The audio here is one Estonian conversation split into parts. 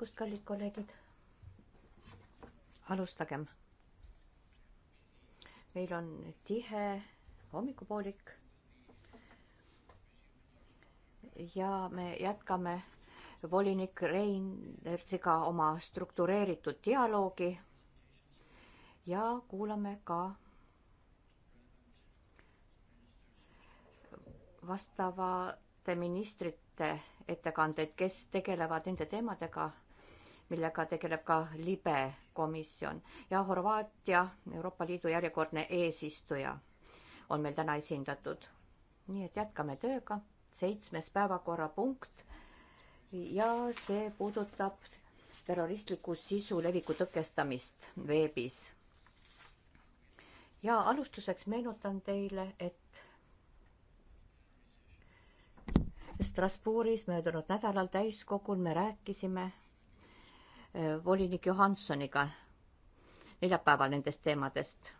hommikust, kallid kolleegid. alustagem. meil on tihe hommikupoolik. ja me jätkame volinik Reinertsiga oma struktureeritud dialoogi. ja kuulame ka vastavate ministrite ettekandeid, kes tegelevad nende teemadega millega tegeleb ka libe komisjon ja Horvaatia, Euroopa Liidu järjekordne eesistuja on meil täna esindatud. nii et jätkame tööga, seitsmes päevakorrapunkt ja see puudutab terroristliku sisu leviku tõkestamist veebis. ja alustuseks meenutan teile, et Strasbourgis möödunud nädalal täiskogul me rääkisime Äh, volinik Johansoniga neljapäeval nendest teemadest.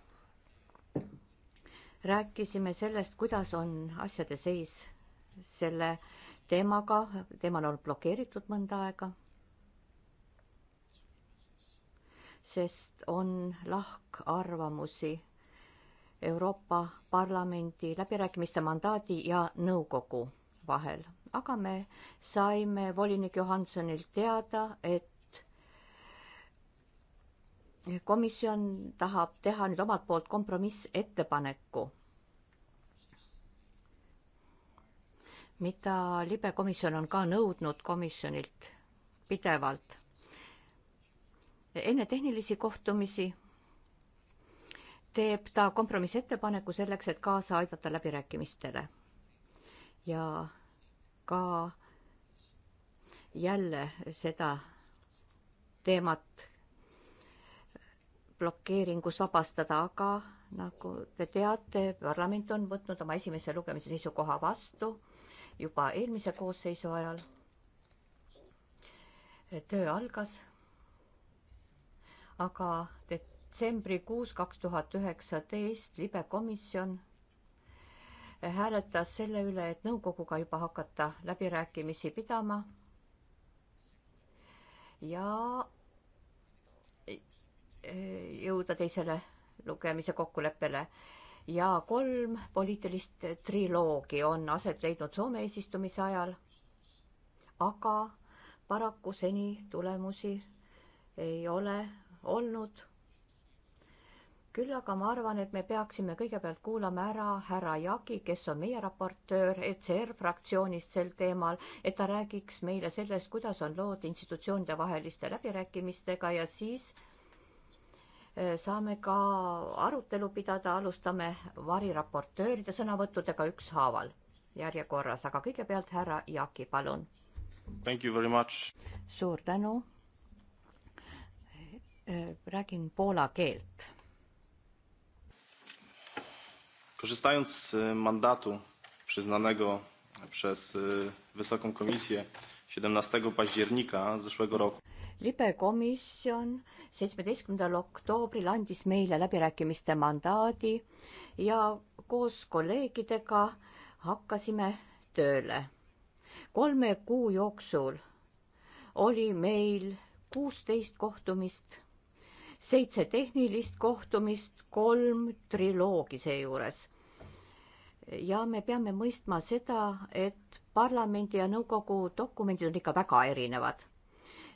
rääkisime sellest, kuidas on asjade seis selle teemaga, teema on olnud blokeeritud mõnda aega. sest on lahkarvamusi Euroopa Parlamendi läbirääkimiste mandaadi ja nõukogu vahel, aga me saime volinik Johansonilt teada, et komisjon tahab teha nüüd omalt poolt kompromissettepaneku, mida libekomisjon on ka nõudnud komisjonilt pidevalt. enne tehnilisi kohtumisi teeb ta kompromissettepaneku selleks, et kaasa aidata läbirääkimistele. ja ka jälle seda teemat blokeeringust vabastada, aga nagu te teate, parlament on võtnud oma esimese lugemise seisukoha vastu juba eelmise koosseisu ajal. töö algas. aga detsembrikuus kaks tuhat üheksateist libe komisjon hääletas selle üle, et nõukoguga juba hakata läbirääkimisi pidama. ja jõuda teisele lugemise kokkuleppele ja kolm poliitilist triloogi on aset leidnud Soome eesistumise ajal. aga paraku seni tulemusi ei ole olnud küll aga ma arvan, et me peaksime kõigepealt kuulama ära härra Jagi, kes on meie raportöör ECR fraktsioonist sel teemal, et ta räägiks meile sellest, kuidas on lood institutsioonide vaheliste läbirääkimistega ja siis äh, saame ka arutelu pidada, alustame variraportööride sõnavõttudega ükshaaval järjekorras, aga kõigepealt härra Jaaki, palun. suur tänu. räägin poola keelt. Korzystając z e, mandatu przyznanego przez e, Wysoką Komisję 17 października zeszłego roku libekomisjon seitsmeteistkümnendal oktoobril andis meile läbirääkimiste mandaadi ja koos kolleegidega hakkasime tööle. kolme kuu jooksul oli meil kuusteist kohtumist, seitse tehnilist kohtumist, kolm triloogi seejuures. ja me peame mõistma seda, et parlamendi ja nõukogu dokumendid on ikka väga erinevad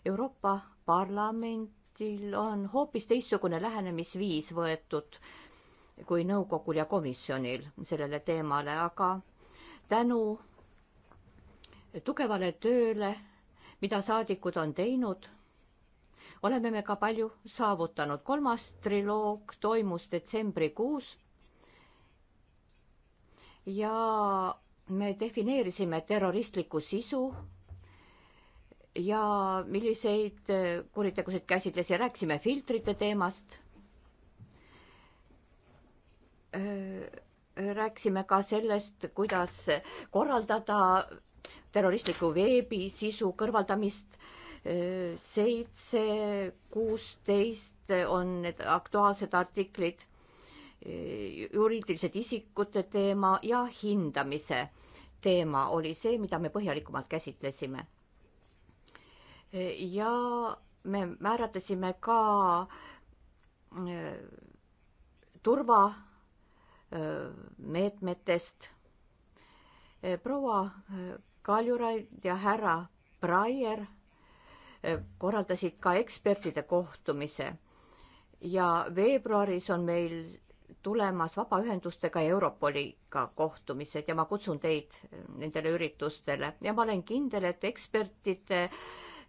Euroopa Parlamendil on hoopis teistsugune lähenemisviis võetud kui nõukogul ja komisjonil sellele teemale, aga tänu tugevale tööle, mida saadikud on teinud, oleme me ka palju saavutanud. kolmas triloog toimus detsembrikuus. ja me defineerisime terroristlikku sisu ja milliseid äh, kuritegusid käsitlesi, rääkisime filtrite teemast. Äh, rääkisime ka sellest, kuidas korraldada terroristliku veebisisu kõrvaldamist. Äh, seitse, kuusteist on need aktuaalsed artiklid, juriidilised isikute teema ja hindamise teema oli see, mida me põhjalikumalt käsitlesime ja me määratlesime ka äh, turvameetmetest. Äh, äh, proua Kaljuraid ja härra Breyer korraldasid ka ekspertide kohtumise ja veebruaris on meil tulemas vabaühendustega Europoliga kohtumised ja ma kutsun teid nendele üritustele ja ma olen kindel, et ekspertide äh,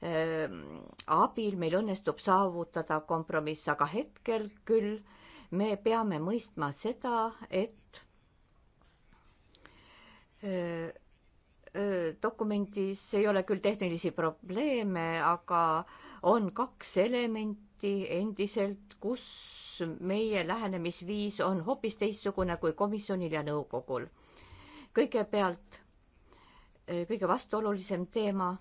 Ehm, abil meil õnnestub saavutada kompromiss, aga hetkel küll me peame mõistma seda, et eh, eh, dokumendis ei ole küll tehnilisi probleeme, aga on kaks elementi endiselt, kus meie lähenemisviis on hoopis teistsugune kui komisjonil ja nõukogul. kõigepealt eh, kõige vastuolulisem teema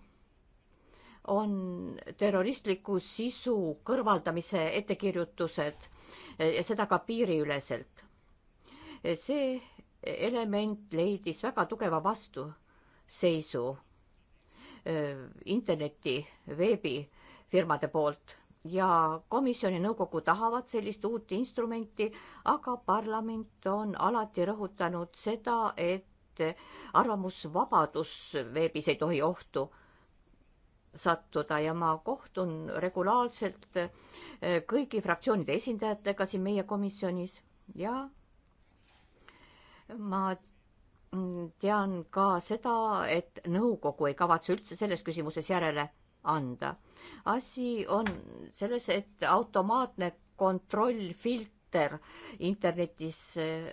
on terroristliku sisu kõrvaldamise ettekirjutused eh, ja seda ka piiriüleselt. Eh, see element leidis väga tugeva vastuseisu eh, interneti, veebifirmade poolt ja komisjoni nõukogu tahavad sellist uut instrumenti, aga parlament on alati rõhutanud seda, et arvamusvabadus veebis ei tohi ohtu sattuda ja ma kohtun regulaarselt äh, kõigi fraktsioonide esindajatega siin meie komisjonis ja ma mm, tean ka seda, et nõukogu ei kavatse üldse selles küsimuses järele anda. asi on selles, et automaatne kontrollfilter internetis äh,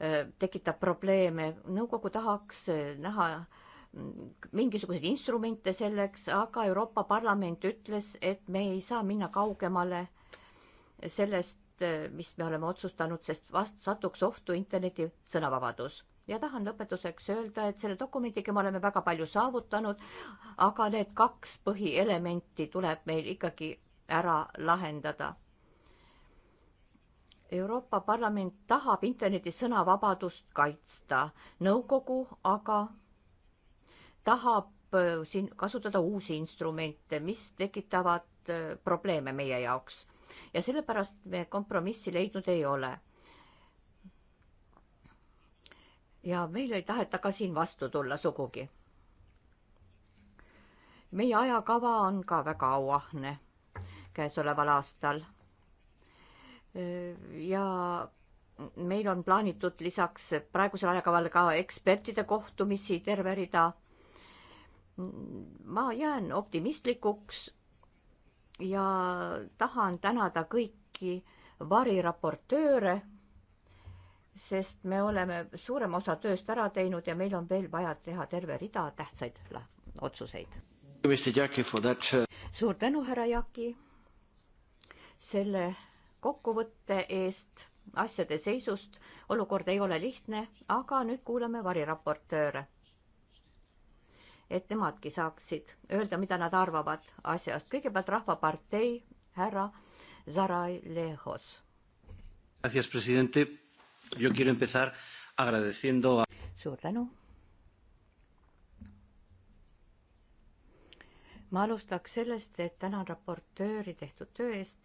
äh, tekitab probleeme. nõukogu tahaks näha mingisuguseid instrumente selleks, aga Euroopa Parlament ütles, et me ei saa minna kaugemale sellest, eh, mis me oleme otsustanud, sest vast satuks ohtu interneti sõnavabadus. ja tahan lõpetuseks öelda, et selle dokumendiga me oleme väga palju saavutanud, aga need kaks põhielementi tuleb meil ikkagi ära lahendada. Euroopa Parlament tahab interneti sõnavabadust kaitsta, nõukogu aga tahab äh, siin kasutada uusi instrumente, mis tekitavad äh, probleeme meie jaoks. ja sellepärast me kompromissi leidnud ei ole. ja meil ei taheta ka siin vastu tulla sugugi. meie ajakava on ka väga auahne käesoleval aastal. Äh, ja meil on plaanitud lisaks praegusele ajakavale ka ekspertide kohtumisi, terve rida ma jään optimistlikuks ja tahan tänada kõiki variraportööre, sest me oleme suurema osa tööst ära teinud ja meil on veel vaja teha terve rida tähtsaid otsuseid. Uh, suur tänu, härra Jaki, selle kokkuvõtte eest asjade seisust. olukord ei ole lihtne, aga nüüd kuulame variraportööre et nemadki saaksid öelda, mida nad arvavad asjast. kõigepealt Rahvapartei härra Zaray Lehos. suur tänu. ma alustaks sellest, et tänan raportööri tehtud töö eest.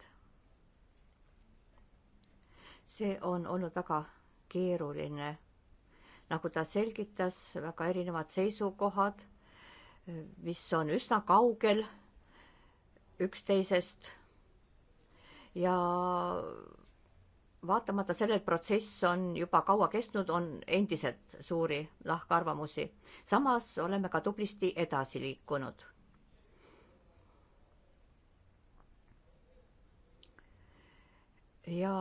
see on olnud väga keeruline. nagu ta selgitas, väga erinevad seisukohad mis on üsna kaugel üksteisest. ja vaatamata sellele, et protsess on juba kaua kestnud, on endiselt suuri lahkarvamusi. samas oleme ka tublisti edasi liikunud ja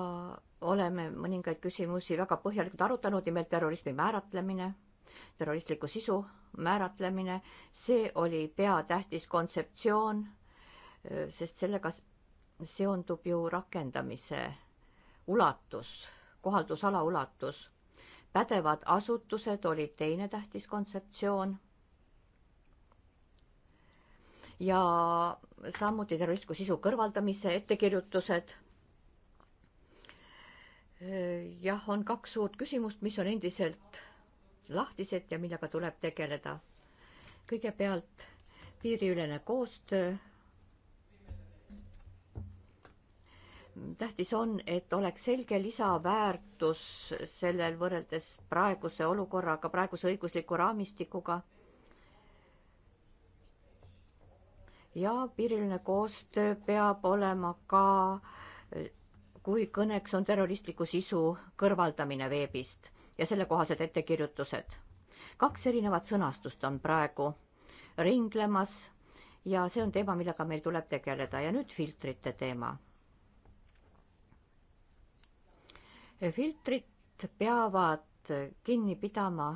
oleme mõningaid küsimusi väga põhjalikult arutanud, nimelt terrorismi määratlemine terroristliku sisu määratlemine, see oli peatähtis kontseptsioon, sest sellega seondub ju rakendamise ulatus, kohaldusala ulatus. pädevad asutused olid teine tähtis kontseptsioon. ja samuti terroristliku sisu kõrvaldamise ettekirjutused. jah, on kaks suurt küsimust, mis on endiselt lahtised ja millega tuleb tegeleda. kõigepealt piiriülene koostöö. tähtis on, et oleks selge lisaväärtus sellel võrreldes praeguse olukorraga, praeguse õigusliku raamistikuga. ja piiriline koostöö peab olema ka, kui kõneks on terroristliku sisu kõrvaldamine veebist ja sellekohased ettekirjutused. kaks erinevat sõnastust on praegu ringlemas ja see on teema, millega meil tuleb tegeleda ja nüüd filtrite teema. filtrid peavad kinni pidama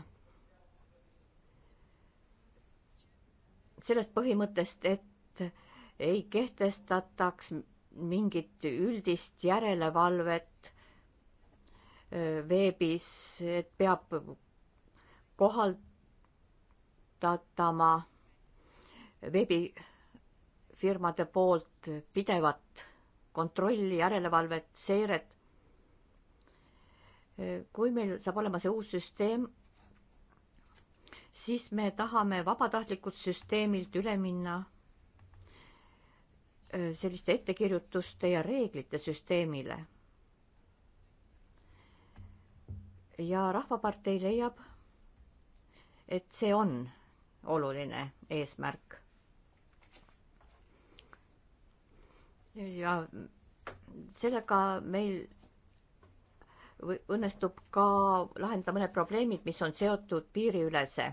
sellest põhimõttest, et ei kehtestataks mingit üldist järelevalvet veebis, et peab kohaldatama veebifirmade poolt pidevat kontrolli, järelevalvet, seiret. kui meil saab olema see uus süsteem, siis me tahame vabatahtlikult süsteemilt üle minna äh, selliste ettekirjutuste ja reeglite süsteemile ja Rahvapartei leiab, et see on oluline eesmärk. ja sellega meil õnnestub ka lahendada mõned probleemid, mis on seotud piiriülese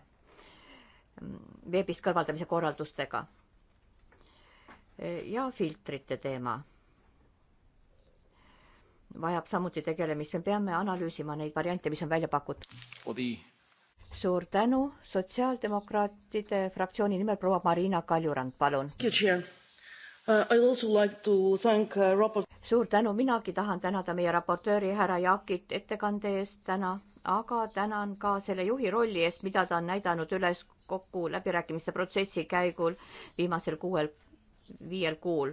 mm, veebist kõrvaldamise korraldustega. ja filtrite teema vajab samuti tegelemist, me peame analüüsima neid variante, mis on välja pakutud. suur tänu, sotsiaaldemokraatide fraktsiooni nimel proua Marina Kaljurand, palun. Uh, uh, suur tänu, minagi tahan tänada meie raportööri härra Jaakit ettekande eest täna, aga tänan ka selle juhi rolli eest, mida ta on näidanud üles kokku läbirääkimiste protsessi käigul viimasel kuuel, viiel kuul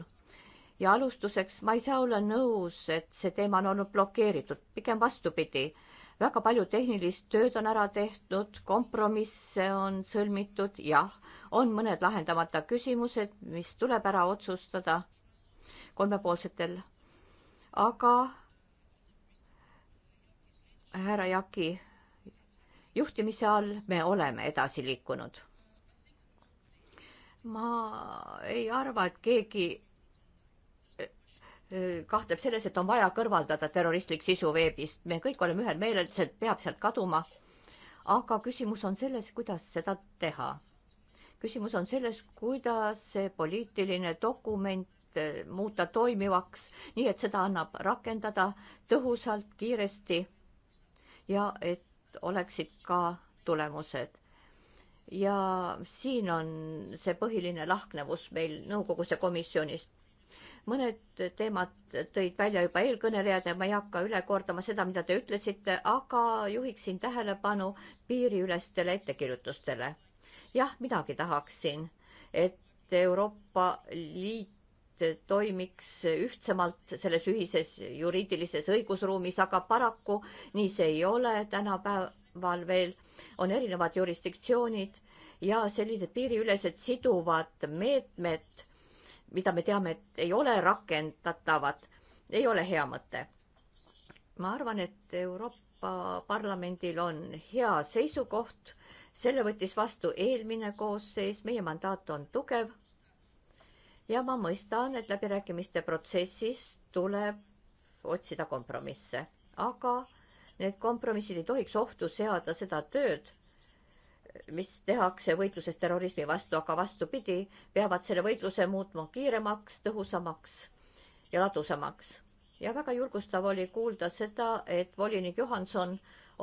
ja alustuseks ma ei saa olla nõus, et see teema on olnud blokeeritud, pigem vastupidi. väga palju tehnilist tööd on ära tehtud, kompromisse on sõlmitud, jah, on mõned lahendamata küsimused, mis tuleb ära otsustada kolmepoolsetel. aga härra Jaki juhtimise all me oleme edasi liikunud. ma ei arva, et keegi kahtleb selles, et on vaja kõrvaldada terroristlik sisu veebist. me kõik oleme ühel meelel, et see peab sealt kaduma. aga küsimus on selles, kuidas seda teha. küsimus on selles, kuidas see poliitiline dokument eh, muuta toimivaks, nii et seda annab rakendada tõhusalt, kiiresti ja et oleksid ka tulemused ja siin on see põhiline lahknevus meil nõukogus ja komisjonis mõned teemad tõid välja juba eelkõnelejad ja ma ei hakka üle kordama seda, mida te ütlesite, aga juhiksin tähelepanu piiriülestele ettekirjutustele. jah, minagi tahaksin, et Euroopa Liit toimiks ühtsemalt selles ühises juriidilises õigusruumis, aga paraku nii see ei ole tänapäeval veel. on erinevad jurisdiktsioonid ja sellised piiriülesed siduvad meetmed mida me teame, et ei ole rakendatavad, ei ole hea mõte. ma arvan, et Euroopa Parlamendil on hea seisukoht, selle võttis vastu eelmine koosseis, meie mandaat on tugev. ja ma mõistan, et läbirääkimiste protsessis tuleb otsida kompromisse, aga need kompromissid ei tohiks ohtu seada seda tööd, mis tehakse võitluses terrorismi vastu, aga vastupidi, peavad selle võitluse muutma kiiremaks, tõhusamaks ja ladusamaks. ja väga julgustav oli kuulda seda, et volinik Johanson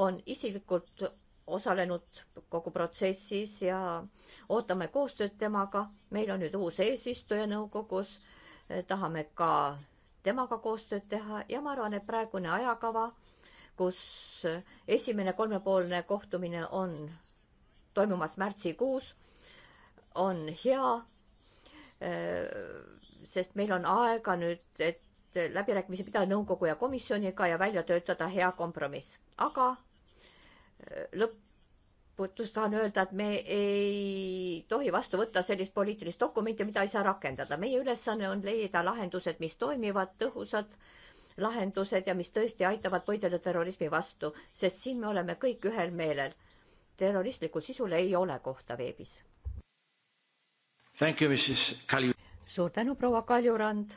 on isiklikult osalenud kogu protsessis ja ootame koostööd temaga. meil on nüüd uus eesistuja nõukogus, tahame ka temaga koostööd teha ja ma arvan, et praegune ajakava, kus esimene kolmepoolne kohtumine on toimumas märtsikuus, on hea, sest meil on aega nüüd, et läbirääkimisi pidada nõukogu ja komisjoniga ja välja töötada hea kompromiss. aga lõputus tahan öelda, et me ei tohi vastu võtta sellist poliitilist dokumenti, mida ei saa rakendada. meie ülesanne on leida lahendused, mis toimivad, tõhusad lahendused ja mis tõesti aitavad võidelda terrorismi vastu, sest siin me oleme kõik ühel meelel terroristlikul sisul ei ole kohta veebis. suur tänu, proua Kaljurand.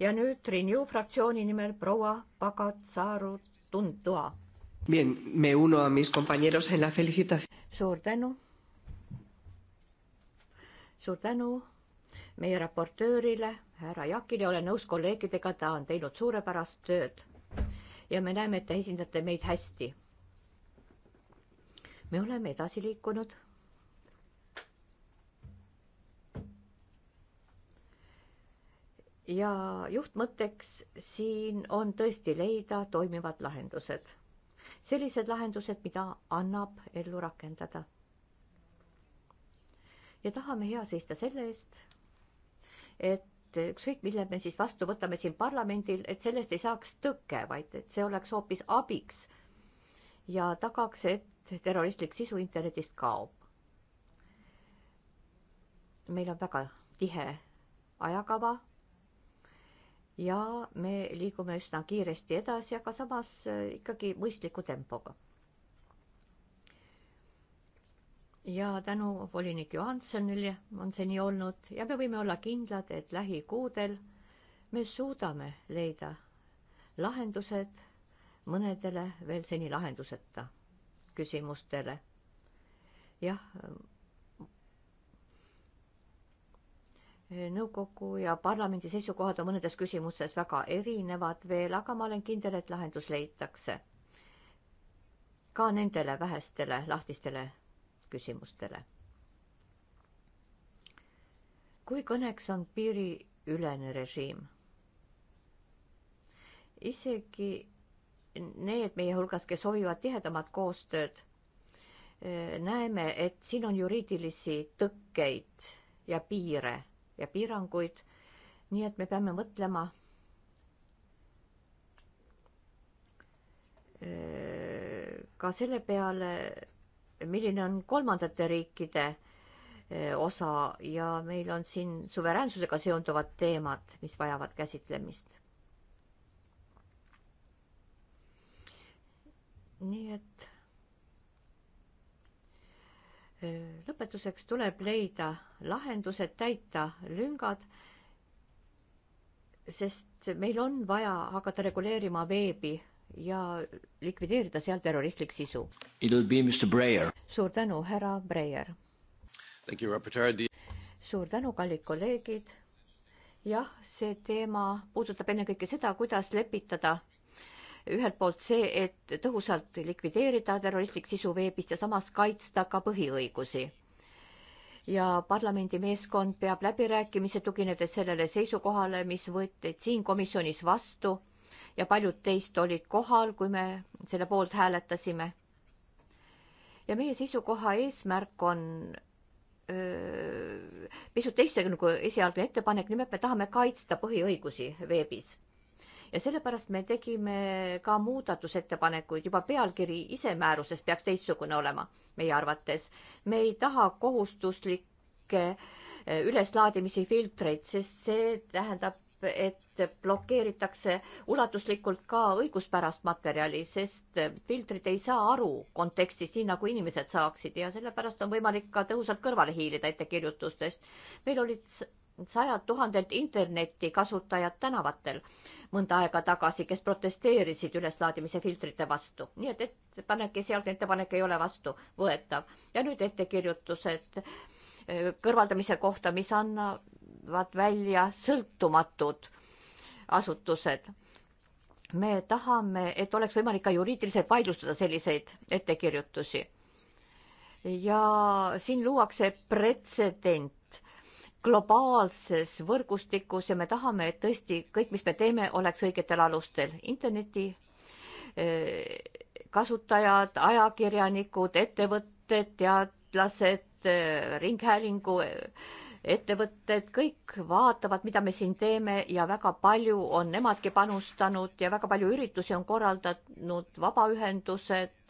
ja nüüd Renew fraktsiooni nimel proua Pagatsaru Tundua. Bien, me uno a mis compañeros en la felicitación. suur tänu. suur tänu meie raportöörile, härra Jakile, olen nõus kolleegidega, ta on teinud suurepärast tööd. ja me näeme, et te esindate meid hästi me oleme edasi liikunud. ja juhtmõtteks siin on tõesti leida toimivad lahendused, sellised lahendused, mida annab ellu rakendada. ja tahame hea seista selle eest, et ükskõik, mille me siis vastu võtame siin parlamendil, et sellest ei saaks tõke, vaid et see oleks hoopis abiks ja tagaks, et et terroristlik sisu internetist kaob. meil on väga tihe ajakava ja me liigume üsna kiiresti edasi, aga samas äh, ikkagi mõistliku tempoga. ja tänu volinik Johansonile on see nii olnud ja me võime olla kindlad, et lähikuudel me suudame leida lahendused mõnedele veel seni lahenduseta küsimustele. jah, nõukogu ja parlamendi seisukohad on mõnedes küsimustes väga erinevad veel, aga ma olen kindel, et lahendus leitakse. ka nendele vähestele lahtistele küsimustele. kui kõneks on piiriülene režiim, isegi need meie hulgas, kes soovivad tihedamat koostööd, näeme, et siin on juriidilisi tõkkeid ja piire ja piiranguid. nii et me peame mõtlema ka selle peale, milline on kolmandate riikide eh, osa ja meil on siin suveräänsusega seonduvad teemad, mis vajavad käsitlemist nii et äh, lõpetuseks tuleb leida lahendused, täita lüngad, sest meil on vaja hakata reguleerima veebi ja likvideerida seal terroristlik sisu. suur tänu, härra Breyer. suur tänu, kallid kolleegid. jah, see teema puudutab ennekõike seda, kuidas lepitada ühelt poolt see, et tõhusalt likvideerida terroristlik sisu veebist ja samas kaitsta ka põhiõigusi. ja parlamendi meeskond peab läbirääkimisi, tuginedes sellele seisukohale, mis võeti siin komisjonis vastu ja paljud teist olid kohal, kui me selle poolt hääletasime. ja meie seisukoha eesmärk on öö, pisut teistsugune kui esialgne ettepanek, nimelt me tahame kaitsta põhiõigusi veebis ja sellepärast me tegime ka muudatusettepanekuid, juba pealkiri ise määruses peaks teistsugune olema meie arvates. me ei taha kohustuslikke eh, üleslaadimise filtreid, sest see tähendab, et blokeeritakse ulatuslikult ka õiguspärast materjali, sest filtrid ei saa aru kontekstist, nii nagu inimesed saaksid ja sellepärast on võimalik ka tõhusalt kõrvale hiilida ettekirjutustest. meil olid sajad tuhanded internetikasutajad tänavatel mõnda aega tagasi, kes protesteerisid üleslaadimise filtrite vastu. nii et ettepanek, esialgne ettepanek ei ole vastuvõetav. ja nüüd ettekirjutused eh, kõrvaldamise kohta, mis annavad välja sõltumatud asutused. me tahame, et oleks võimalik ka juriidiliselt vaidlustada selliseid ettekirjutusi. ja siin luuakse pretsedent globaalses võrgustikus ja me tahame, et tõesti kõik, mis me teeme, oleks õigetel alustel. interneti eh, kasutajad, ajakirjanikud, ettevõtted, teadlased, eh, ringhäälingu eh, ettevõtted, kõik vaatavad, mida me siin teeme ja väga palju on nemadki panustanud ja väga palju üritusi on korraldanud vabaühendused,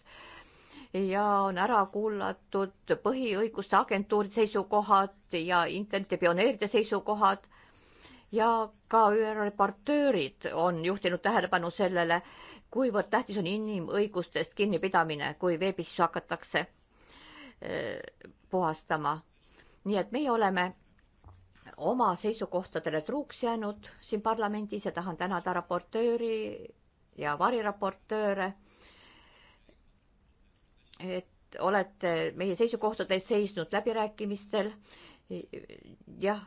ja on ära kuulatud põhiõiguste agentuuri seisukohad ja internetipioneeride seisukohad ja ka ÜRO reportöörid on juhtinud tähelepanu sellele, kuivõrd tähtis on inimõigustest kinnipidamine, kui veebis hakatakse äh, puhastama. nii et meie oleme oma seisukohtadele truuks jäänud siin parlamendis ja tahan tänada raportööri ja variraportööre et olete meie seisukohtade eest seisnud läbirääkimistel. jah.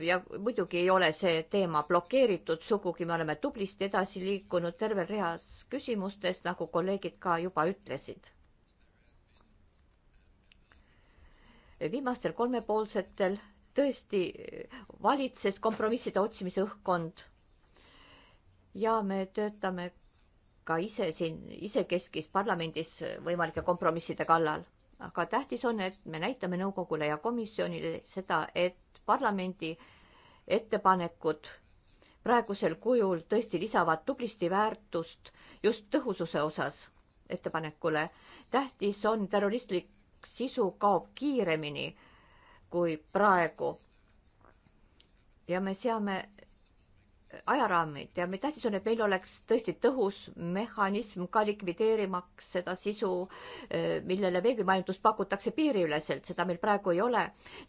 ja muidugi ei ole see teema blokeeritud sugugi, me oleme tublisti edasi liikunud tervel reas küsimustes, nagu kolleegid ka juba ütlesid. viimastel kolmepoolsetel tõesti valitses kompromisside otsimise õhkkond. ja me töötame ka ise siin isekeskis parlamendis võimalike kompromisside kallal. aga tähtis on, et me näitame nõukogule ja komisjonile seda, et parlamendi ettepanekud praegusel kujul tõesti lisavad tublisti väärtust just tõhususe osas ettepanekule. tähtis on, terroristlik sisu kaob kiiremini kui praegu. ja me seame ajaraamid ja meil tähtis on, et meil oleks tõesti tõhus mehhanism ka likvideerimaks seda sisu, millele veebimajandust pakutakse piiriüleselt, seda meil praegu ei ole.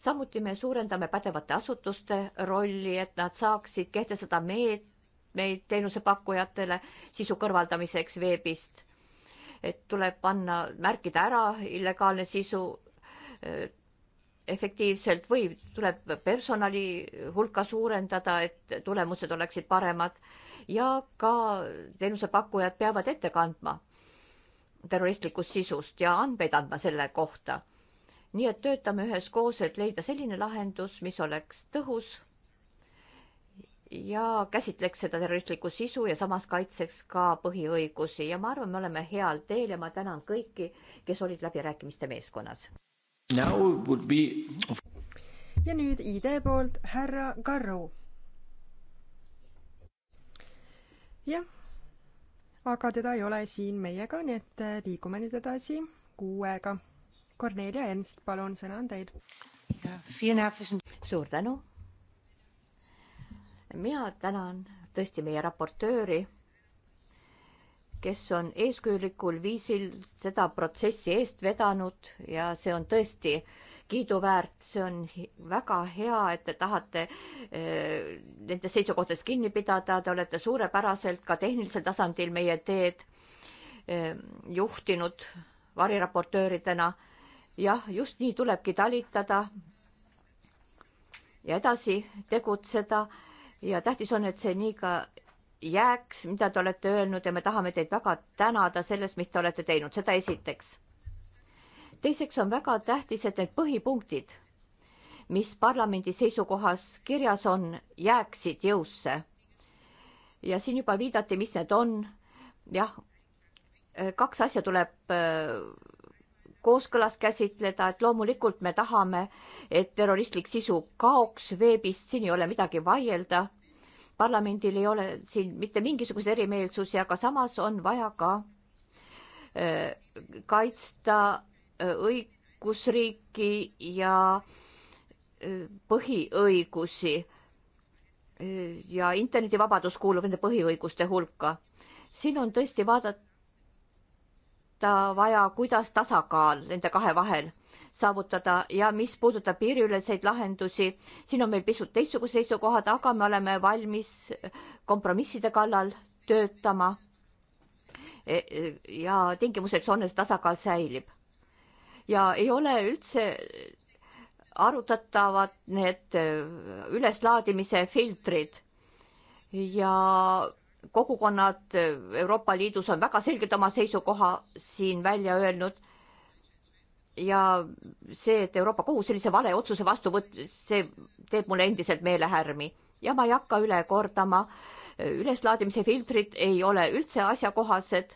samuti me suurendame pädevate asutuste rolli, et nad saaksid kehtestada meetmeid teenusepakkujatele sisu kõrvaldamiseks veebist. et tuleb panna, märkida ära illegaalne sisu efektiivselt või tuleb personali hulka suurendada, et tulemused oleksid paremad ja ka teenusepakkujad peavad ette kandma terroristlikust sisust ja andmeid andma selle kohta. nii et töötame üheskoos, et leida selline lahendus, mis oleks tõhus ja käsitleks seda terroristlikku sisu ja samas kaitseks ka põhiõigusi ja ma arvan, me oleme heal teel ja ma tänan kõiki, kes olid läbirääkimiste meeskonnas ja nüüd ID poolt härra Garro. jah, aga teda ei ole siin meiega, nii et äh, liigume nüüd edasi kuuega. Kornelia Ernst, palun, sõna on teil. suur tänu. mina tänan tõesti meie raportööri kes on eeskujulikul viisil seda protsessi eest vedanud ja see on tõesti kiiduväärt, see on väga hea, et te tahate eh, nende seisukohtadest kinni pidada, te olete suurepäraselt ka tehnilisel tasandil meie teed eh, juhtinud variraportööridena. jah, just nii tulebki talitada ja edasi tegutseda ja tähtis on, et see nii ka jääks, mida te olete öelnud ja me tahame teid väga tänada selles, mis te olete teinud, seda esiteks. teiseks on väga tähtis, et need põhipunktid, mis parlamendi seisukohas kirjas on, jääksid jõusse. ja siin juba viidati, mis need on. jah, kaks asja tuleb äh, kooskõlas käsitleda, et loomulikult me tahame, et terroristlik sisu kaoks veebist, siin ei ole midagi vaielda parlamendil ei ole siin mitte mingisuguseid erimeelsusi, aga samas on vaja ka äh, kaitsta äh, õigusriiki ja äh, põhiõigusi. Äh, ja internetivabadus kuulub nende põhiõiguste hulka. siin on tõesti vaadata vaja, kuidas tasakaal nende kahe vahel saavutada ja mis puudutab piiriüleseid lahendusi, siin on meil pisut teistsugused seisukohad, aga me oleme valmis kompromisside kallal töötama. E, e, ja tingimuseks on, et tasakaal säilib. ja ei ole üldse arutatavad need üleslaadimise filtrid ja kogukonnad Euroopa Liidus on väga selgelt oma seisukoha siin välja öelnud ja see, et Euroopa Kohus sellise vale otsuse vastu võttis, see teeb mulle endiselt meelehärmi ja ma ei hakka üle kordama. üleslaadimise filtrid ei ole üldse asjakohased.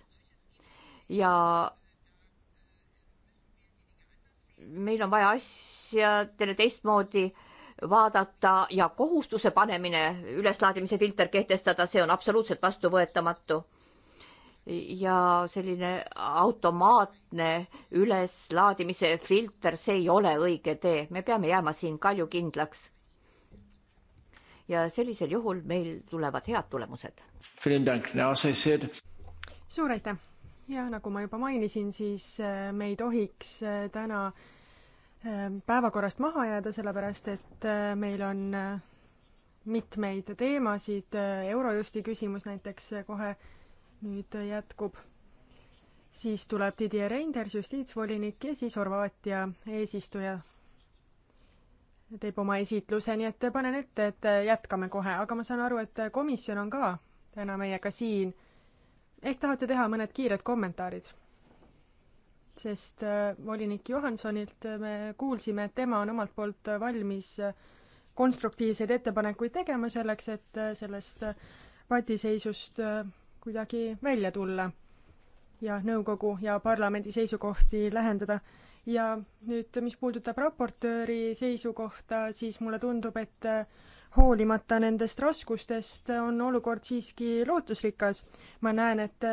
ja meil on vaja asjadele teistmoodi vaadata ja kohustuse panemine üleslaadimise filter kehtestada, see on absoluutselt vastuvõetamatu ja selline automaatne üleslaadimise filter, see ei ole õige tee, me peame jääma siin kaljukindlaks. ja sellisel juhul meil tulevad head tulemused. suur aitäh! jah, nagu ma juba mainisin, siis äh, me ei tohiks äh, täna äh, päevakorrast maha jääda, sellepärast et meil on mitmeid teemasid, Eurojusti küsimus näiteks kohe nüüd jätkub. siis tuleb Didier Reinders, justiitsvolinik ja siis Horvaatia eesistuja teeb oma esitluse, nii et panen ette, et jätkame kohe, aga ma saan aru, et komisjon on ka täna meiega siin. ehk tahate teha mõned kiired kommentaarid? sest äh, volinik Johansonilt me kuulsime, et tema on omalt poolt valmis konstruktiivseid ettepanekuid tegema selleks, et äh, sellest äh, patiseisust kuidagi välja tulla ja nõukogu ja parlamendi seisukohti lähendada. ja nüüd, mis puudutab raportööri seisukohta, siis mulle tundub, et hoolimata nendest raskustest on olukord siiski lootusrikas. ma näen, et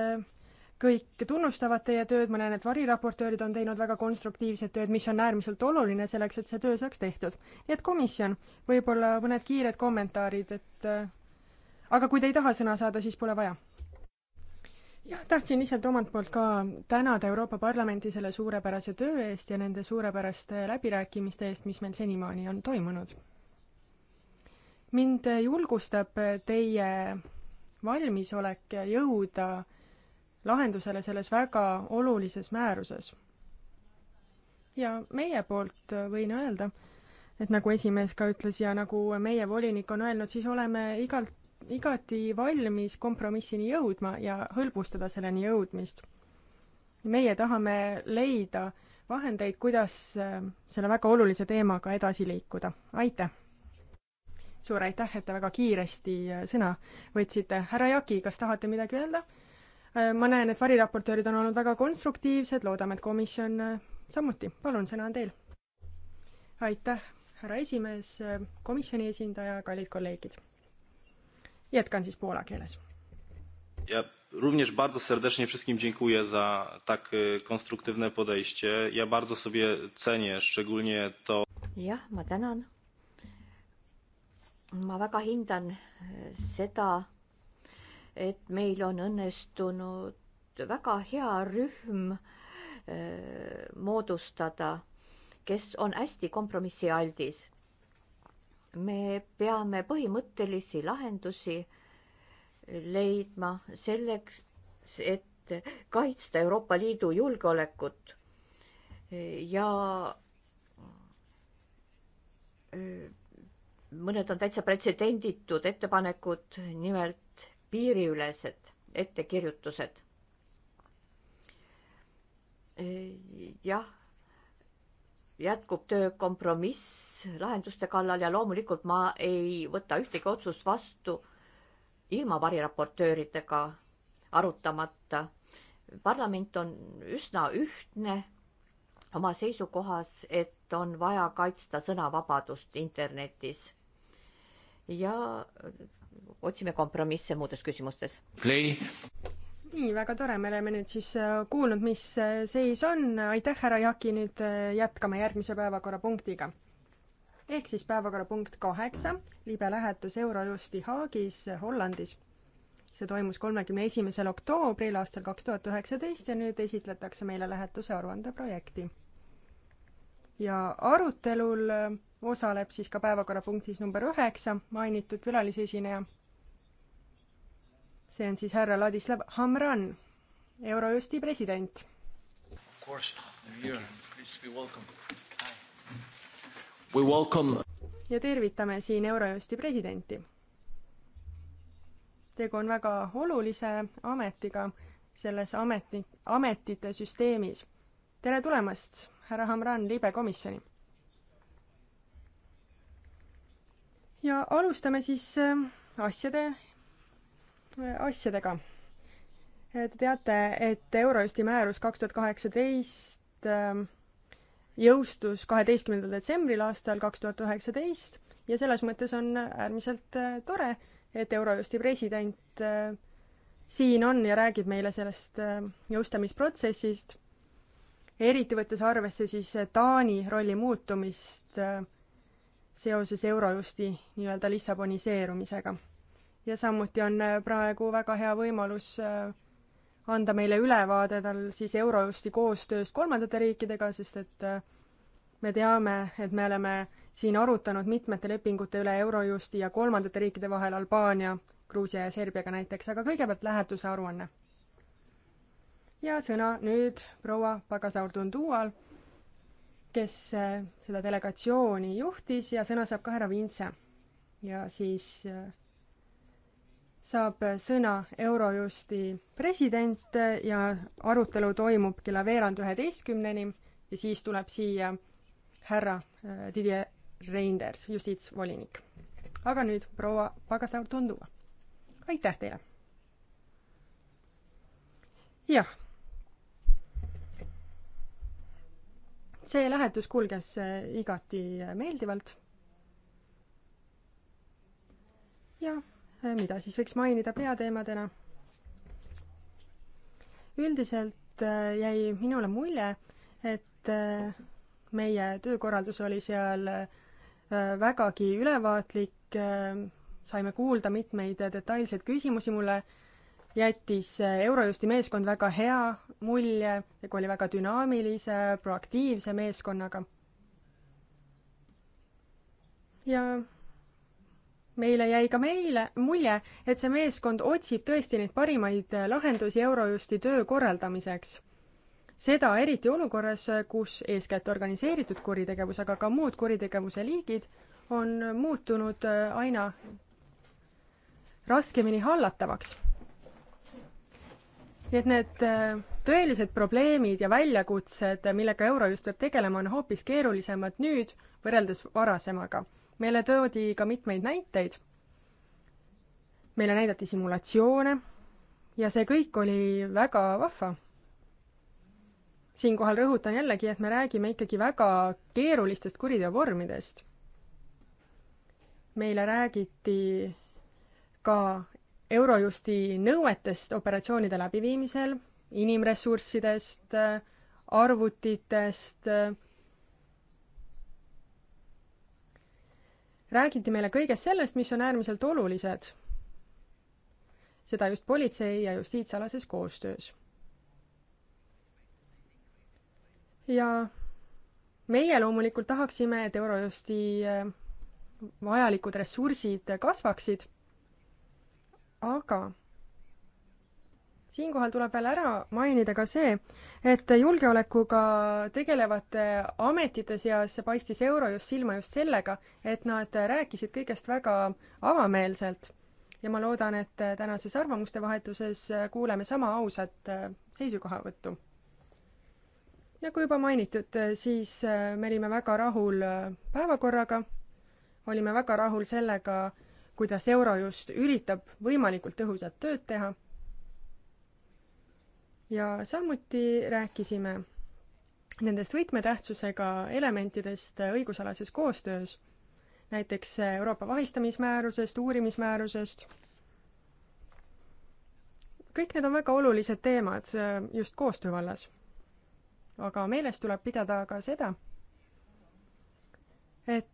kõik tunnustavad teie tööd, ma näen, et variraportöörid on teinud väga konstruktiivset tööd, mis on äärmiselt oluline selleks, et see töö saaks tehtud. nii et komisjon, võib-olla mõned kiired kommentaarid, et aga kui te ei taha sõna saada, siis pole vaja jah, tahtsin lihtsalt omalt poolt ka tänada Euroopa Parlamenti selle suurepärase töö eest ja nende suurepäraste läbirääkimiste eest, mis meil senimaani on toimunud. mind julgustab teie valmisolek jõuda lahendusele selles väga olulises määruses. ja meie poolt võin öelda, et nagu esimees ka ütles ja nagu meie volinik on öelnud, siis oleme igalt igati valmis kompromissini jõudma ja hõlbustada selleni jõudmist. meie tahame leida vahendeid, kuidas äh, selle väga olulise teemaga edasi liikuda. aitäh! suur aitäh, et te väga kiiresti äh, sõna võtsite. härra Jaki, kas tahate midagi öelda? Äh, ma näen, et variraportöörid on olnud väga konstruktiivsed, loodame, et komisjon samuti. palun, sõna on teil. aitäh, härra esimees, komisjoni esindaja, kallid kolleegid Jätkan siis poola keeles. Ja również bardzo serdecznie wszystkim dziękuję za tak konstruktywne podejście. Ja bardzo sobie cenię szczególnie to. jah, ma tänan. ma väga hindan seda, et meil on õnnestunud väga hea rühm öö, moodustada, kes on hästi kompromissialdis me peame põhimõttelisi lahendusi leidma selleks, et kaitsta Euroopa Liidu julgeolekut ja mõned on täitsa pretsedenditud ettepanekud, nimelt piiriülesed ettekirjutused. jah jätkub töö kompromiss lahenduste kallal ja loomulikult ma ei võta ühtegi otsust vastu ilma variraportööridega arutamata. parlament on üsna ühtne oma seisukohas, et on vaja kaitsta sõnavabadust internetis. ja otsime kompromisse muudes küsimustes nii, väga tore, me oleme nüüd siis äh, kuulnud, mis äh, seis on, aitäh, härra Jaki, nüüd äh, jätkame järgmise päevakorrapunktiga. ehk siis päevakorrapunkt kaheksa, libelähetus Eurojusti Haagis, Hollandis. see toimus kolmekümne esimesel oktoobril aastal kaks tuhat üheksateist ja nüüd esitletakse meile lähetuse aruandeprojekti. ja arutelul osaleb siis ka päevakorrapunktis number üheksa mainitud külalisesineja see on siis härra Ladislav Hamran, Eurojusti president. ja tervitame siin Eurojusti presidenti. tegu on väga olulise ametiga selles ametnik, ametite süsteemis. tere tulemast, härra Hamran, libe komisjoni. ja alustame siis äh, asjade asjadega. Te teate, et Eurojusti määrus kaks tuhat kaheksateist ähm, jõustus kaheteistkümnendal detsembril aastal kaks tuhat üheksateist ja selles mõttes on äärmiselt äh, tore, et Eurojusti president äh, siin on ja räägib meile sellest äh, jõustamisprotsessist, eriti võttes arvesse siis Taani rolli muutumist seoses Eurojusti nii-öelda lissaboniseerumisega ja samuti on äh, praegu väga hea võimalus äh, anda meile ülevaade tal siis Eurojusti koostööst kolmandate riikidega, sest et äh, me teame, et me oleme siin arutanud mitmete lepingute üle Eurojusti ja kolmandate riikide vahel Albaania, Gruusia ja Serbiaga näiteks, aga kõigepealt lähetuse aruanne. ja sõna nüüd proua Pagasaur Tundual, kes seda delegatsiooni juhtis ja sõna saab ka härra Vintse. ja siis äh, saab sõna Eurojusti president ja arutelu toimub kella veerand üheteistkümneni ja siis tuleb siia härra äh, Didier Reinders, justiitsvolinik. aga nüüd proua Pagasaur Tundua, aitäh teile! jah. see lähetus kulges äh, igati äh, meeldivalt. jah Eh, mida siis võiks mainida peateemadena. üldiselt eh, jäi minule mulje, et eh, meie töökorraldus oli seal vägagi ülevaatlik, saime kuulda mitmeid detailseid küsimusi, mulle jättis Eurojusti meeskond väga hea mulje, tegu oli väga dünaamilise, proaktiivse meeskonnaga. ja meile jäi ka meile mulje, et see meeskond otsib tõesti neid parimaid lahendusi Eurojusti töö korraldamiseks. seda eriti olukorras, kus eeskätt organiseeritud kuritegevus, aga ka muud kuritegevuse liigid on muutunud aina raskemini hallatavaks. nii et need äh, tõelised probleemid ja väljakutsed, millega Eurojust peab tegelema, on hoopis keerulisemad nüüd võrreldes varasemaga meile toodi ka mitmeid näiteid, meile näidati simulatsioone ja see kõik oli väga vahva. siinkohal rõhutan jällegi, et me räägime ikkagi väga keerulistest kuriteovormidest. meile räägiti ka Eurojusti nõuetest operatsioonide läbiviimisel, inimressurssidest, arvutitest, räägiti meile kõigest sellest, mis on äärmiselt olulised. seda just politsei ja justiitsalases koostöös. ja meie loomulikult tahaksime, et Eurojusti äh, vajalikud ressursid kasvaksid, aga siinkohal tuleb veel ära mainida ka see, et julgeolekuga tegelevate ametite seas paistis Eurojust silma just sellega, et nad rääkisid kõigest väga avameelselt. ja ma loodan, et tänases arvamuste vahetuses kuuleme sama ausat seisukohavõttu. nagu juba mainitud, siis me olime väga rahul päevakorraga, olime väga rahul sellega, kuidas Eurojust üritab võimalikult tõhusat tööd teha ja samuti rääkisime nendest võtmetähtsusega elementidest õigusalases koostöös, näiteks Euroopa vahistamismäärusest, uurimismäärusest. kõik need on väga olulised teemad just koostöö vallas. aga meeles tuleb pidada ka seda, et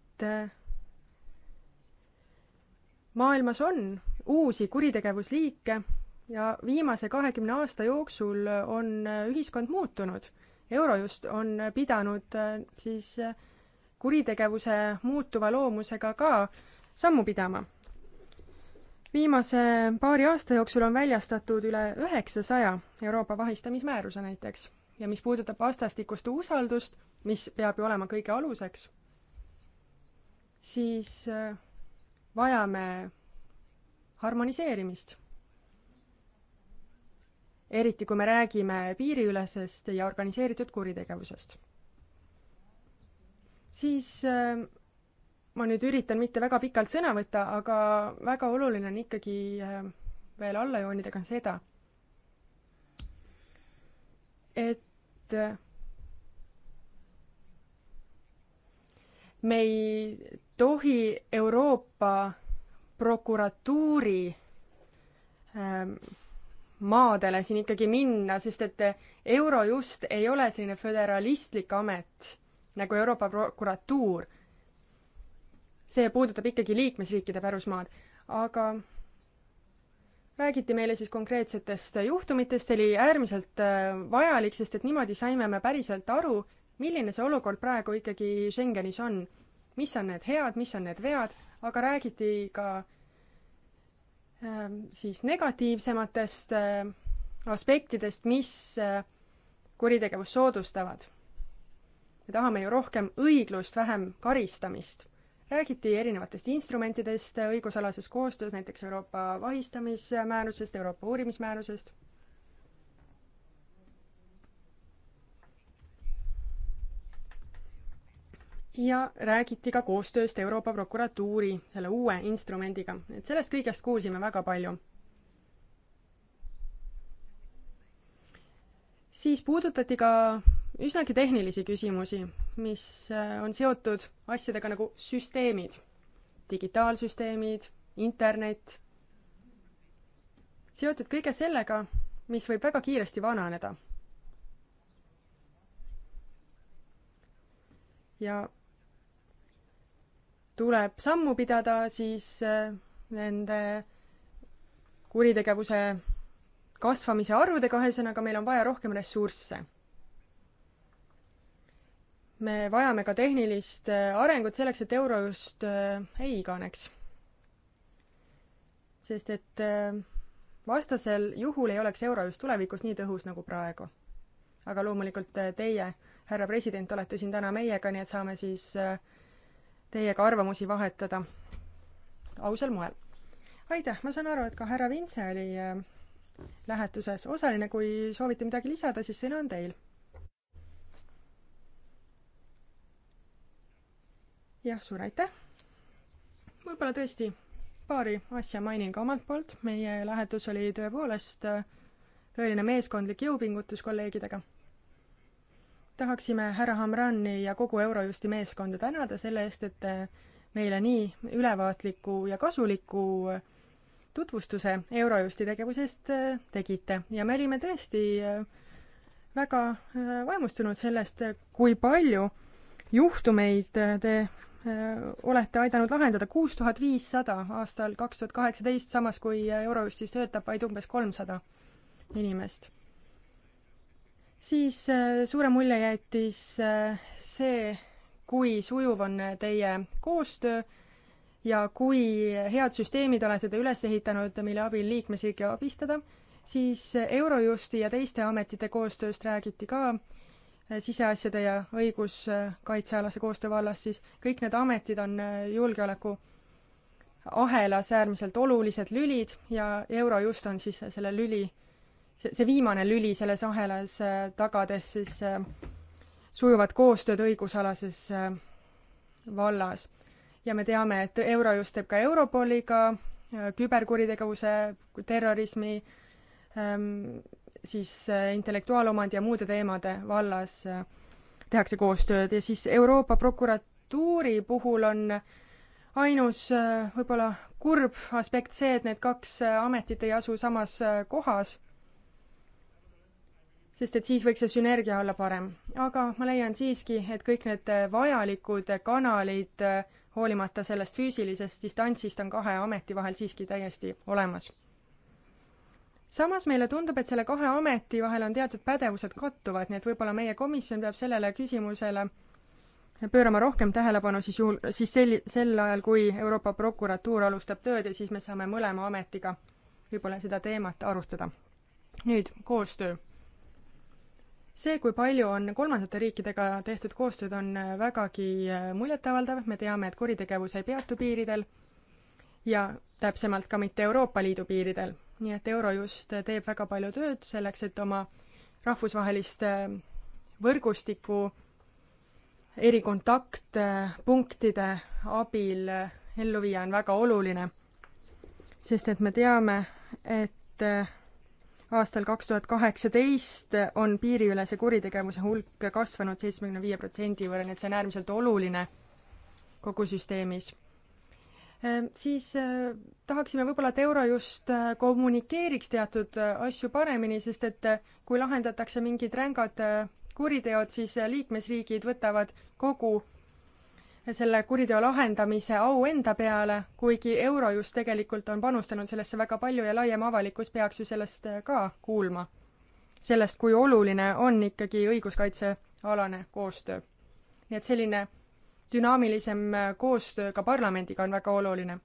maailmas on uusi kuritegevusliike ja viimase kahekümne aasta jooksul on äh, ühiskond muutunud. Eurojust on äh, pidanud äh, siis kuritegevuse muutuva loomusega ka sammu pidama. viimase paari aasta jooksul on väljastatud üle üheksasaja Euroopa vahistamismääruse näiteks ja mis puudutab vastastikust usaldust, mis peab ju olema kõige aluseks, siis vajame harmoniseerimist eriti kui me räägime piiriülesest ja organiseeritud kuritegevusest. siis äh, ma nüüd üritan mitte väga pikalt sõna võtta, aga väga oluline on ikkagi äh, veel alla joonida ka seda, et äh, me ei tohi Euroopa prokuratuuri ähm, maadele siin ikkagi minna, sest et Eurojust ei ole selline föderalistlik amet nagu Euroopa prokuratuur. see puudutab ikkagi liikmesriikide pärusmaad, aga räägiti meile siis konkreetsetest juhtumitest, see oli äärmiselt äh, vajalik, sest et niimoodi saime me päriselt aru, milline see olukord praegu ikkagi Schengenis on. mis on need head, mis on need vead, aga räägiti ka äh, Ähm, siis negatiivsematest äh, aspektidest, mis äh, kuritegevust soodustavad. me tahame ju rohkem õiglust, vähem karistamist. räägiti erinevatest instrumentidest õigusalases koostöös, näiteks Euroopa vahistamismäärusest, Euroopa uurimismäärusest ja räägiti ka koostööst Euroopa prokuratuuri, selle uue instrumendiga, et sellest kõigest kuulsime väga palju. siis puudutati ka üsnagi tehnilisi küsimusi, mis äh, on seotud asjadega nagu süsteemid, digitaalsüsteemid, internet, seotud kõige sellega, mis võib väga kiiresti vananeda ja tuleb sammu pidada siis äh, nende kuritegevuse kasvamise arvudega, ühesõnaga meil on vaja rohkem ressursse. me vajame ka tehnilist äh, arengut selleks, et euro just äh, ei iganeks. sest et vastasel juhul ei oleks euro just tulevikus nii tõhus nagu praegu. aga loomulikult teie, härra president, olete siin täna meiega, nii et saame siis äh, teiega arvamusi vahetada ausal moel. aitäh, ma saan aru, et ka härra Vintse oli äh, lähetuses osaline, kui soovite midagi lisada, siis sõna on teil. jah, suur aitäh. võib-olla tõesti paari asja mainin ka omalt poolt, meie lähetus oli tõepoolest äh, tõeline meeskondlik jõupingutus kolleegidega tahaksime härra Hamrani ja kogu Eurojusti meeskonda tänada selle eest, et te meile nii ülevaatliku ja kasuliku tutvustuse Eurojusti tegevusest äh, tegite ja me olime tõesti äh, väga äh, vaimustunud sellest, kui palju juhtumeid te olete aidanud lahendada kuus tuhat viissada aastal kaks tuhat kaheksateist, samas kui Eurojustis töötab vaid umbes kolmsada inimest siis äh, suure mulje jättis äh, see, kui sujuv on äh, teie koostöö ja kui head süsteemid olete te üles ehitanud, mille abil liikmesriike abistada, siis Eurojusti ja teiste ametite koostööst räägiti ka siseasjade ja õiguskaitsealase koostöö vallas, siis kõik need ametid on julgeoleku ahelas äärmiselt olulised lülid ja Eurojust on siis selle lüli see, see viimane lüli selles ahelas, äh, tagades siis äh, sujuvat koostööd õigusalases äh, vallas. ja me teame, et Eurojust teeb ka Europoliga küberkuritegevuse, terrorismi, ähm, siis intellektuaalomandi ja muude teemade vallas tehakse koostööd ja siis Euroopa prokuratuuri puhul on ainus võib-olla kurb aspekt see, et need kaks ametit ei asu samas kohas sest et siis võiks see sünergia olla parem. aga ma leian siiski, et kõik need vajalikud kanalid, hoolimata sellest füüsilisest distantsist, on kahe ameti vahel siiski täiesti olemas. samas meile tundub, et selle kahe ameti vahel on teatud pädevused kattuvad, nii et võib-olla meie komisjon peab sellele küsimusele pöörama rohkem tähelepanu siis juhul, siis sel, sel ajal, kui Euroopa prokuratuur alustab tööd ja siis me saame mõlema ametiga võib-olla seda teemat arutada. nüüd koostöö see, kui palju on kolmandate riikidega tehtud koostööd, on vägagi äh, muljetavaldav, me teame, et kuritegevus ei peatu piiridel ja täpsemalt ka mitte Euroopa Liidu piiridel. nii et Eurojust äh, teeb väga palju tööd selleks, et oma rahvusvahelist äh, võrgustiku erikontaktpunktide abil ellu viia on väga oluline, sest et me teame, et aastal kaks tuhat kaheksateist on piiriülese kuritegevuse hulk kasvanud seitsmekümne viie protsendi võrra, nii et see on äärmiselt oluline kogu süsteemis. Ehm, siis ehm, tahaksime võib-olla, et Eurojust ehm, kommunikeeriks teatud asju paremini, sest et kui lahendatakse mingid rängad kuriteod, siis liikmesriigid võtavad kogu selle kuriteo lahendamise au enda peale, kuigi Eurojust tegelikult on panustanud sellesse väga palju ja laiem avalikkus peaks ju sellest äh, ka kuulma. sellest, kui oluline on ikkagi õiguskaitsealane koostöö. nii et selline dünaamilisem äh, koostöö ka parlamendiga on väga oluline.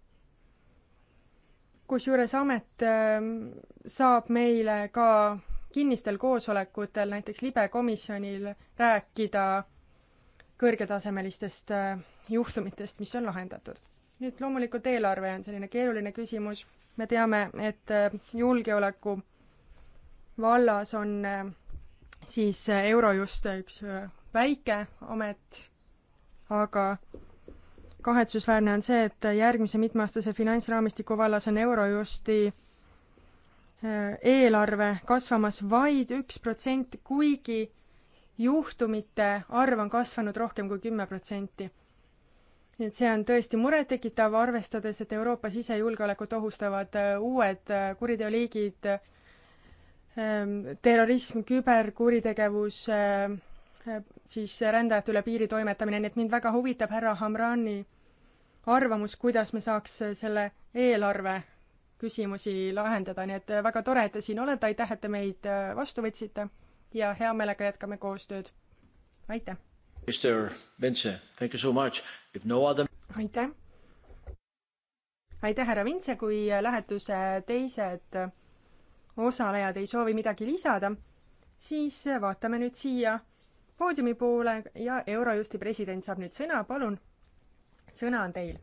kusjuures amet ähm, saab meile ka kinnistel koosolekutel, näiteks libekomisjonil, rääkida kõrgetasemelistest äh, juhtumitest, mis on lahendatud. nüüd loomulikult eelarve on selline keeruline küsimus, me teame, et äh, julgeoleku vallas on äh, siis äh, Eurojust üks väike amet, aga kahetsusväärne on see, et järgmise mitmeaastase finantsraamistiku vallas on Eurojusti eelarve kasvamas vaid üks protsent, kuigi juhtumite arv on kasvanud rohkem kui kümme protsenti nii et see on tõesti murettekitav, arvestades, et Euroopa sisejulgeolekut ohustavad äh, uued äh, kuriteoliigid, ähm, terrorism, küberkuritegevus, äh, siis rändajate üle piiri toimetamine, nii et mind väga huvitab härra Hamrani arvamus, kuidas me saaks selle eelarve küsimusi lahendada, nii et väga tore, et te siin olete, aitäh, et te meid vastu võtsite ja hea meelega jätkame koostööd. aitäh! No other... aitäh. aitäh, härra Vintse, kui lähetuse teised osalejad ei soovi midagi lisada, siis vaatame nüüd siia poodiumi poole ja Eurojusti president saab nüüd sõna, palun. sõna on teil.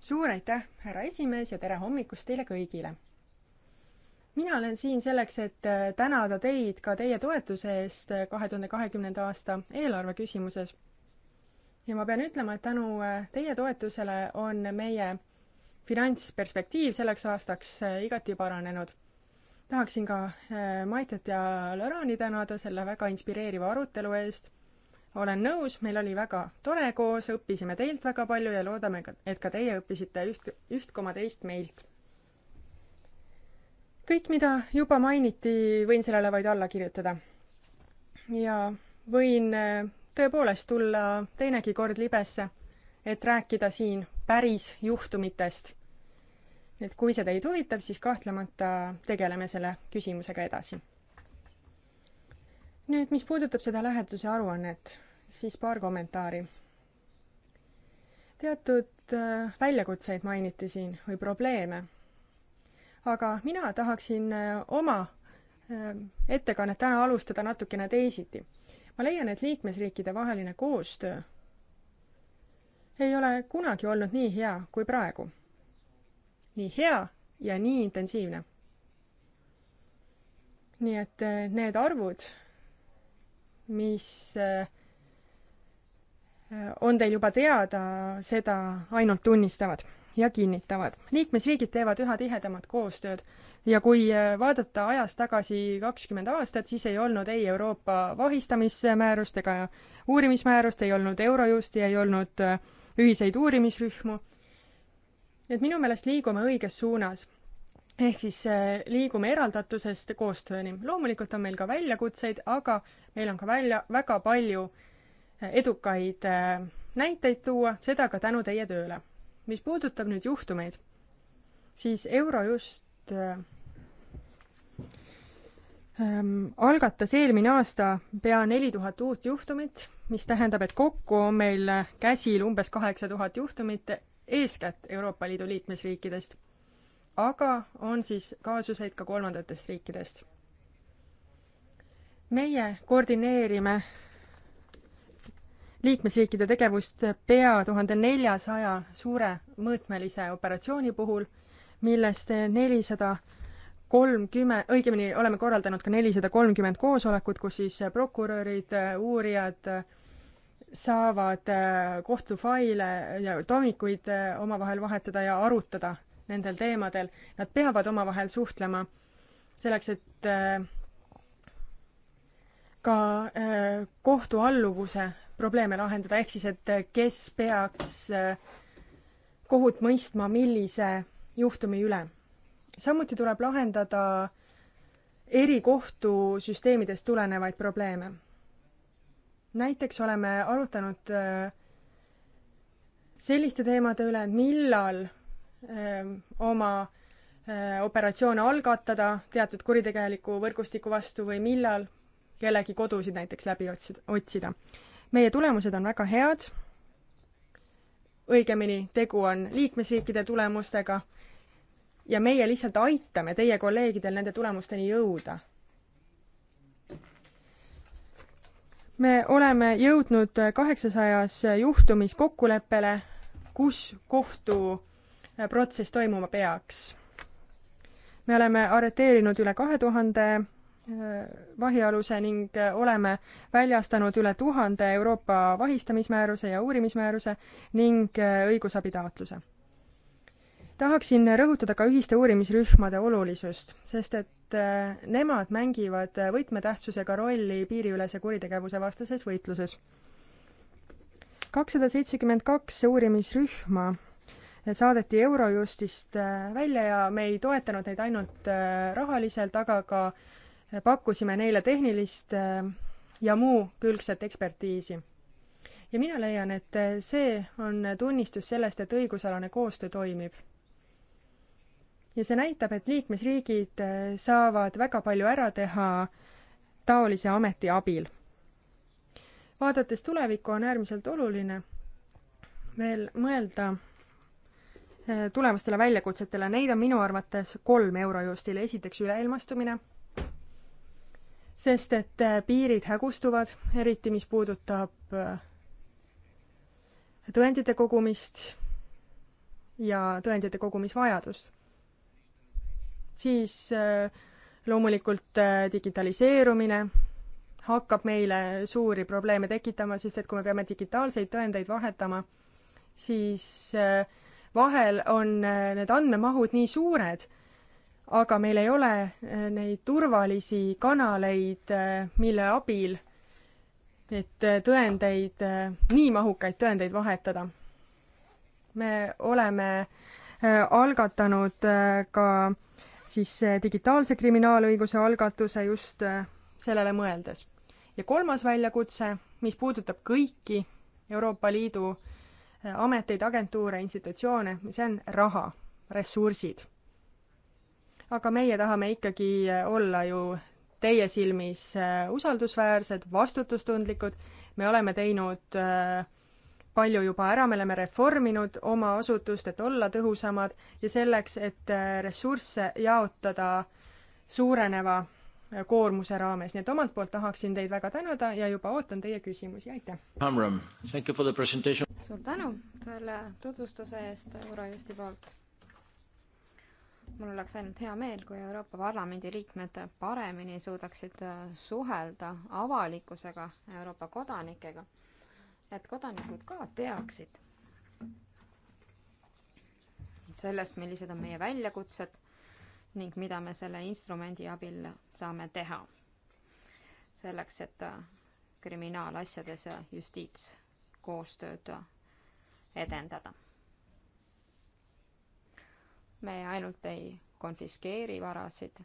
suur aitäh, härra esimees ja tere hommikust teile kõigile mina olen siin selleks, et äh, tänada teid ka teie toetuse eest äh, kahe tuhande kahekümnenda aasta eelarve küsimuses. ja ma pean ütlema, et tänu äh, teie toetusele on meie finantsperspektiiv selleks aastaks igati paranenud. tahaksin ka Maitet ja Lorani tänada selle väga inspireeriva arutelu eest. olen nõus, meil oli väga tore koos, õppisime teilt väga palju ja loodame, et ka teie õppisite üht, üht koma teist meilt kõik, mida juba mainiti, võin sellele vaid alla kirjutada. ja võin eh, tõepoolest tulla teinegi kord libesse, et rääkida siin päris juhtumitest. et kui see teid huvitab, siis kahtlemata tegeleme selle küsimusega edasi. nüüd, mis puudutab seda lähetuse aruannet, siis paar kommentaari. teatud eh, väljakutseid mainiti siin või probleeme aga mina tahaksin äh, oma äh, ettekannet täna alustada natukene teisiti. ma leian, et liikmesriikide vaheline koostöö ei ole kunagi olnud nii hea kui praegu. nii hea ja nii intensiivne. nii et äh, need arvud, mis on teil juba teada, seda ainult tunnistavad ja kinnitavad. liikmesriigid teevad üha tihedamat koostööd ja kui äh, vaadata ajas tagasi kakskümmend aastat, siis ei olnud ei Euroopa vahistamismäärust ega uurimismäärust, ei olnud Eurojusti, ei olnud äh, ühiseid uurimisrühmu. et minu meelest liigume õiges suunas ehk siis äh, liigume eraldatusest koostööni. loomulikult on meil ka väljakutseid, aga meil on ka välja, väga palju edukaid näiteid tuua, seda ka tänu teie tööle mis puudutab nüüd juhtumeid, siis Eurojust äh, ähm, algatas eelmine aasta pea neli tuhat uut juhtumit, mis tähendab, et kokku on meil käsil umbes kaheksa tuhat juhtumit, eeskätt Euroopa Liidu liikmesriikidest. aga on siis kaasuseid ka kolmandatest riikidest. meie koordineerime liikmesriikide tegevust pea tuhande neljasaja suuremõõtmelise operatsiooni puhul, millest nelisada kolmkümmend, õigemini oleme korraldanud ka nelisada kolmkümmend koosolekut, kus siis prokurörid, uurijad saavad äh, kohtufaile ja toimikuid äh, omavahel vahetada ja arutada nendel teemadel. Nad peavad omavahel suhtlema selleks, et äh, ka kohtualluvuse probleeme lahendada, ehk siis, et kes peaks äh, kohut mõistma, millise juhtumi üle. samuti tuleb lahendada erikohtusüsteemidest tulenevaid probleeme. näiteks oleme arutanud äh, selliste teemade üle, et millal äh, oma operatsioone algatada teatud kuritegeliku võrgustiku vastu või millal kellegi kodusid näiteks läbi otsida, otsida meie tulemused on väga head, õigemini tegu on liikmesriikide tulemustega ja meie lihtsalt aitame teie kolleegidel nende tulemusteni jõuda. me oleme jõudnud kaheksasajas juhtumis kokkuleppele, kus kohtuprotsess toimuma peaks. me oleme arreteerinud üle kahe tuhande vahialuse ning äh, oleme väljastanud üle tuhande Euroopa vahistamismääruse ja uurimismääruse ning äh, õigusabitaotluse. tahaksin rõhutada ka ühiste uurimisrühmade olulisust, sest et äh, nemad mängivad võtmetähtsusega rolli piiriülese kuritegevuse vastases võitluses. kakssada seitsekümmend kaks uurimisrühma saadeti Eurojustist välja ja me ei toetanud neid ainult rahaliselt, aga ka äh, pakkusime neile tehnilist äh, ja muu külgset ekspertiisi. ja mina leian, et äh, see on tunnistus sellest, et õigusalane koostöö toimib. ja see näitab, et liikmesriigid äh, saavad väga palju ära teha taolise ameti abil. vaadates tulevikku, on äärmiselt oluline veel mõelda tulemustele väljakutsetele, neid on minu arvates kolm Eurojustile, esiteks üleilmastumine, sest et äh, piirid hägustuvad, eriti mis puudutab äh, tõendite kogumist ja tõendite kogumisvajadust. siis äh, loomulikult digitaliseerumine hakkab meile suuri probleeme tekitama, sest et kui me peame digitaalseid tõendeid vahetama, siis vahel on need andmemahud nii suured, aga meil ei ole äh, neid turvalisi kanaleid, äh, mille abil, et äh, tõendeid, nii mahukaid tõendeid vahetada. me oleme algatanud ka siis digitaalse kriminaalõiguse algatuse just sellele mõeldes. ja kolmas väljakutse, mis puudutab kõiki Euroopa Liidu ameteid, agentuure, institutsioone, see on raha, ressursid aga meie tahame ikkagi äh, olla ju teie silmis äh, usaldusväärsed, vastutustundlikud, me oleme teinud äh, palju juba ära, me oleme reforminud oma asutust, et olla tõhusamad ja selleks, et ressursse jaotada suureneva koormuse raames, nii et omalt poolt tahaksin teid väga tänada ja juba ootan teie küsimusi, aitäh! suur tänu selle tutvustuse eest Eurojusti poolt! mul oleks ainult hea meel, kui Euroopa Parlamendi liikmed paremini suudaksid äh, suhelda avalikkusega, Euroopa kodanikega, et kodanikud ka teaksid sellest, millised on meie väljakutsed ning mida me selle instrumendi abil saame teha. selleks, et äh, kriminaalasjades justiitskoostööd edendada me ainult ei konfiskeeri varasid,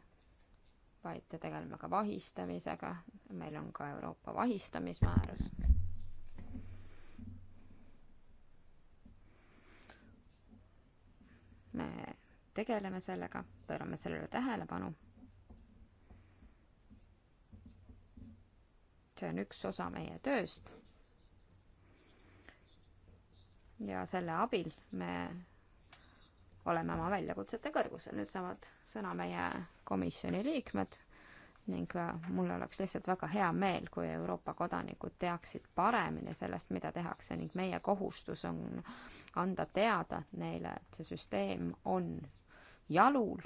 vaid tegeleme ka vahistamisega, meil on ka Euroopa vahistamismäärus. me tegeleme sellega, pöörame sellele tähelepanu. see on üks osa meie tööst. ja selle abil me oleme oma väljakutsete kõrgusel. nüüd saavad sõna meie komisjoni liikmed ning äh, mul oleks lihtsalt väga hea meel, kui Euroopa kodanikud teaksid paremini sellest, mida tehakse ning meie kohustus on anda teada neile, et see süsteem on jalul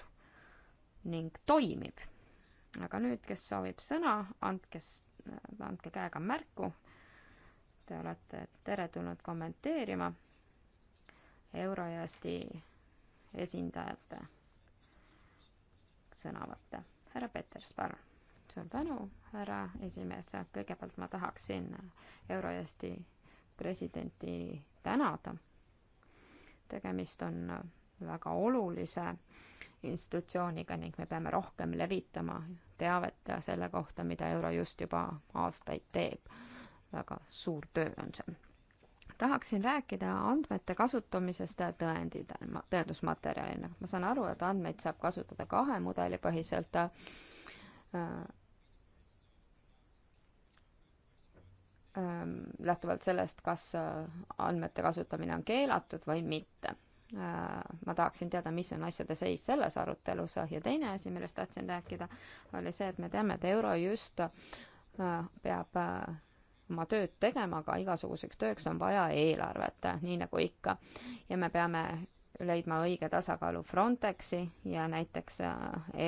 ning toimib. aga nüüd, kes soovib sõna, andke, andke käega märku. Te olete teretulnud kommenteerima Eurojasti esindajate sõnavõtte. härra Peters, palun. suur tänu, härra esimees. kõigepealt ma tahaksin Euro-Eesti presidenti tänada. tegemist on väga olulise institutsiooniga ning me peame rohkem levitama teavet selle kohta, mida Eurojust juba aastaid teeb. väga suur töö on see tahaksin rääkida andmete kasutamisest tõendid, tõendusmaterjalina. ma saan aru, et andmeid saab kasutada kahe mudeli põhiselt ehm, lähtuvalt sellest, kas andmete kasutamine on keelatud või mitte. Ehm, ma tahaksin teada, mis on asjade seis selles arutelus ja teine asi, millest tahtsin rääkida, oli see, et me teame, et Eurojust ehm, peab oma tööd tegema, aga igasuguseks tööks on vaja eelarvet, nii nagu ikka. ja me peame leidma õige tasakaalu Frontexi ja näiteks äh,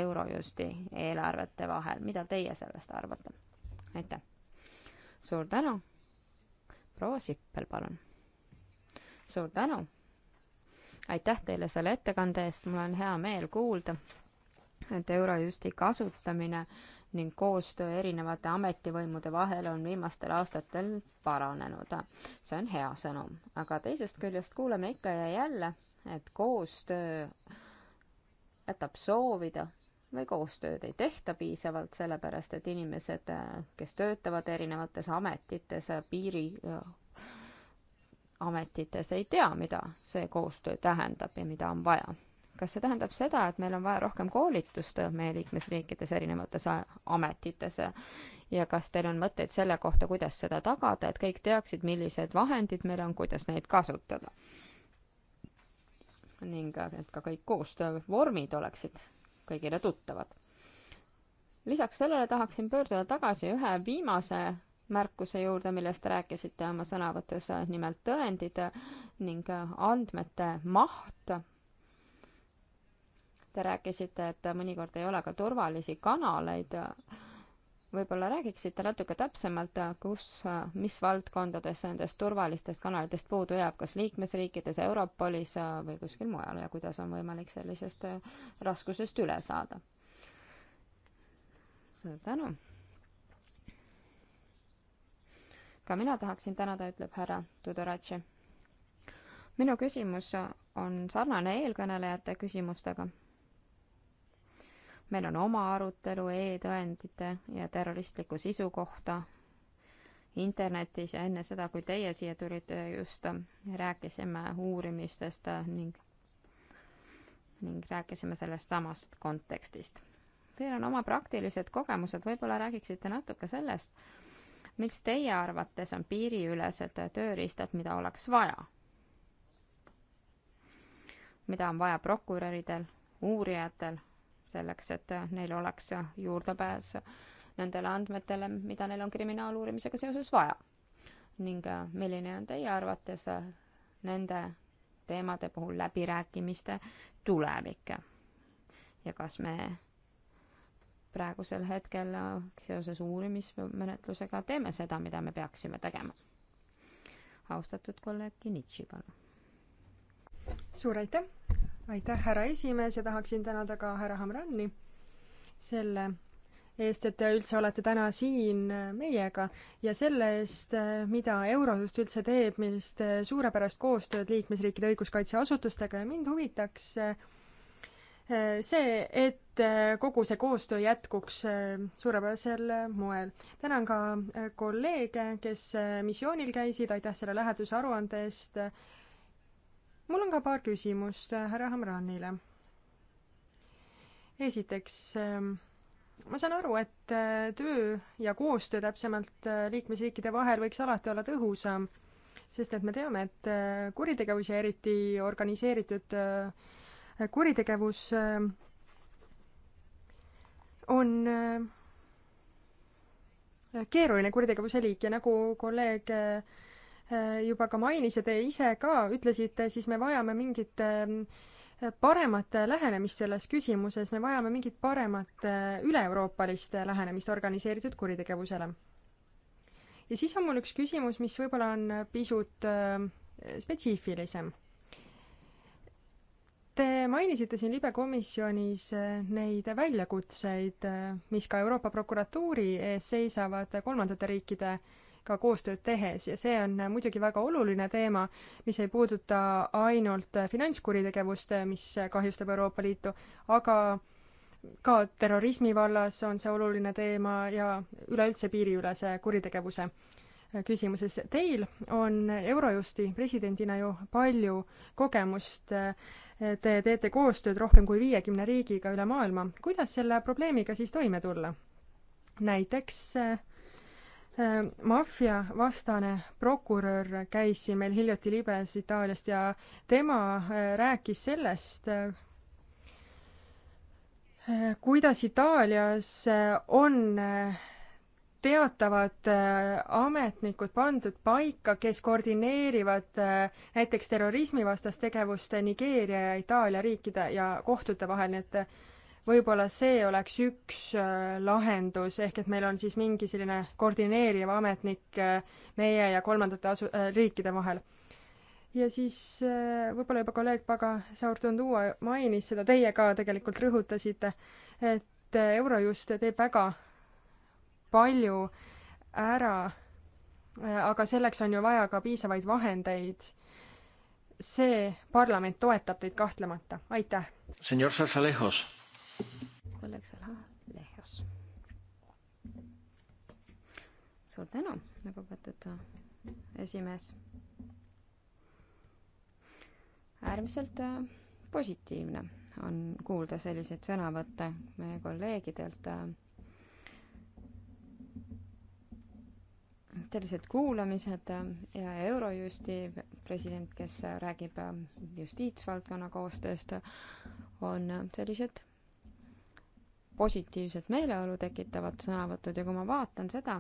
Eurojusti eelarvete vahel. mida teie sellest arvate? aitäh! suur tänu! proua Sippel, palun! suur tänu! aitäh teile selle ettekande eest, mul on hea meel kuulda, et Eurojusti kasutamine äh, ning koostöö erinevate ametivõimude vahel on viimastel aastatel paranenud. see on hea sõnum, aga teisest küljest kuuleme ikka ja jälle, et koostöö jätab soovida või koostööd ei tehta piisavalt, sellepärast et inimesed, kes töötavad erinevates ametites, piiri ametites ei tea, mida see koostöö tähendab ja mida on vaja kas see tähendab seda, et meil on vaja rohkem koolitust meie liikmesriikides erinevates ametites ja kas teil on mõtteid selle kohta, kuidas seda tagada, et kõik teaksid, millised vahendid meil on, kuidas neid kasutada? ning et ka kõik koostöövormid oleksid kõigile tuttavad. lisaks sellele tahaksin pöörduda tagasi ühe viimase märkuse juurde, millest rääkisite oma sõnavõtus, nimelt tõendid ning andmete maht Te rääkisite, et mõnikord ei ole ka turvalisi kanaleid. võib-olla räägiksite natuke täpsemalt, kus, mis valdkondades nendest turvalistest kanalitest puudu jääb, kas liikmesriikides, Europolis või kuskil mujal ja kuidas on võimalik sellisest raskusest üle saada? suur tänu! ka mina tahaksin tänada, ütleb härra Tudoratši. minu küsimus on sarnane eelkõnelejate küsimustega meil on oma arutelu e-tõendite ja terroristliku sisu kohta internetis ja enne seda, kui teie siia tulite, just rääkisime uurimistest ning, ning rääkisime sellest samast kontekstist. Teil on oma praktilised kogemused, võib-olla räägiksite natuke sellest, miks teie arvates on piiriülesed tööriistad, mida oleks vaja? mida on vaja prokuröridel, uurijatel selleks, et neil oleks juurdepääs nendele andmetele, mida neil on kriminaaluurimisega seoses vaja. ning äh, milline on teie arvates äh, nende teemade puhul läbirääkimiste tulevik? ja kas me praegusel hetkel äh, seoses uurimismenetlusega teeme seda, mida me peaksime tegema? austatud kolleeg Kinitši, palun. suur aitäh aitäh, härra esimees ja tahaksin tänada ka härra Hamrani selle eest, et te üldse olete täna siin meiega ja selle eest, mida Eurosust üldse teeb, millist suurepärast koostööd liikmesriikide õiguskaitseasutustega ja mind huvitaks eh, see, et eh, kogu see koostöö jätkuks eh, suurepärasel moel. tänan ka kolleege, kes missioonil käisid, aitäh selle läheduse aruande eest mul on ka paar küsimust äh, härra Hamranile. esiteks, ähm, ma saan aru, et äh, töö ja koostöö täpsemalt äh, liikmesriikide vahel võiks alati olla tõhusam, sest et me teame, et kuritegevus ja eriti organiseeritud kuritegevus on keeruline kuritegevuse liik ja nagu kolleeg Äh, juba ka mainis ja te ise ka ütlesite, siis me vajame mingit ähm, paremat äh, lähenemist selles küsimuses, me vajame mingit paremat äh, üle-euroopalist lähenemist organiseeritud kuritegevusele. ja siis on mul üks küsimus, mis võib-olla on pisut ähm, spetsiifilisem. Te mainisite siin libekomisjonis neid väljakutseid, mis ka Euroopa prokuratuuri ees seisavad kolmandate riikide äh, ka koostööd tehes ja see on muidugi väga oluline teema, mis ei puuduta ainult finantskuritegevust, mis kahjustab Euroopa Liitu, aga ka terrorismi vallas on see oluline teema ja üleüldse piiriülese kuritegevuse küsimuses. Teil on Eurojusti presidendina ju palju kogemust. Te teete koostööd rohkem kui viiekümne riigiga üle maailma. kuidas selle probleemiga siis toime tulla? näiteks äh, Äh, maffiavastane prokurör käis siin meil hiljuti libes Itaaliast ja tema äh, rääkis sellest, äh, kuidas Itaalias on teatavad ametnikud pandud paika, kes koordineerivad näiteks terrorismivastast tegevust Nigeeria ja Itaalia riikide ja kohtute vahel, nii et võib-olla see oleks üks äh, lahendus, ehk et meil on siis mingi selline koordineeriv ametnik äh, meie ja kolmandate asu-, äh, riikide vahel. ja siis võib-olla juba kolleeg Paga Saur-Tundua mainis seda, teie ka tegelikult rõhutasite, et Eurojust teeb väga palju ära, aga selleks on ju vaja ka piisavaid vahendeid see parlament toetab teid kahtlemata, aitäh! senor Sarsalejos kolleeg Salha Lehjos. suur tänu, lugupeetud esimees. äärmiselt äh, positiivne on kuulda selliseid sõnavõtte meie kolleegidelt äh, sellised kuulamised äh, ja Eurojusti president, kes räägib justiitsvaldkonna koostööst, on sellised positiivset meeleolu tekitavad sõnavõtud ja kui ma vaatan seda,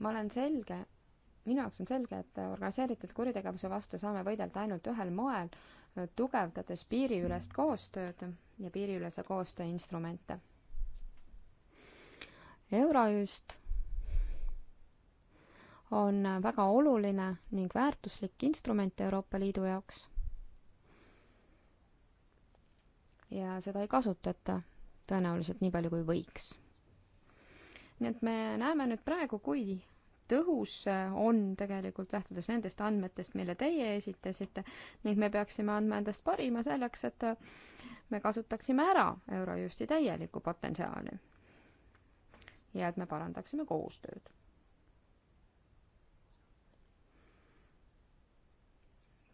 ma olen selge, minu jaoks on selge, et organiseeritud kuritegevuse vastu saame võidelda ainult ühel moel, tugevdades piiriülest koostööd ja piiriülese koostöö instrumente. Eurojust on väga oluline ning väärtuslik instrument Euroopa Liidu jaoks ja seda ei kasutata tõenäoliselt nii palju, kui võiks. nii et me näeme nüüd praegu, kui tõhus on tegelikult lähtudes nendest andmetest, mille teie esitasite ning me peaksime andma endast parima selleks, et me kasutaksime ära Eurojusti täielikku potentsiaali. ja et me parandaksime koostööd.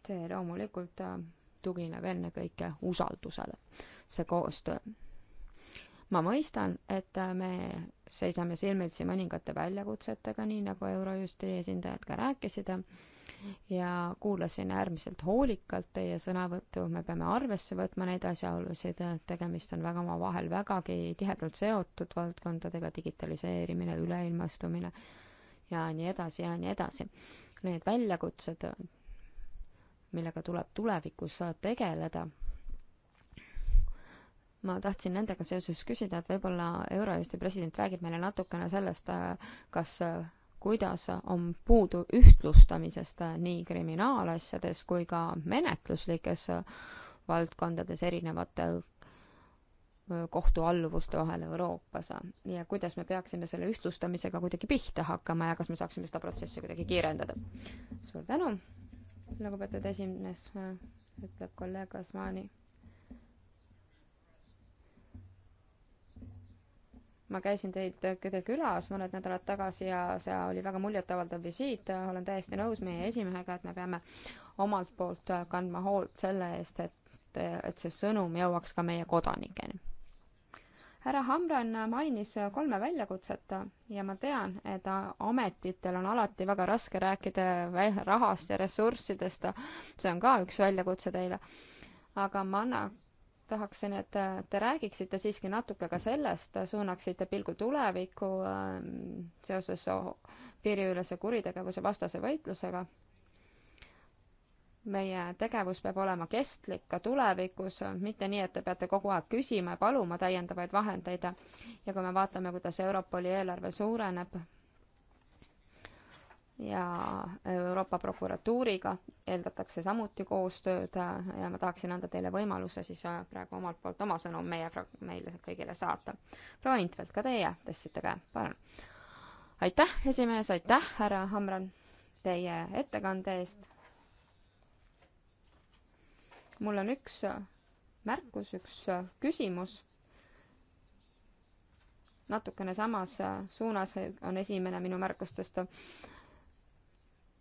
see loomulikult äh, tugineb ennekõike usaldusele, see koostöö. ma mõistan, et me seisame silmitsi mõningate väljakutsetega, nii nagu Eurojusti esindajad ka rääkisid, ja kuulasin äärmiselt hoolikalt teie sõnavõttu, me peame arvesse võtma neid asjaolusid, tegemist on väga omavahel vägagi tihedalt seotud valdkondadega, digitaliseerimine, üleilmastumine ja nii edasi ja nii edasi. Need väljakutsed millega tuleb tulevikus tegeleda. ma tahtsin nendega seoses küsida, et võib-olla Eurojusti president räägib meile natukene sellest, kas kuidas on puudu ühtlustamisest nii kriminaalasjades kui ka menetluslikes valdkondades erinevate kohtualluvuste vahel Euroopas ja kuidas me peaksime selle ühtlustamisega kuidagi pihta hakkama ja kas me saaksime seda protsessi kuidagi kiirendada. suur tänu lugupeetud esimees, äh, ütleb kolleeg Osmani. ma käisin teid äh, teie külas mõned nädalad tagasi ja see oli väga muljetavaldav visiit, äh, olen täiesti nõus meie esimehega, et me peame omalt poolt kandma hoolt selle eest, et, et see sõnum jõuaks ka meie kodanikeni härra Hamran mainis kolme väljakutset ja ma tean, et ametitel on alati väga raske rääkida rahast ja ressurssidest. see on ka üks väljakutse teile. aga ma annan tahaksin, et te räägiksite siiski natuke ka sellest, suunaksite pilgu tulevikku ähm, seoses piiriülese kuritegevuse vastase võitlusega meie tegevus peab olema kestlik ka tulevikus, mitte nii, et te peate kogu aeg küsima ja paluma täiendavaid vahendeid. ja kui me vaatame, kuidas Europoli eelarve suureneb ja Euroopa prokuratuuriga eeldatakse samuti koostööd ja ma tahaksin anda teile võimaluse siis praegu omalt poolt oma sõnum meie, meile kõigile saata. proua Intvelt, ka teie tõstsite käe, palun. aitäh, esimees, aitäh, härra Hamran, teie ettekande eest mul on üks äh, märkus, üks äh, küsimus. natukene samas äh, suunas on esimene minu märkustest.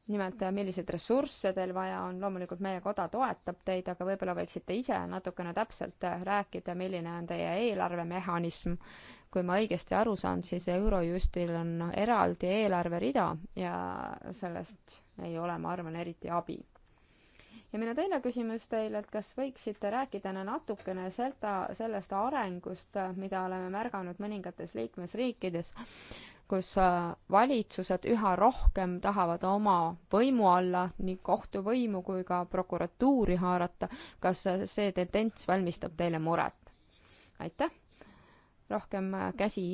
nimelt, milliseid ressursse teil vaja on, loomulikult meie koda toetab teid, aga võib-olla võiksite ise natukene täpselt rääkida, milline on teie eelarvemehhanism. kui ma õigesti aru saan, siis Eurojustil on eraldi eelarverida ja sellest ei ole, ma arvan, eriti abi ja minu teine küsimus teile, et kas võiksite rääkida natukene seda, sellest arengust, mida oleme märganud mõningates liikmesriikides, kus äh, valitsused üha rohkem tahavad oma võimu alla nii kohtuvõimu kui ka prokuratuuri haarata. kas see tendents valmistab teile muret? aitäh! rohkem äh, käsi,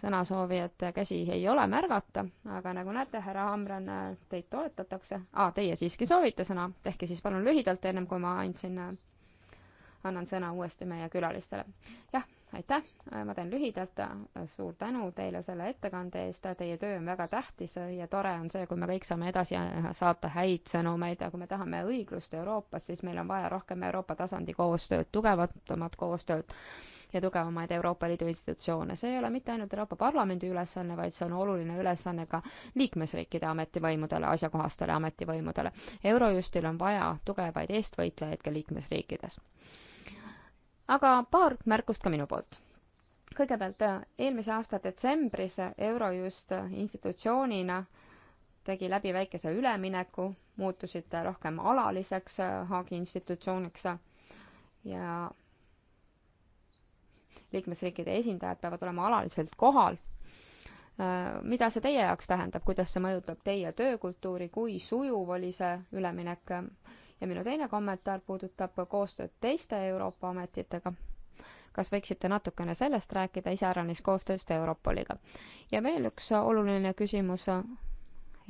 sõnasoovijate käsi ei ole märgata, aga nagu näete, härra Hamran, äh, teid toetatakse ah,. Teie siiski soovite sõna, tehke siis palun lühidalt, ennem kui ma andsin, äh, annan sõna uuesti meie külalistele. jah aitäh, ma teen lühidalt, suur tänu teile selle ettekande eest, teie töö on väga tähtis ja tore on see, kui me kõik saame edasi saata häid sõnumeid ja kui me tahame õiglust Euroopas, siis meil on vaja rohkem Euroopa tasandi koostööd, tugevatumat koostööd ja tugevamaid Euroopa Liidu institutsioone. see ei ole mitte ainult Euroopa Parlamendi ülesanne, vaid see on oluline ülesanne ka liikmesriikide ametivõimudele, asjakohastele ametivõimudele. Eurojustil on vaja tugevaid eestvõitlejaid ka liikmesriikides aga paar märkust ka minu poolt. kõigepealt, eelmise aasta detsembris Eurojust institutsioonina tegi läbi väikese ülemineku, muutusid rohkem alaliseks Haagi institutsiooniks ja liikmesriikide esindajad peavad olema alaliselt kohal. mida see teie jaoks tähendab, kuidas see mõjutab teie töökultuuri, kui sujuv oli see üleminek? ja minu teine kommentaar puudutab koostööd teiste Euroopa ametitega. kas võiksite natukene sellest rääkida, iseäranis koostööst Europoliga? ja veel üks oluline küsimus,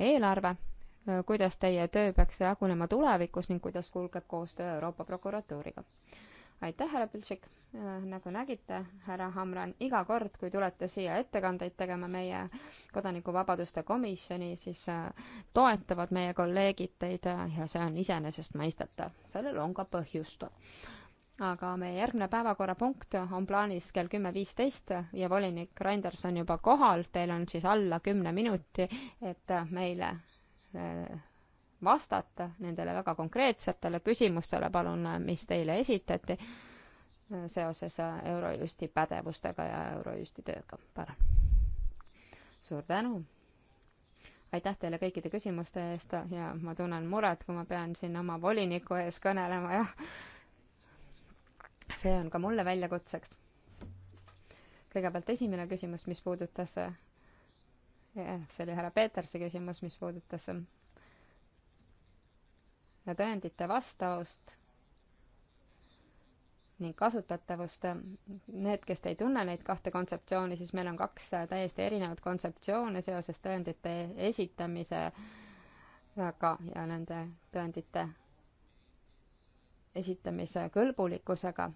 eelarve. kuidas teie töö peaks jagunema tulevikus ning kuidas kulgeb koostöö Euroopa prokuratuuriga? aitäh, härra Piltšik. Äh, nagu nägite, härra Hamran, iga kord, kui tulete siia ettekandeid tegema meie kodanikuvabaduste komisjoni, siis äh, toetavad meie kolleegid teid äh, ja see on iseenesestmõistetav. sellel on ka põhjust aga meie järgmine päevakorrapunkt on plaanis kell kümme viisteist ja volinik Randers on juba kohal, teil on siis alla kümne minuti, et meile vastata nendele väga konkreetsetele küsimustele, palun, mis teile esitati seoses Eurojusti pädevustega ja Eurojusti tööga. palun. suur tänu. aitäh teile kõikide küsimuste eest ja ma tunnen muret, kui ma pean siin oma voliniku ees kõnelema, jah. see on ka mulle väljakutseks. kõigepealt esimene küsimus, mis puudutas, see oli härra Peetersi küsimus, mis puudutas tõendite vastavust ning kasutatavust. Need, kes ei tunne neid kahte kontseptsiooni, siis meil on kaks täiesti erinevat kontseptsiooni seoses tõendite esitamisega ja nende tõendite esitamise kõlbulikkusega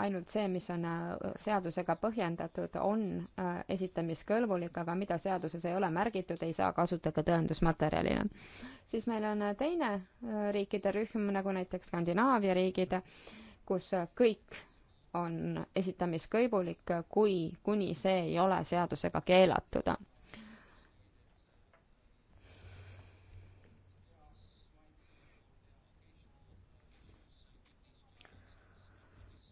ainult see, mis on äh, seadusega põhjendatud, on äh, esitamiskõlbulik, aga mida seaduses ei ole märgitud, ei saa kasutada tõendusmaterjalina. siis meil on äh, teine riikide rühm, nagu näiteks Skandinaavia riigid, kus kõik on esitamiskõlbulik, kui, kuni see ei ole seadusega keelatud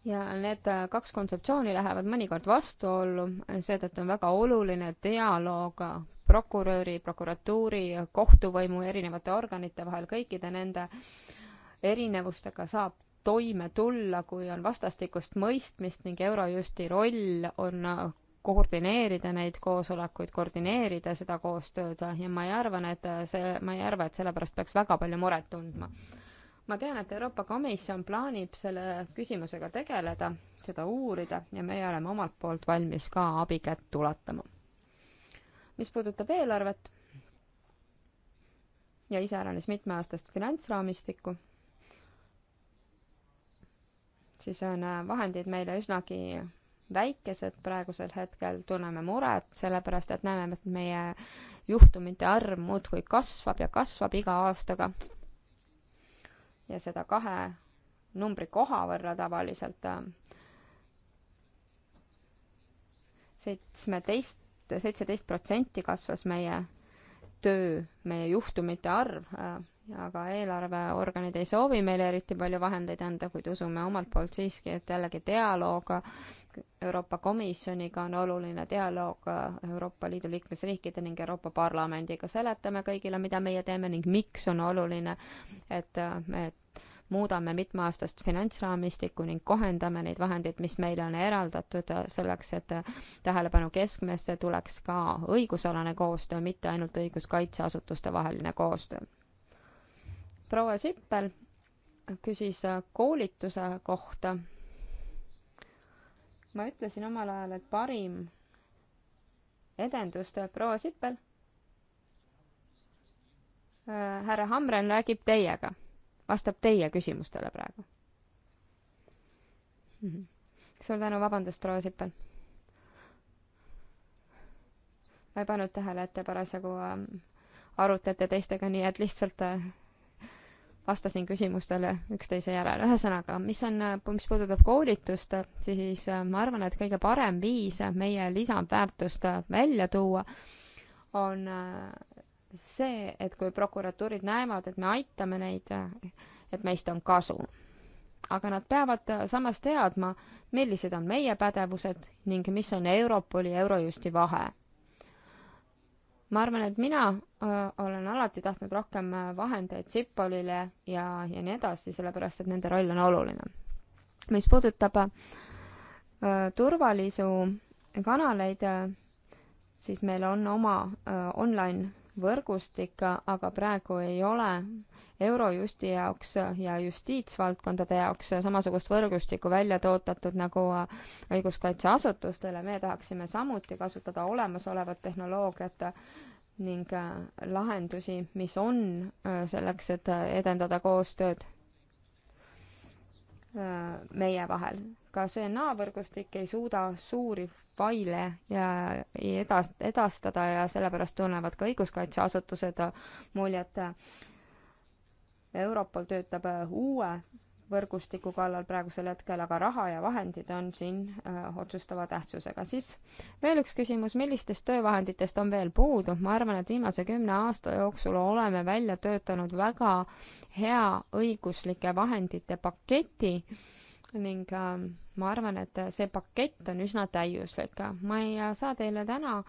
ja need äh, kaks kontseptsiooni lähevad mõnikord vastuollu, seetõttu on väga oluline dialoog prokuröri, prokuratuuri, kohtuvõimu erinevate organite vahel, kõikide nende erinevustega saab toime tulla, kui on vastastikust mõistmist ning Eurojusti roll on koordineerida neid koosolekuid, koordineerida seda koostööd ja ma ei arva, et see, ma ei arva, et selle pärast peaks väga palju muret tundma ma tean, et Euroopa Komisjon plaanib selle küsimusega tegeleda, seda uurida ja meie oleme omalt poolt valmis ka abikätt ulatama. mis puudutab eelarvet ja iseäranis mitmeaastast finantsraamistikku, siis on äh, vahendid meile üsnagi väikesed praegusel hetkel, tunneme muret, sellepärast et näeme, et meie juhtumite arv muudkui kasvab ja kasvab iga aastaga ja seda kahe numbri koha võrra tavaliselt. Äh, seitsmeteist, seitseteist protsenti kasvas meie töö, meie juhtumite arv äh, aga eelarveorganid ei soovi meile eriti palju vahendeid anda, kuid usume omalt poolt siiski, et jällegi dialoog Euroopa Komisjoniga on oluline, dialoog Euroopa Liidu liikmesriikide ning Euroopa Parlamendiga. seletame kõigile, mida meie teeme ning miks on oluline, et me muudame mitmeaastast finantsraamistikku ning kohendame neid vahendeid, mis meile on eraldatud, selleks et tähelepanu keskmesse tuleks ka õigusalane koostöö, mitte ainult õiguskaitseasutuste vaheline koostöö proua Sippel küsis äh, koolituse kohta. ma ütlesin omal ajal, et parim edendustöö, äh, proua Sippel. Äh, härra Hamren räägib teiega, vastab teie küsimustele praegu mm. -hmm. suur tänu, vabandust, proua Sippel. ma ei pannud tähele, et te parasjagu ähm, arutate teistega, nii et lihtsalt vastasin küsimustele üksteise järel. ühesõnaga, mis on, äh, mis puudutab koolitust, siis äh, ma arvan, et kõige parem viis meie lisandväärtust äh, välja tuua on see, et kui prokuratuurid näevad, et me aitame neid, et meist on kasu. aga nad peavad samas teadma, millised on meie pädevused ning mis on Europoli ja Eurojusti vahe ma arvan, et mina olen alati tahtnud rohkem vahendeid Sipolile ja, ja nii edasi, sellepärast et nende roll on oluline. mis puudutab äh, turvalisu kanaleid, siis meil on oma äh, online võrgustik, aga praegu ei ole Eurojusti jaoks ja justiitsvaldkondade jaoks samasugust võrgustikku välja toodetud nagu õiguskaitseasutustele. me tahaksime samuti kasutada olemasolevat tehnoloogiat ning lahendusi, mis on selleks, et edendada koostööd Äh, meie vahel. ka CNA võrgustik ei suuda suuri faile ja edas-, edastada ja sellepärast tunnevad ka õiguskaitseasutused muljet. Europol töötab äh, uue võrgustiku kallal praegusel hetkel, aga raha ja vahendid on siin öö, äh, otsustava tähtsusega. siis veel üks küsimus, millistest töövahenditest on veel puudu? ma arvan, et viimase kümne aasta jooksul oleme välja töötanud väga hea õiguslike vahendite paketi ning öö, äh, ma arvan, et see pakett on üsna täiuslik. ma ei äh, saa teile täna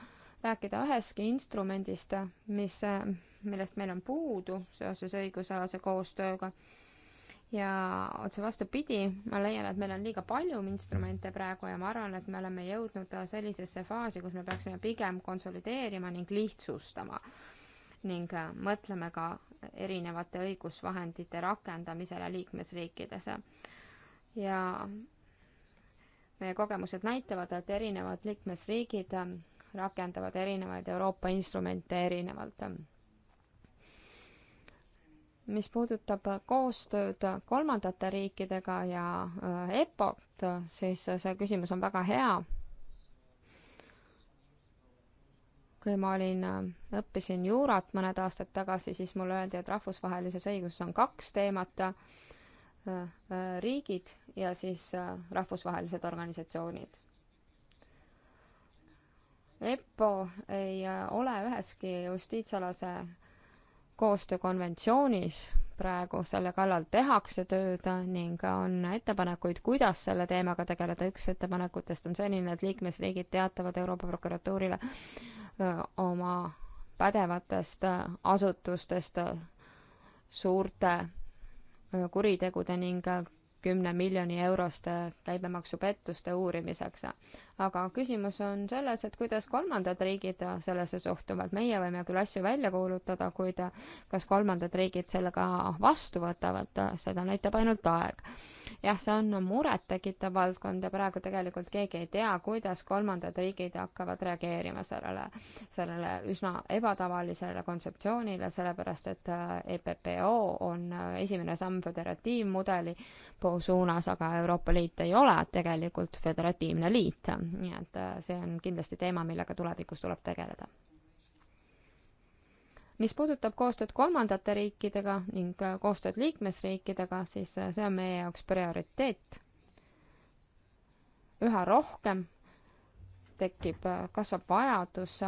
rääkida ühestki instrumendist, mis, millest meil on puudu seoses õigusalase koostööga ja otse vastupidi, ma leian, et meil on liiga palju instrumente praegu ja ma arvan, et me oleme jõudnud sellisesse faasi, kus me peaksime pigem konsolideerima ning lihtsustama ning äh, mõtleme ka erinevate õigusvahendite rakendamisele liikmesriikides. ja meie kogemused näitavad, et erinevad liikmesriigid äh, rakendavad erinevaid Euroopa instrumente erinevalt mis puudutab koostööd kolmandate riikidega ja äh, EPO-t, siis see küsimus on väga hea. kui ma olin, äh, õppisin juurat mõned aastad tagasi, siis mulle öeldi, et rahvusvahelises õiguses on kaks teemat, äh, riigid ja siis rahvusvahelised organisatsioonid. EPO ei ole üheski justiitsalase koostöökonventsioonis praegu selle kallal tehakse tööd ning on ettepanekuid, kuidas selle teemaga tegeleda. üks ettepanekutest on selline, et liikmesriigid teatavad Euroopa prokuratuurile oma pädevatest asutustest suurte kuritegude ning kümne miljoni euroste käibemaksupettuste uurimiseks aga küsimus on selles, et kuidas kolmandad riigid sellesse suhtuvad. meie võime küll asju välja kuulutada, kuid kas kolmandad riigid selle ka vastu võtavad, seda näitab ainult aeg. jah, see on murettekitav valdkond ja praegu tegelikult keegi ei tea, kuidas kolmandad riigid hakkavad reageerima sellele, sellele üsna ebatavalisele kontseptsioonile, sellepärast et EPPO on esimene samm föderatiivmudeli suunas, aga Euroopa Liit ei ole tegelikult föderatiivne liit nii et äh, see on kindlasti teema, millega tulevikus tuleb tegeleda. mis puudutab koostööd kolmandate riikidega ning äh, koostööd liikmesriikidega, siis äh, see on meie jaoks prioriteet. üha rohkem tekib, kasvab vajadus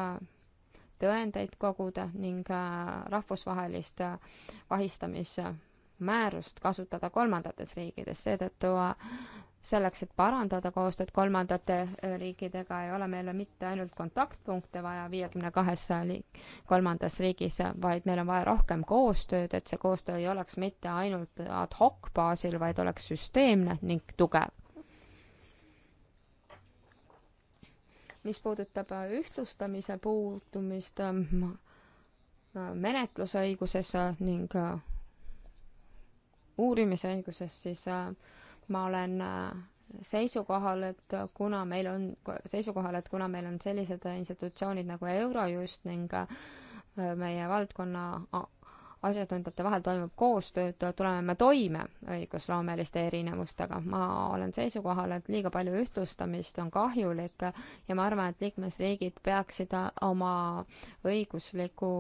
tõendeid koguda ning rahvusvahelist vahistamismäärust kasutada kolmandates riikides, seetõttu selleks, et parandada koostööd kolmandate äh, riikidega, ei ole meil mitte ainult kontaktpunkte vaja viiekümne kahes äh, kolmandas riigis, vaid meil on vaja rohkem koostööd, et see koostöö ei oleks mitte ainult ad hoc baasil, vaid oleks süsteemne ning tugev. mis puudutab äh, ühtlustamise puudumist ähm, menetlusõiguses ning uurimisõiguses, siis äh, ma olen äh, seisukohal, et kuna meil on, seisukohal, et kuna meil on sellised institutsioonid nagu Eurojust ning äh, meie valdkonna asjatundjate vahel toimub koostööd, tuleme me toime õigusloomeliste erinevustega. ma olen seisukohal, et liiga palju ühtlustamist on kahjulik ja ma arvan, et liikmesriigid peaksid oma õigusliku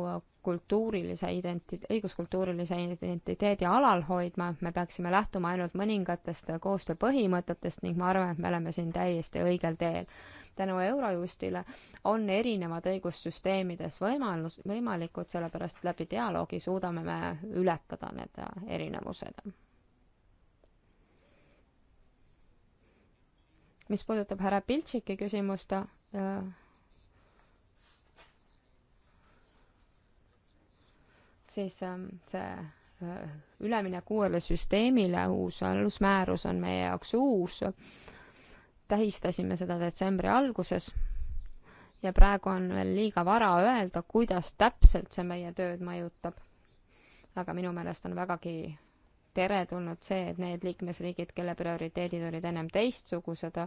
kultuurilise identi-, õiguskultuurilise identiteedi alal hoidma, me peaksime lähtuma ainult mõningatest koostööpõhimõtetest ning ma arvan, et me oleme siin täiesti õigel teel tänu Eurojustile on erinevad õigussüsteemides võimalus, võimalikud, sellepärast läbi dialoogi suudame me ületada need erinevused. mis puudutab härra Piltšiki küsimust, äh, siis ähm, see äh, üleminek uuele süsteemile, uus alusmäärus on meie jaoks uus tähistasime seda detsembri alguses ja praegu on veel liiga vara öelda, kuidas täpselt see meie tööd mõjutab. aga minu meelest on vägagi teretulnud see, et need liikmesriigid, kelle prioriteedid olid ennem teistsugused,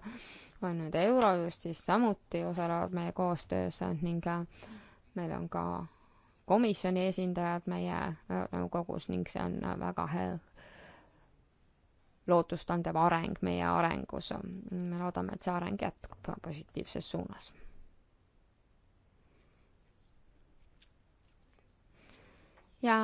on nüüd Eurojustis samuti osalevad meie koostöös ning meil on ka komisjoni esindajad meie nõukogus ning see on väga hea, lootustandev areng meie arengus. me loodame, et see areng jätkub positiivses suunas. ja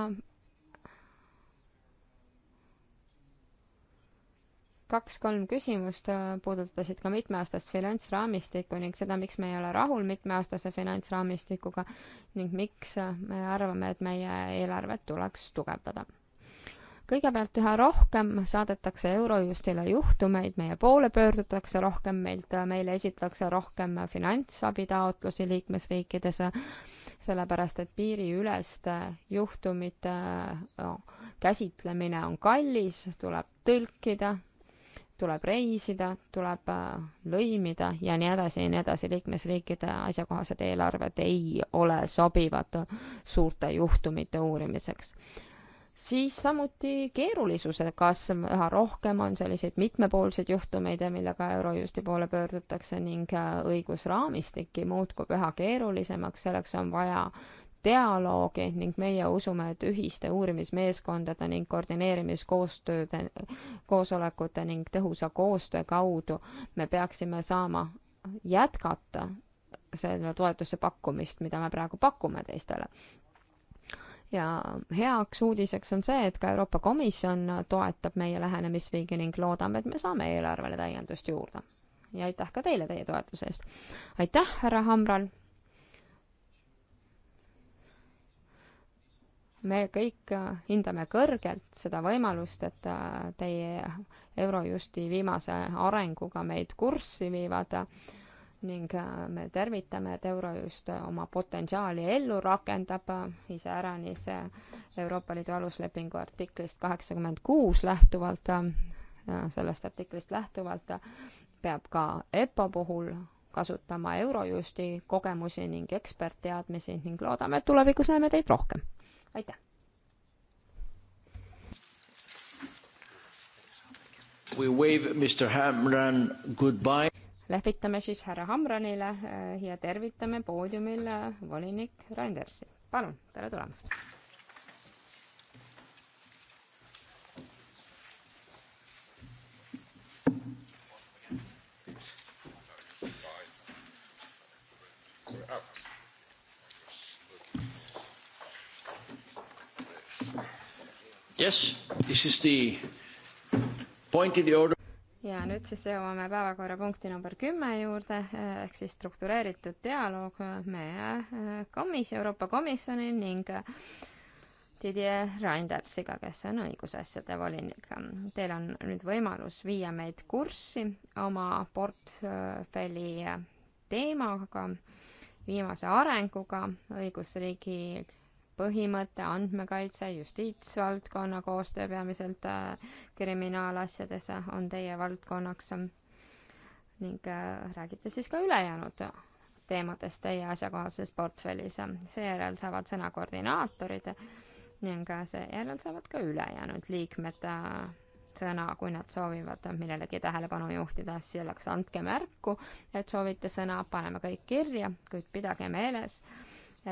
kaks-kolm küsimust äh, puudutasid ka mitmeaastast finantsraamistikku ning seda, miks me ei ole rahul mitmeaastase finantsraamistikuga ning miks äh, me arvame, et meie eelarvet tuleks tugevdada kõigepealt üha rohkem saadetakse Eurojustile juhtumeid, meie poole pöördutakse rohkem, meilt, meile esitatakse rohkem finantsabitaotlusi liikmesriikides, sellepärast et piiriüleste juhtumite no, käsitlemine on kallis, tuleb tõlkida, tuleb reisida, tuleb äh, lõimida ja nii edasi ja nii edasi, liikmesriikide asjakohased eelarved ei ole sobivad suurte juhtumite uurimiseks siis samuti keerulisuse kasv, üha rohkem on selliseid mitmepoolseid juhtumeid, millega Eurojusti poole pöördutakse ning äh, õigusraamistik muutub üha keerulisemaks, selleks on vaja dialoogi ning meie usume, et ühiste uurimismeeskondade ning koordineerimiskoostööde, koosolekute ning tõhusa koostöö kaudu me peaksime saama jätkata selle toetuse pakkumist, mida me praegu pakume teistele ja heaks uudiseks on see, et ka Euroopa Komisjon toetab meie lähenemisviigi ning loodame, et me saame eelarvele täiendust juurde. ja aitäh ka teile teie toetuse eest. aitäh, härra Hamral. me kõik äh, hindame kõrgelt seda võimalust, et äh, teie Eurojusti viimase arenguga meid kurssi viivad ning äh, me tervitame, et Eurojust äh, oma potentsiaali ellu rakendab, äh, iseäranis Euroopa Liidu aluslepingu artiklist kaheksakümmend kuus lähtuvalt, sellest artiklist lähtuvalt peab ka EPPO puhul kasutama Eurojusti kogemusi ning ekspertteadmisi ning loodame, et tulevikus näeme teid rohkem. aitäh! We wave Mr Hamran goodbye lehvitame siis härra Hamranile eh, ja tervitame poodiumil eh, volinik Randersi. palun, tere tulemast! Yes, this is the point in the order ja nüüd siis jõuame päevakorrapunkti number kümme juurde, eh, ehk siis struktureeritud dialoog eh, meie eh, komis-, Euroopa Komisjoni ning Didier Reindersiga, kes on õigusasjade volinik. Teil on nüüd võimalus viia meid kurssi oma portfelli teemaga, viimase arenguga õigusriigi põhimõte, andmekaitse, justiitsvaldkonna koostöö peamiselt äh, kriminaalasjades äh, on teie valdkonnaks äh, ning räägite siis ka ülejäänud teemadest teie asjakohases portfellis. seejärel saavad sõna koordinaatorid ning seejärel saavad ka ülejäänud liikmed sõna, kui nad soovivad millelegi tähelepanu juhtida, selleks andke märku, et soovite sõna, paneme kõik kirja, kuid pidage meeles,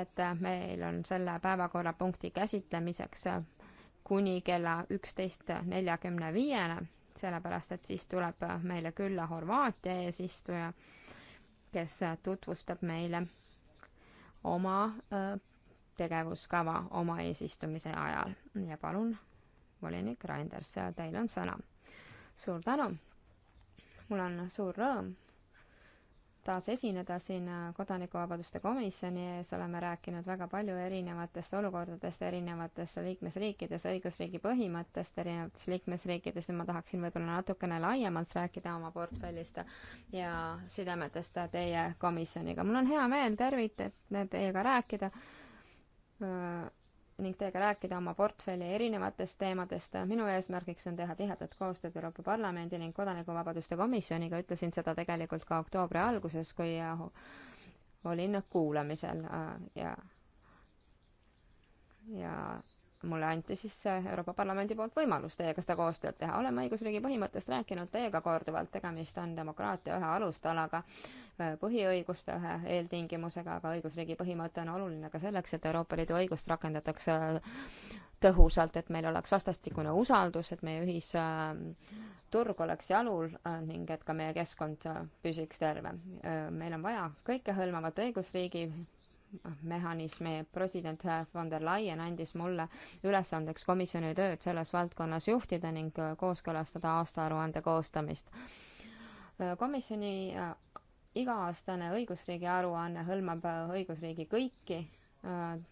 et meil on selle päevakorrapunkti käsitlemiseks kuni kella üksteist neljakümne viiene, sellepärast et siis tuleb meile külla Horvaatia eesistuja, kes tutvustab meile oma tegevuskava oma eesistumise ajal ja palun, volinik Reinders, teil on sõna. suur tänu, mul on suur rõõm taas esineda siin äh, Kodanikuvabaduste komisjoni ees, oleme rääkinud väga palju erinevatest olukordadest erinevates liikmesriikides, õigusriigi põhimõttest erinevates liikmesriikides ja ma tahaksin võib-olla natukene laiemalt rääkida oma portfellist ja sidemetest teie komisjoniga. mul on hea meel tervitada teiega rääkida äh, ning teiega rääkida oma portfelli erinevatest teemadest. minu eesmärgiks on teha tihedat koostööd Euroopa Parlamendi ning Kodanikuvabaduste Komisjoniga, ütlesin seda tegelikult ka oktoobri alguses, kui olin kuulamisel ja ja mulle anti siis Euroopa Parlamendi poolt võimalus teiega seda koostööd teha. oleme õigusriigi põhimõttest rääkinud teiega korduvalt, tegemist on demokraatia ühe alustalaga, äh, põhiõiguste ühe eeltingimusega, aga õigusriigi põhimõte on oluline ka selleks, et Euroopa Liidu õigust rakendatakse äh, tõhusalt, et meil oleks vastastikune usaldus, et meie ühisturg äh, oleks jalul ning et ka meie keskkond püsiks terve. meil on vaja kõikehõlmavat õigusriigi mehhanismi president von der Leyen andis mulle ülesandeks komisjoni tööd selles valdkonnas juhtida ning äh, kooskõlastada aastaaruande koostamist. Äh, komisjoni äh, iga-aastane õigusriigi aruanne hõlmab õigusriigi kõiki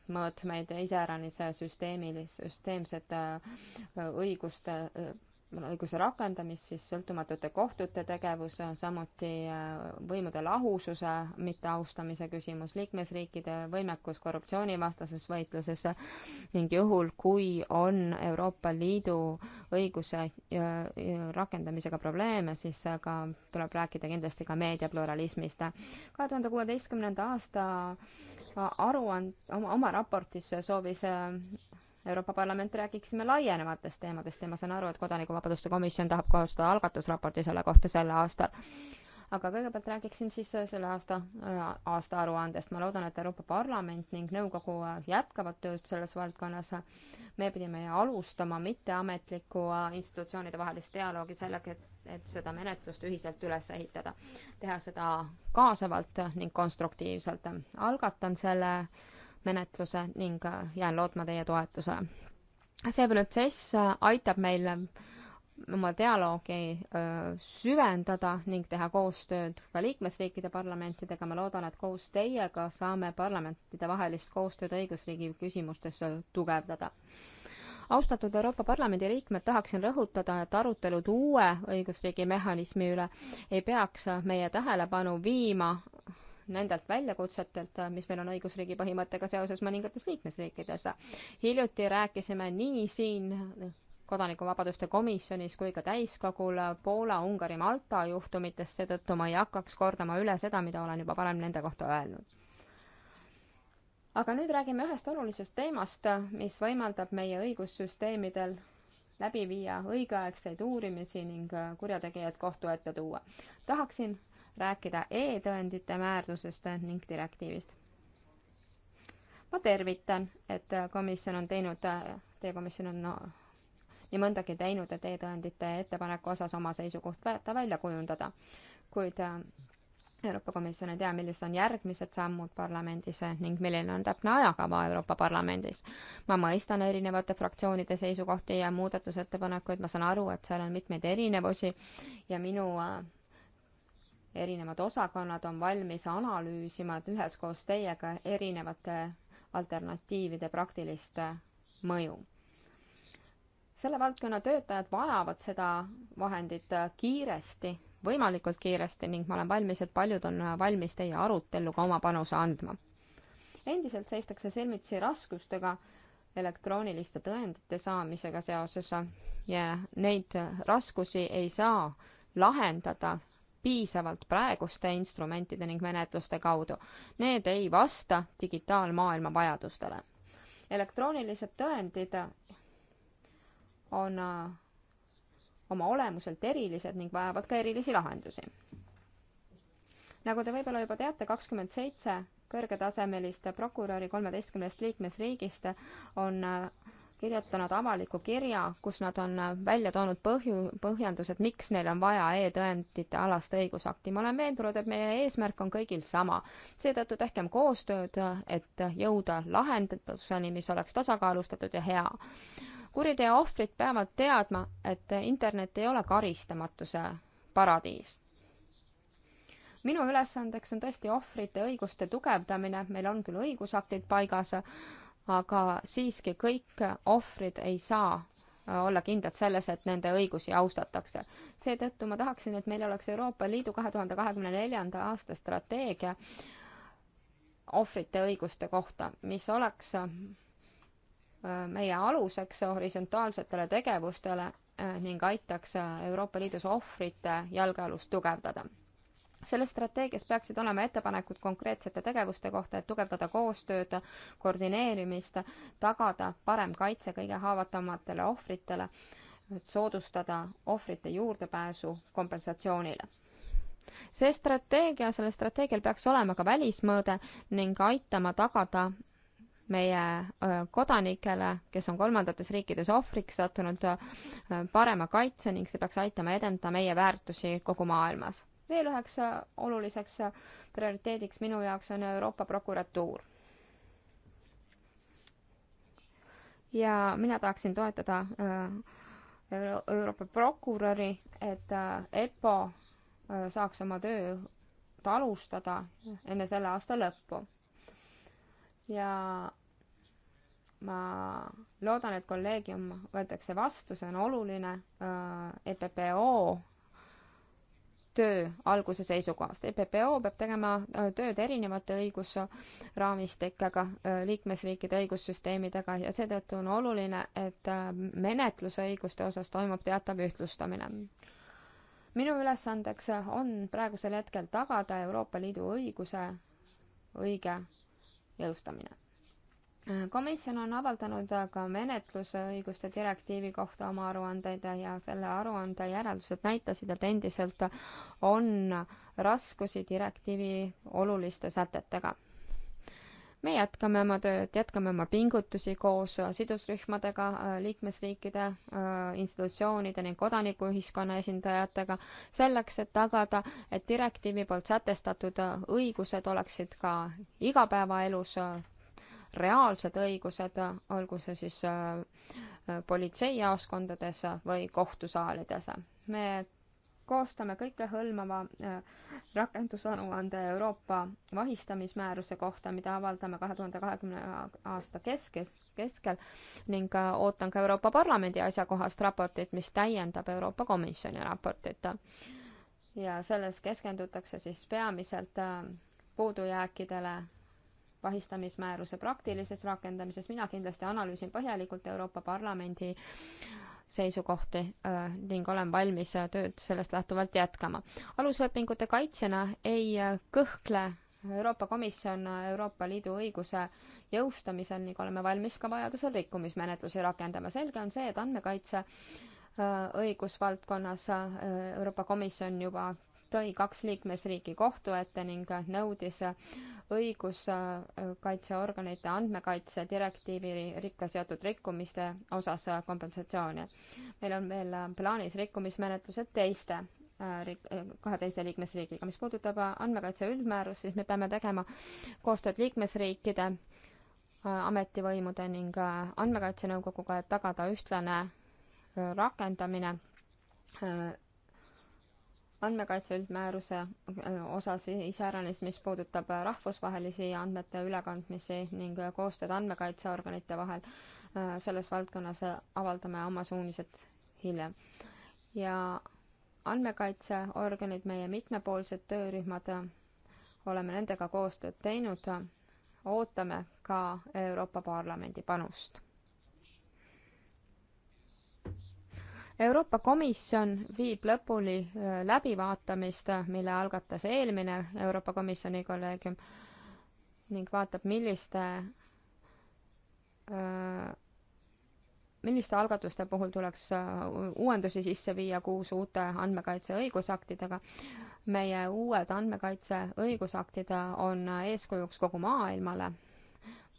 mõõtmeid, iseäranis süsteemilis-, süsteemsete õiguste õiguse rakendamist, siis sõltumatute kohtute tegevus, samuti äh, võimude lahususe mitteaustamise küsimus, liikmesriikide võimekus korruptsioonivastases võitluses ning juhul, kui on Euroopa Liidu õiguse äh, rakendamisega probleeme, siis ka tuleb rääkida kindlasti ka meediapluralismist. kahe tuhande kuueteistkümnenda aasta aruand-, oma raportis soovis äh, Euroopa Parlament räägiksime laienevatest teemadest ja ma saan aru, et Kodanikuvabaduste komisjon tahab koostada algatusraporti selle kohta sel aastal. aga kõigepealt räägiksin siis selle aasta, äh, aastaaruandest. ma loodan, et Euroopa Parlament ning nõukogu äh, jätkavad tööst selles valdkonnas. me pidime alustama mitteametliku äh, institutsioonide vahelist dialoogi sellega, et, et seda menetlust ühiselt üles ehitada. teha seda kaasavalt ning konstruktiivselt. algatan selle menetluse ning äh, jään lootma teie toetusele. see protsess äh, aitab meil äh, oma dialoogi süvendada ning teha koostööd ka liikmesriikide parlamentidega, ma loodan, et koos teiega saame parlamentidevahelist koostööd õigusriigi küsimustes tugevdada austatud Euroopa Parlamendi liikmed, tahaksin rõhutada, et arutelud uue õigusriigi mehhanismi üle ei peaks meie tähelepanu viima nendelt väljakutsetelt, mis meil on õigusriigi põhimõttega seoses mõningates liikmesriikides. hiljuti rääkisime nii siin kodanikuvabaduste komisjonis kui ka täiskogul Poola, Ungari, Malta juhtumitest, seetõttu ma ei hakkaks kordama üle seda, mida olen juba varem nende kohta öelnud. aga nüüd räägime ühest olulisest teemast, mis võimaldab meie õigussüsteemidel läbi viia õigeaegseid uurimisi ning kurjategijad kohtu ette tuua. tahaksin rääkida e-tõendite määrusest ning direktiivist. ma tervitan, et komisjon on teinud, teie komisjon on no, nii mõndagi teinud, et e-tõendite ettepaneku osas oma seisukoht välja kujundada. kuid äh, Euroopa Komisjon ei tea, millised on järgmised sammud parlamendis ning milline on täpne ajakava Euroopa Parlamendis. ma mõistan erinevate fraktsioonide seisukohti ja muudatusettepanekuid, ma saan aru, et seal on mitmeid erinevusi ja minu äh, erinevad osakonnad on valmis analüüsima üheskoos teiega erinevate alternatiivide praktilist mõju. selle valdkonna töötajad vajavad seda vahendit kiiresti, võimalikult kiiresti ning ma olen valmis, et paljud on valmis teie arutellu ka oma panuse andma. endiselt seistakse silmitsi raskustega elektrooniliste tõendite saamisega seoses ja neid raskusi ei saa lahendada piisavalt praeguste instrumentide ning menetluste kaudu. Need ei vasta digitaalmaailma vajadustele. elektroonilised tõendid on äh, oma olemuselt erilised ning vajavad ka erilisi lahendusi. nagu te võib-olla juba teate, kakskümmend seitse kõrgetasemelist prokuröri kolmeteistkümnest liikmesriigist on äh, kirjutanud avaliku kirja, kus nad on välja toonud põhju, põhjendused, miks neil on vaja e-tõendite alast õigusakti. ma olen veendunud, et meie eesmärk on kõigil sama. seetõttu tehkem koostööd, et jõuda lahenduseni, mis oleks tasakaalustatud ja hea. kuriteo ohvrid peavad teadma, et internet ei ole karistamatuse paradiis minu ülesandeks on tõesti ohvrite õiguste tugevdamine, meil on küll õigusaktid paigas, aga siiski kõik ohvrid ei saa äh, olla kindlad selles, et nende õigusi austatakse. seetõttu ma tahaksin, et meil oleks Euroopa Liidu kahe tuhande kahekümne neljanda aasta strateegia ohvrite õiguste kohta, mis oleks äh, meie aluseks horisontaalsetele tegevustele äh, ning aitaks Euroopa Liidus ohvrite jalgealust tugevdada selles strateegias peaksid olema ettepanekud konkreetsete tegevuste kohta, et tugevdada koostööd, koordineerimist, tagada parem kaitse kõige haavatavamatele ohvritele, et soodustada ohvrite juurdepääsu kompensatsioonile. see strateegia, sellel strateegial peaks olema ka välismõõde ning aitama tagada meie kodanikele, kes on kolmandates riikides ohvriks sattunud, parema kaitse ning see peaks aitama edendada meie väärtusi kogu maailmas veel üheks äh, oluliseks äh, prioriteediks minu jaoks on Euroopa prokuratuur. ja mina tahaksin toetada äh, Euro Euroopa prokuröri, et EPPO saaks oma töö alustada enne selle aasta lõppu. ja ma loodan, et kolleegium võetakse vastu, see on oluline. EPPO töö alguse seisukohast. EPPO peab tegema äh, tööd erinevate õigusraamistikega, äh, liikmesriikide õigussüsteemidega ja seetõttu on oluline, et äh, menetlusõiguste osas toimub teatav ühtlustamine. minu ülesandeks on praegusel hetkel tagada Euroopa Liidu õiguse õige jõustamine komisjon on avaldanud ka menetlusõiguste direktiivi kohta oma aruandeid ja selle aruande järeldused näitasid, et endiselt on raskusi direktiivi oluliste sätetega. me jätkame oma tööd, jätkame oma pingutusi koos sidusrühmadega, liikmesriikide äh, institutsioonide ning kodanikuühiskonna esindajatega selleks, et tagada, et direktiivi poolt sätestatud õigused oleksid ka igapäevaelus reaalsed õigused, olgu see siis äh, politseijaoskondades või kohtusaalides. me koostame kõikehõlmava äh, rakendusaruande Euroopa vahistamismääruse kohta, mida avaldame kahe tuhande kahekümne aasta keskes, keskel ning äh, ootan ka Euroopa Parlamendi asjakohast raportit, mis täiendab Euroopa Komisjoni raportit. ja selles keskendutakse siis peamiselt puudujääkidele vahistamismääruse praktilises rakendamises, mina kindlasti analüüsin põhjalikult Euroopa Parlamendi seisukohti äh, ning olen valmis äh, tööd sellest lähtuvalt jätkama. aluslepingute kaitsjana ei äh, kõhkle Euroopa Komisjon äh, Euroopa Liidu õiguse jõustamisel ning oleme valmis ka vajadusel rikkumismenetlusi rakendama. selge on see, et andmekaitse õigusvaldkonnas Euroopa Komisjon juba tõi kaks liikmesriiki kohtu ette ning nõudis õiguskaitseorganite andmekaitse direktiivi rikka seotud rikkumiste osas kompensatsiooni. meil on veel plaanis rikkumismenetlused teiste äh, kahe teise liikmesriigiga. mis puudutab äh, andmekaitse üldmäärust, siis me peame tegema koostööd liikmesriikide äh, ametivõimude ning Andmekaitse Nõukoguga, et tagada ühtlane rakendamine andmekaitse üldmääruse äh, osas iseäranis, mis puudutab äh, rahvusvahelisi andmete ülekandmisi ning äh, koostööd andmekaitseorganite vahel. selles valdkonnas avaldame oma suunised hiljem. ja andmekaitseorganid, meie mitmepoolsed töörühmad, oleme nendega koostööd teinud, ootame ka Euroopa Parlamendi panust. Euroopa Komisjon viib lõpuni äh, läbivaatamist, äh, mille algatas eelmine Euroopa Komisjoni kolleegium ning vaatab, milliste, äh, milliste algatuste puhul tuleks uuendusi sisse viia kuus uute andmekaitse õigusaktidega. meie uued andmekaitse õigusaktid on eeskujuks kogu maailmale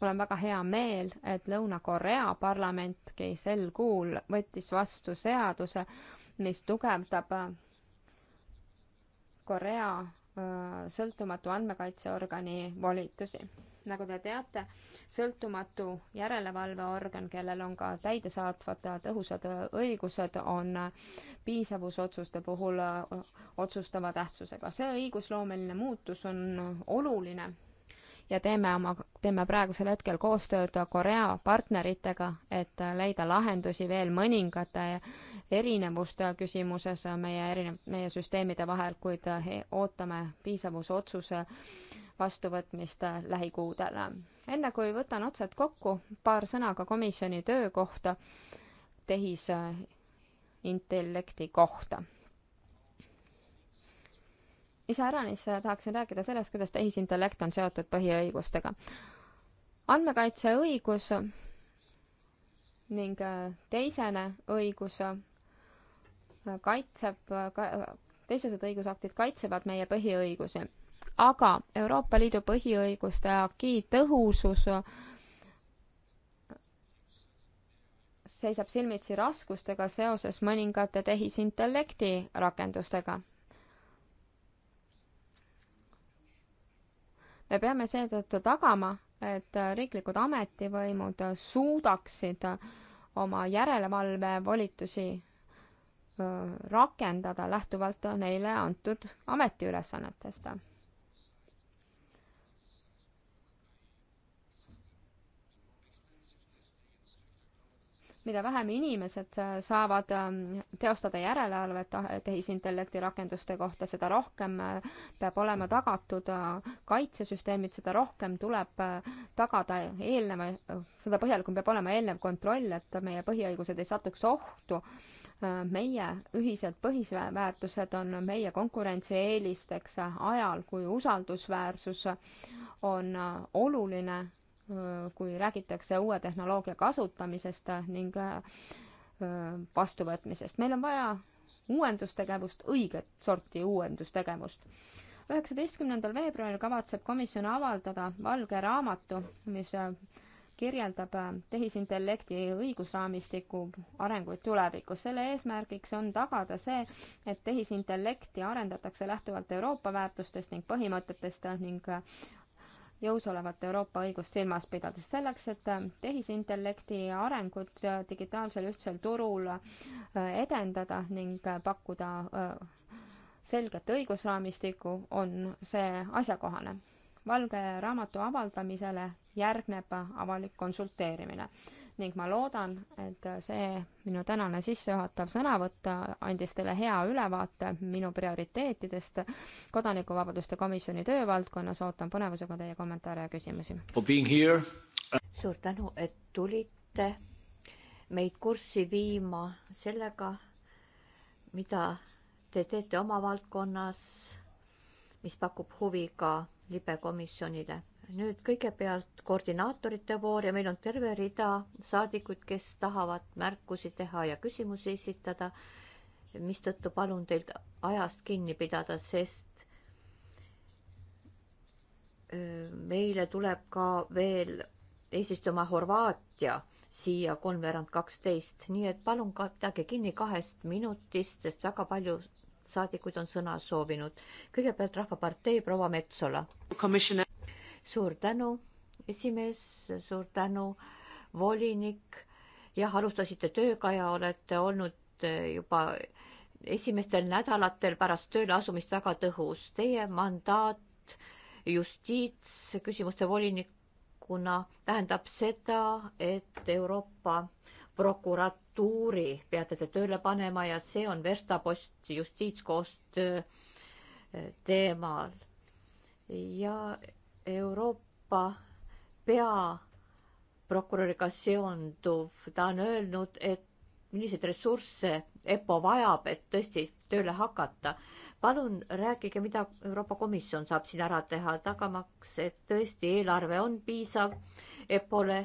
mul on väga hea meel, et Lõuna-Korea parlamentki sel kuul võttis vastu seaduse, mis tugevdab äh, Korea äh, sõltumatu andmekaitseorgani volitusi. nagu te teate, sõltumatu järelevalveorgan, kellel on ka täidesaatvad tõhusad äh, õigused, on piisavusotsuste puhul otsustava tähtsusega. see õigusloomeline muutus on oluline ja teeme oma, teeme praegusel hetkel koostööd Korea partneritega, et leida lahendusi veel mõningate erinevuste küsimuses meie erinev, meie süsteemide vahel, kuid ootame piisavusotsuse vastuvõtmist lähikuudel. enne kui võtan otsad kokku, paar sõna ka komisjoni töö kohta, tehis intellekti kohta iseäranis äh, tahaksin rääkida sellest, kuidas tehisintellekt on seotud põhiõigustega. andmekaitseõigus ning äh, teisene õigus äh, kaitseb, teised õigusaktid kaitsevad meie põhiõigusi. aga Euroopa Liidu põhiõiguste aki tõhusus seisab silmitsi raskustega seoses mõningate tehisintellekti rakendustega me peame seetõttu tagama, et riiklikud ametivõimud suudaksid oma järelevalvevolitusi rakendada lähtuvalt neile antud ametiülesannetest. mida vähem inimesed äh, saavad ähm, teostada järelevalvet ah, tehisintellekti rakenduste kohta, seda rohkem äh, peab olema tagatud äh, kaitsesüsteemid, seda rohkem tuleb tagada eelneva, seda põhjalikum peab olema eelnev kontroll, et meie põhiõigused ei satuks ohtu. meie ühised põhiväärtused on meie konkurentsieelisteks ajal, kui usaldusväärsus on oluline kui räägitakse uue tehnoloogia kasutamisest ning äh, vastuvõtmisest. meil on vaja uuendustegevust, õiget sorti uuendustegevust. üheksateistkümnendal veebruaril kavatseb komisjon avaldada valge raamatu, mis äh, kirjeldab äh, tehisintellekti õigusraamistiku arenguid tulevikus. selle eesmärgiks on tagada see, et tehisintellekti arendatakse lähtuvalt Euroopa väärtustest ning põhimõtetest ning jõus olevat Euroopa õigust silmas pidades. selleks, et äh, tehisintellekti arengut äh, digitaalsel ühtsel turul äh, edendada ning pakkuda selget õigusraamistikku, on see asjakohane. valge raamatu avaldamisele järgneb avalik konsulteerimine ning ma loodan, et see minu tänane sissejuhatav sõnavõtt andis teile hea ülevaate minu prioriteetidest kodanikuvabaduste komisjoni töövaldkonnas. ootan põnevusega teie kommentaare ja küsimusi. suur tänu, et tulite meid kurssi viima sellega, mida te teete oma valdkonnas, mis pakub huvi ka libekomisjonile nüüd kõigepealt koordinaatorite voor ja meil on terve rida saadikuid, kes tahavad märkusi teha ja küsimusi esitada, mistõttu palun teilt ajast kinni pidada, sest meile tuleb ka veel eesistuma Horvaatia siia kolmveerand kaksteist, nii et palun ka pidage kinni kahest minutist, sest väga palju saadikud on sõna soovinud. kõigepealt Rahvapartei proua Metsola suur tänu, esimees, suur tänu, volinik. jah, alustasite tööga ja olete olnud eh, juba esimestel nädalatel pärast tööle asumist väga tõhus. Teie mandaat justiitsküsimuste volinikuna tähendab seda, et Euroopa prokuratuuri peate te tööle panema ja see on verstapost justiitskoostöö eh, teemal. ja Euroopa peaprokuröriga seonduv, ta on öelnud, et milliseid ressursse EPPO vajab, et tõesti tööle hakata. palun rääkige, mida Euroopa Komisjon saab siin ära teha, tagamaks, et tõesti eelarve on piisav EPPO-le,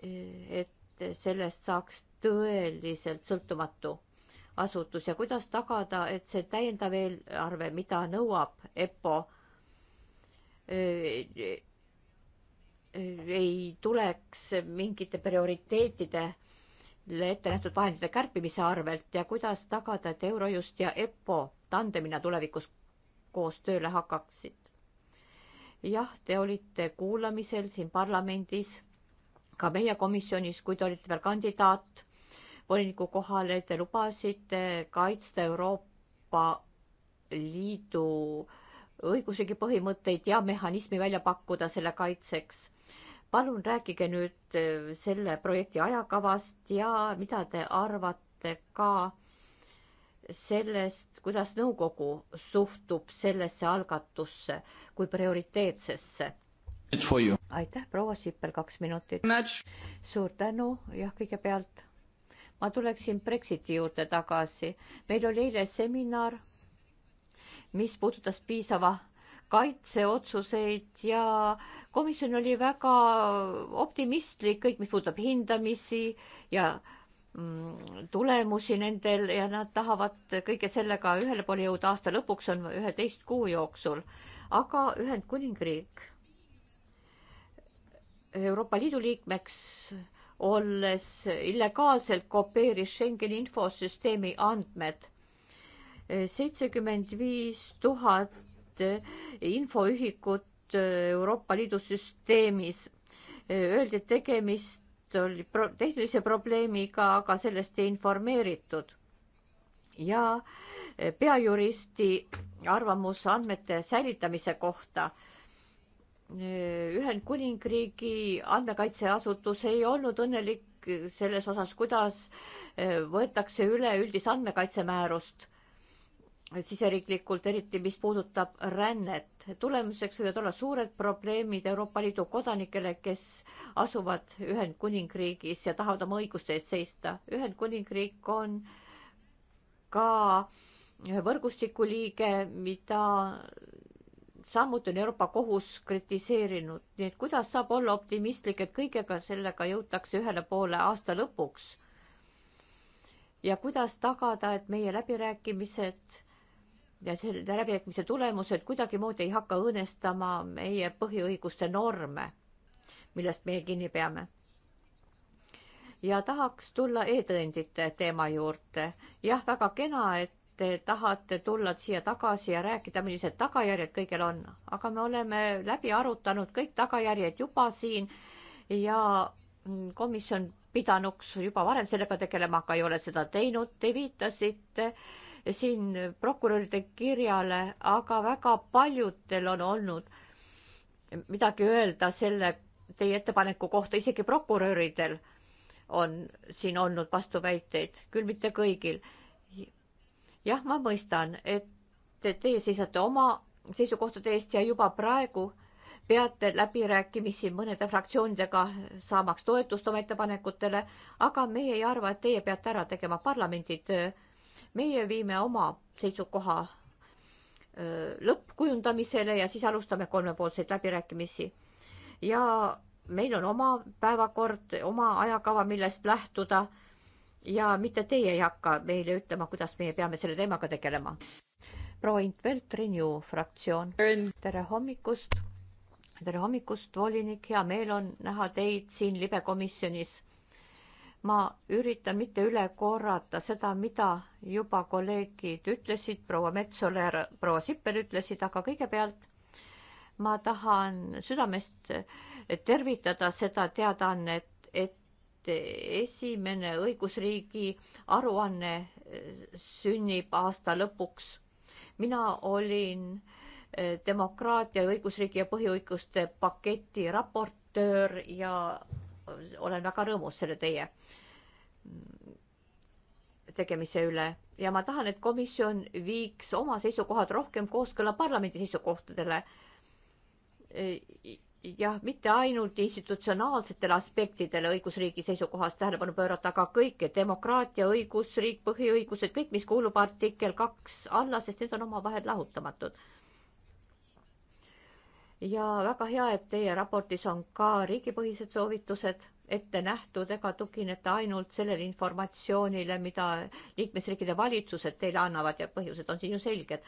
et sellest saaks tõeliselt sõltumatu asutus ja kuidas tagada, et see täiendav eelarve, mida nõuab EPPO, Äh, äh, ei tuleks mingite prioriteetide ette nähtud vahendite kärpimise arvelt ja kuidas tagada, et Eurojust ja EPPO tandemina tulevikus koos tööle hakkaksid? jah, te olite kuulamisel siin parlamendis, ka meie komisjonis, kui te olite veel kandidaat voliniku kohale, te lubasite kaitsta Euroopa Liidu äh, õigusriigi põhimõtteid ja mehhanismi välja pakkuda selle kaitseks. palun rääkige nüüd äh, selle projekti ajakavast ja mida te arvate ka sellest, kuidas nõukogu suhtub sellesse algatusse kui prioriteetsesse aitäh, proua Sippel, kaks minutit. suur tänu, jah, kõigepealt ma tuleksin Brexiti juurde tagasi. meil oli eile seminar mis puudutas piisava kaitseotsuseid ja komisjon oli väga optimistlik, kõik, mis puudutab hindamisi ja mm, tulemusi nendel ja nad tahavad kõige sellega ühele poole jõuda aasta lõpuks on üheteist kuu jooksul. aga Ühendkuningriik Euroopa Liidu liikmeks olles illegaalselt kopeeris Schengeni infosüsteemi andmed seitsekümmend viis tuhat infoühikut Euroopa Liidu süsteemis. Öeldi, et tegemist oli pro tehnilise probleemiga, aga sellest ei informeeritud. ja peajuristi arvamus andmete säilitamise kohta Ühendkuningriigi andmekaitseasutus ei olnud õnnelik selles osas, kuidas võetakse üle üldise andmekaitsemäärust siseriiklikult, eriti mis puudutab rännet. tulemuseks võivad olla suured probleemid Euroopa Liidu kodanikele, kes asuvad Ühendkuningriigis ja tahavad oma õiguste eest seista. Ühendkuningriik on ka võrgustiku liige, mida samuti on Euroopa Kohus kritiseerinud, nii et kuidas saab olla optimistlik, et kõigega sellega jõutakse ühele poole aasta lõpuks? ja kuidas tagada, et meie läbirääkimised ja selle läbirääkimise tulemused kuidagimoodi ei hakka õõnestama meie põhiõiguste norme, millest meie kinni peame. ja tahaks tulla e-tõendite teema juurde. jah, väga kena, et te tahate tulla siia tagasi ja rääkida, millised tagajärjed kõigil on, aga me oleme läbi arutanud kõik tagajärjed juba siin ja komisjon pidanuks juba varem sellega tegelema, aga ei ole seda teinud. Te viitasite äh, siin prokuröride kirjale, aga väga paljudel on olnud midagi öelda selle teie ettepaneku kohta, isegi prokuröridel on siin olnud vastuväiteid, küll mitte kõigil. jah, ma mõistan, et teie seisate oma seisukohtade eest ja juba praegu peate läbirääkimisi mõnede fraktsioonidega saamaks toetust oma ettepanekutele, aga meie ei arva, et teie peate ära tegema parlamendi töö meie viime oma seisukoha lõppkujundamisele ja siis alustame kolmepoolseid läbirääkimisi. ja meil on oma päevakord, oma ajakava, millest lähtuda ja mitte teie ei hakka meile ütlema, kuidas meie peame selle teemaga tegelema. proua Intvelt, Renew fraktsioon, tere hommikust. tere hommikust, volinik, hea meel on näha teid siin libekomisjonis ma üritan mitte üle korrata seda, mida juba kolleegid ütlesid, proua Metsola ja proua Sipper ütlesid, aga kõigepealt ma tahan südamest tervitada seda teadaannet, et esimene õigusriigi aruanne sünnib aasta lõpuks. mina olin eh, demokraatia, õigusriigi ja põhiõiguste paketi raportöör ja olen väga rõõmus selle teie tegemise üle ja ma tahan, et komisjon viiks oma seisukohad rohkem kooskõlla parlamendi seisukohtadele. jah, mitte ainult institutsionaalsetele aspektidele õigusriigi seisukohast tähelepanu pöörata, aga kõike, demokraatia, õigusriik, põhiõigused, kõik, mis kuulub artikkel kaks alla, sest need on omavahel lahutamatud ja väga hea, et teie raportis on ka riigipõhised soovitused ette nähtud ega tugineta ainult sellele informatsioonile, mida liikmesriikide valitsused teile annavad ja põhjused on siin ju selged.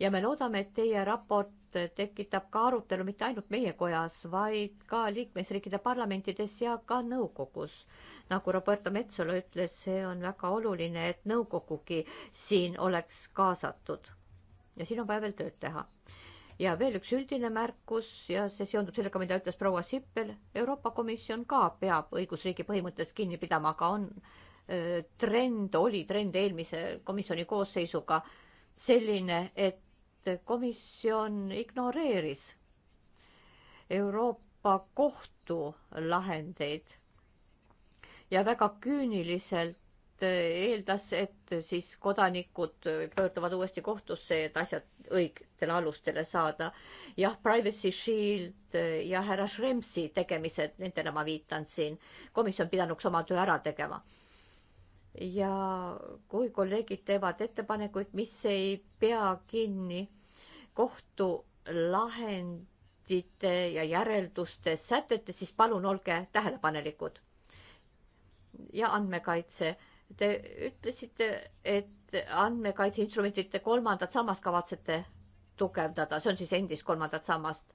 ja me loodame, et teie raport tekitab ka arutelu mitte ainult meie kojas, vaid ka liikmesriikide parlamentides ja ka nõukogus. nagu Roberta Metsola ütles, see on väga oluline, et nõukogugi siin oleks kaasatud. ja siin on vaja veel tööd teha ja veel üks üldine märkus ja see seondub sellega, mida ütles proua Sippel, Euroopa Komisjon ka peab õigusriigi põhimõttest kinni pidama, aga on öö, trend, oli trend eelmise komisjoni koosseisuga selline, et komisjon ignoreeris Euroopa Kohtu lahendeid ja väga küüniliselt eeldas, et siis kodanikud pöörduvad uuesti kohtusse, et asjad õig-, võrdsetele alustele saada. jah, Privacy Shield ja härra Schremsi tegemised, nendele ma viitan siin. komisjon pidanuks oma töö ära tegema. ja kui kolleegid teevad ettepanekuid, mis ei pea kinni kohtulahendite ja järelduste sätete, siis palun olge tähelepanelikud. ja andmekaitse Te ütlesite, et andmekaitse instrumentide kolmandat sammast kavatsete tugevdada, see on siis endist kolmandat sammast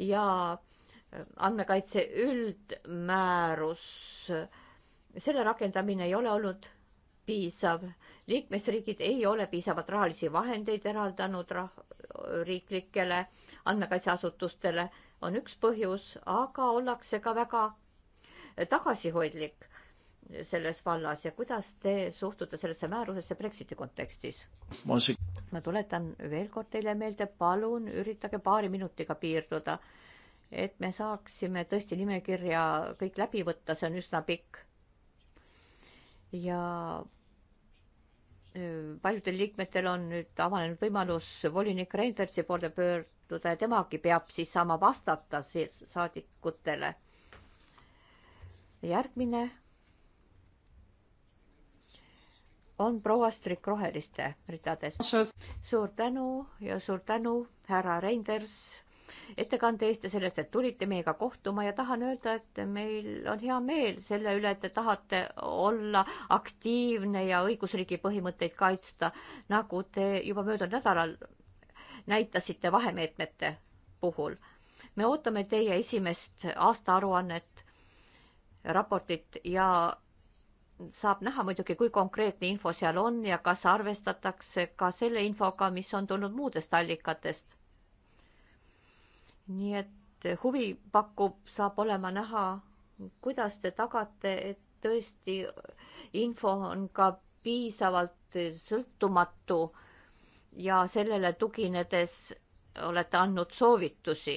ja äh, andmekaitse üldmäärus, äh, selle rakendamine ei ole olnud piisav. liikmesriigid ei ole piisavalt rahalisi vahendeid eraldanud rah-, riiklikele andmekaitseasutustele, on üks põhjus, aga ollakse ka väga tagasihoidlik selles vallas ja kuidas te suhtute sellesse määrusesse Brexiti kontekstis? ma tuletan veel kord teile meelde, palun üritage paari minutiga piirduda, et me saaksime tõesti nimekirja kõik läbi võtta, see on üsna pikk. ja äh, paljudel liikmetel on nüüd avanenud võimalus volinik Reindertsi poole pöörduda ja temagi peab siis saama vastata siis saadikutele. järgmine on proua Strik Roheliste ridades. suur tänu ja suur tänu, härra Reinders, ettekande eest ja sellest, et tulite meiega kohtuma ja tahan öelda, et meil on hea meel selle üle, et te tahate olla aktiivne ja õigusriigi põhimõtteid kaitsta, nagu te juba möödunud nädalal näitasite vahemeetmete puhul. me ootame teie esimest aastaaruannet, raportit ja saab näha muidugi, kui konkreetne info seal on ja kas arvestatakse ka selle infoga, mis on tulnud muudest allikatest. nii et huvi pakub, saab olema näha, kuidas te tagate, et tõesti info on ka piisavalt sõltumatu ja sellele tuginedes olete andnud soovitusi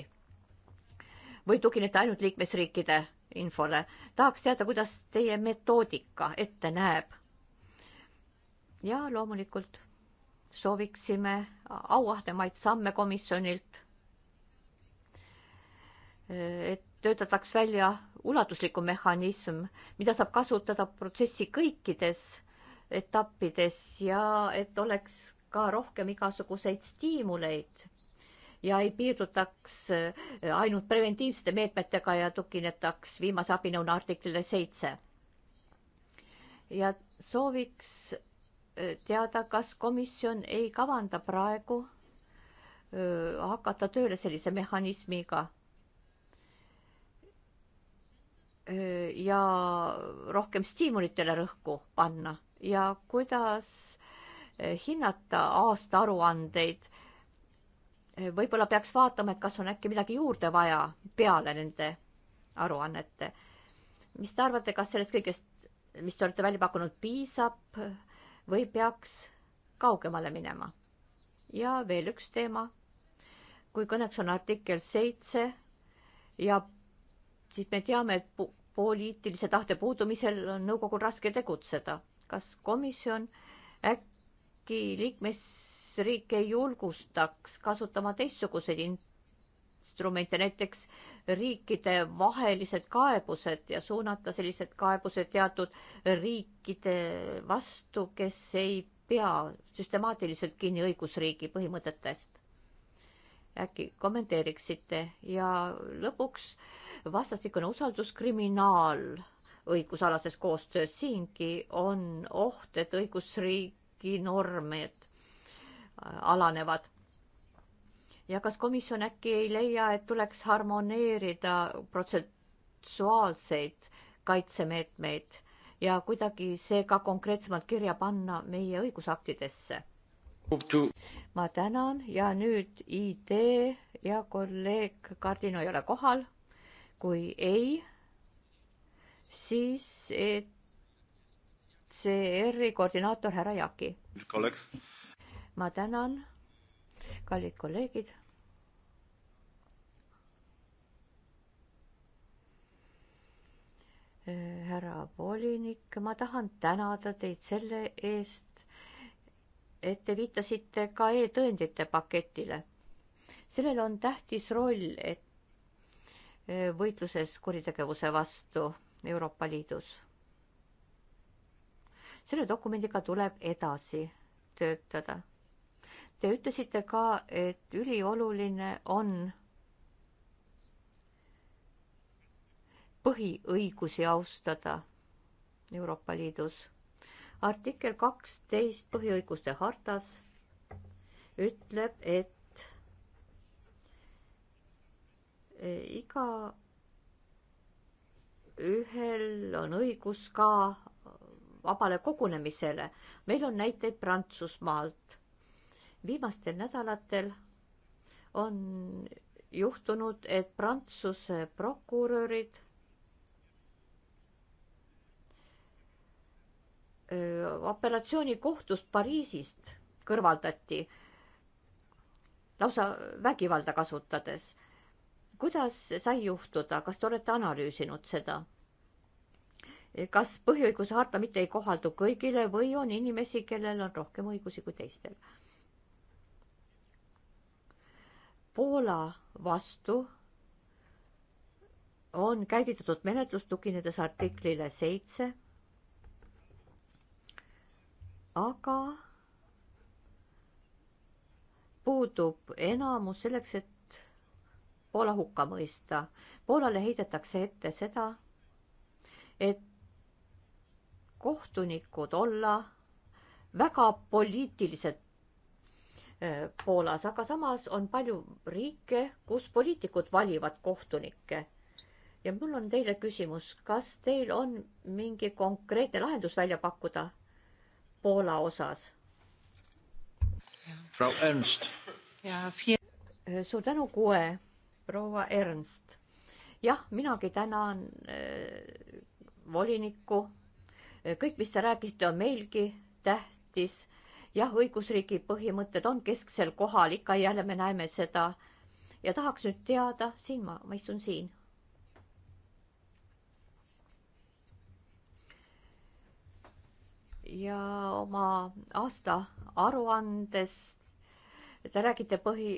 või tuginete ainult liikmesriikide infole. tahaks teada, kuidas teie metoodika ette näeb. ja loomulikult sooviksime auahnemaid samme komisjonilt. et töötataks välja ulatuslikum mehhanism, mida saab kasutada protsessi kõikides etappides ja et oleks ka rohkem igasuguseid stiimuleid ja ei piirdutaks äh, ainult preventiivsete meetmetega ja tuginetaks viimase abinõuna artiklile seitse. ja sooviks äh, teada, kas komisjon ei kavanda praegu öö, äh, hakata tööle sellise mehhanismiga. ja rohkem stiimulitele rõhku panna ja kuidas hinnata aastaaruandeid Eh, võib-olla peaks vaatama, et kas on äkki midagi juurde vaja peale nende aruannete. mis te arvate, kas sellest kõigest, mis te olete välja pakkunud, piisab või peaks kaugemale minema? ja veel üks teema. kui kõneks on artikkel seitse ja siis me teame, et poliitilise tahte puudumisel on nõukogul raske tegutseda. kas komisjon äkki liikmes liikmesriike julgustaks kasutama teistsuguseid instrumente, näiteks riikidevahelised kaebused ja suunata sellised kaebused teatud riikide vastu, kes ei pea süstemaatiliselt kinni õigusriigi põhimõtetest. äkki kommenteeriksite ja lõpuks vastastikune usalduskriminaal õigusalases koostöös, siingi on oht, et õigusriigi norme, et alanevad. ja kas komisjon äkki ei leia, et tuleks harmoneerida protsessuaalseid kaitsemeetmeid ja kuidagi see ka konkreetsemalt kirja panna meie õigusaktidesse? ma tänan ja nüüd idee ja kolleeg Kardino ei ole kohal. kui ei, siis et CR-i koordinaator härra Jaki. kolleeg ma tänan, kallid kolleegid. Äh, härra volinik, ma tahan tänada teid selle eest, et te viitasite ka e-tõendite paketile. sellel on tähtis roll, et äh, võitluses kuritegevuse vastu Euroopa Liidus. selle dokumendiga tuleb edasi töötada Te ütlesite ka, et ülioluline on põhiõigusi austada Euroopa Liidus. artikkel kaksteist põhiõiguste hartas ütleb, et eh, iga ühel on õigus ka vabale kogunemisele. meil on näiteid Prantsusmaalt viimastel nädalatel on juhtunud, et Prantsuse prokurörid apellatsioonikohtust Pariisist kõrvaldati lausa vägivalda kasutades. kuidas sai juhtuda, kas te olete analüüsinud seda? kas põhiõiguse harta mitte ei kohaldu kõigile või on inimesi, kellel on rohkem õigusi kui teistel? Poola vastu on käivitatud menetlus, tuginedes artiklile seitse. aga puudub enamus selleks, et Poola hukka mõista. Poolale heidetakse ette seda, et kohtunikud olla väga poliitiliselt Eh, Poolas, aga samas on palju riike, kus poliitikud valivad kohtunikke. ja mul on teile küsimus, kas teil on mingi konkreetne lahendus välja pakkuda Poola osas? Frau Ernst. Eh, suur tänu, Kue, proua Ernst. jah, minagi tänan äh, volinikku. kõik, mis te rääkisite, on meilgi tähtis jah, õigusriigi põhimõtted on kesksel kohal, ikka ja jälle me näeme seda. ja tahaks nüüd teada, siin ma, ma istun siin. ja oma aasta aruandest te räägite põhi,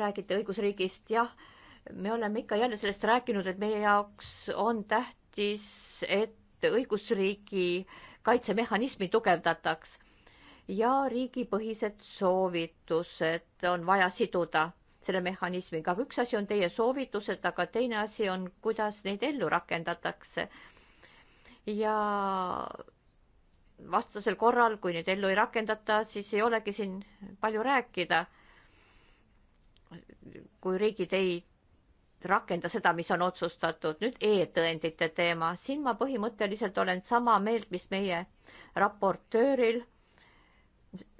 räägite õigusriigist, jah, me oleme ikka jälle sellest rääkinud, et meie jaoks on tähtis, et õigusriigi kaitsemehhanismi tugevdataks ja riigipõhised soovitused on vaja siduda selle mehhanismiga. üks asi on teie soovitused, aga teine asi on, kuidas neid ellu rakendatakse. ja vastasel korral, kui neid ellu ei rakendata, siis ei olegi siin palju rääkida. kui riigid ei rakenda seda, mis on otsustatud. nüüd e-tõendite teema, siin ma põhimõtteliselt olen sama meelt, mis meie raportööril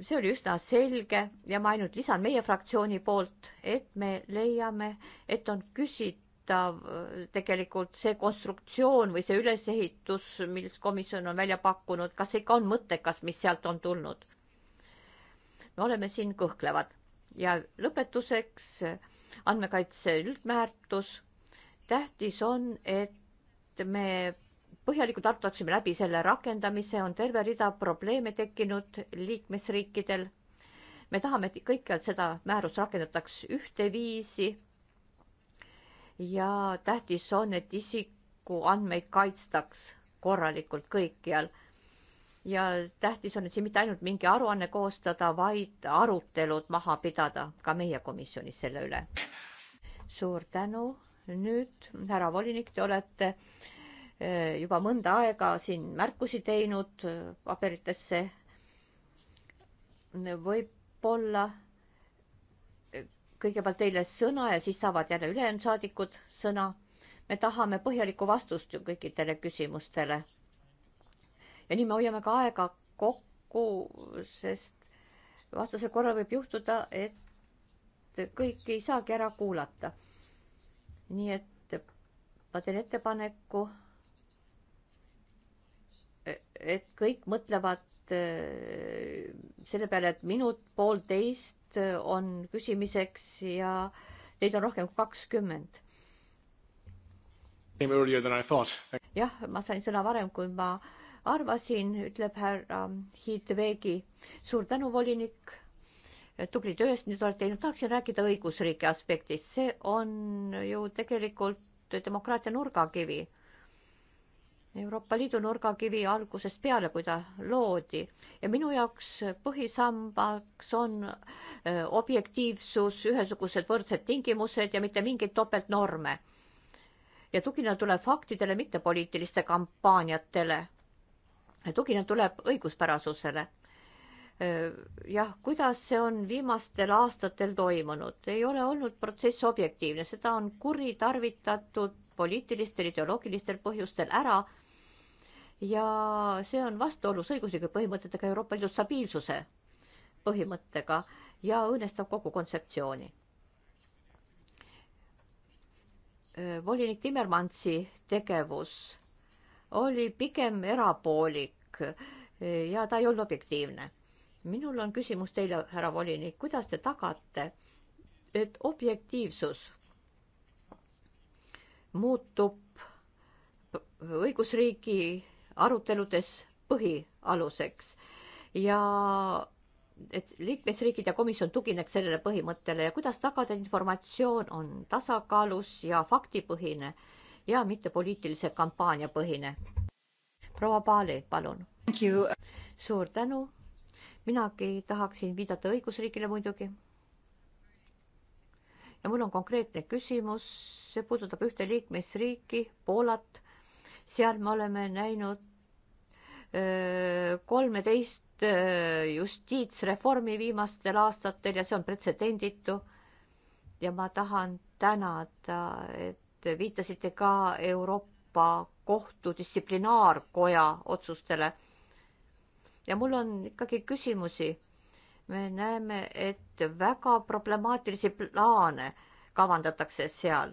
see oli üsna selge ja ma ainult lisan meie fraktsiooni poolt, et me leiame, et on küsitav äh, tegelikult see konstruktsioon või see ülesehitus, millest komisjon on välja pakkunud, kas ikka on mõttekas, mis sealt on tulnud. me oleme siin kõhklevad ja lõpetuseks äh, andmekaitse üldmäärtus. tähtis on, et me põhjalikult arutaksime läbi selle rakendamise, on terve rida probleeme tekkinud liikmesriikidel. me tahame, et kõikjal seda määrust rakendataks ühteviisi. ja tähtis on, et isikuandmeid kaitstaks korralikult kõikjal. ja tähtis on, et siin mitte ainult mingi aruanne koostada, vaid arutelud maha pidada ka meie komisjonis selle üle. suur tänu, nüüd härra volinik, te olete äh, juba mõnda aega siin märkusi teinud äh, paberitesse. võib-olla äh, kõigepealt teile sõna ja siis saavad jälle ülejäänud saadikud sõna. me tahame põhjalikku vastust ju kõikidele küsimustele. ja nii me hoiame ka aega kokku, sest vastasel korral võib juhtuda, et kõiki ei saagi ära kuulata. nii et ma teen ettepaneku et kõik mõtlevad äh, selle peale, et minut, poolteist äh, on küsimiseks ja neid on rohkem kui kakskümmend. jah, ma sain sõna varem, kui ma arvasin, ütleb härra Hiidveegi. suur tänu, volinik, tubli töö eest, mida te olete teinud. tahaksin rääkida õigusriigi aspektist, see on ju tegelikult demokraatia nurgakivi Euroopa Liidu nurgakivi algusest peale, kui ta loodi ja minu jaoks põhisambaks on äh, objektiivsus, ühesugused võrdsed tingimused ja mitte mingeid topeltnorme. ja tugineda tuleb faktidele, mitte poliitiliste kampaaniatele. tugineda tuleb õiguspärasusele. Äh, jah, kuidas see on viimastel aastatel toimunud, ei ole olnud protsess objektiivne, seda on kuritarvitatud poliitilistel, ideoloogilistel põhjustel ära ja see on vastuolus õiguslike põhimõtetega, Euroopa Liidu stabiilsuse põhimõttega ja õõnestab kogu kontseptsiooni. volinik Timmermansi tegevus oli pigem erapoolik ja ta ei olnud objektiivne. minul on küsimus teile, härra volinik, kuidas te tagate, et objektiivsus muutub õigusriigi aruteludes põhialuseks ja et liikmesriigid ja komisjon tugineks sellele põhimõttele ja kuidas tagada, et informatsioon on tasakaalus ja faktipõhine ja mitte poliitilise kampaania põhine. proua Paali, palun. suur tänu. minagi tahaksin viidata õigusriigile muidugi. ja mul on konkreetne küsimus, see puudutab ühte liikmesriiki, Poolat seal me oleme näinud kolmeteist justiitsreformi viimastel aastatel ja see on pretsedenditu. ja ma tahan tänada, et viitasite ka Euroopa Kohtu distsiplinaarkoja otsustele. ja mul on ikkagi küsimusi. me näeme, et väga problemaatilisi plaane kavandatakse seal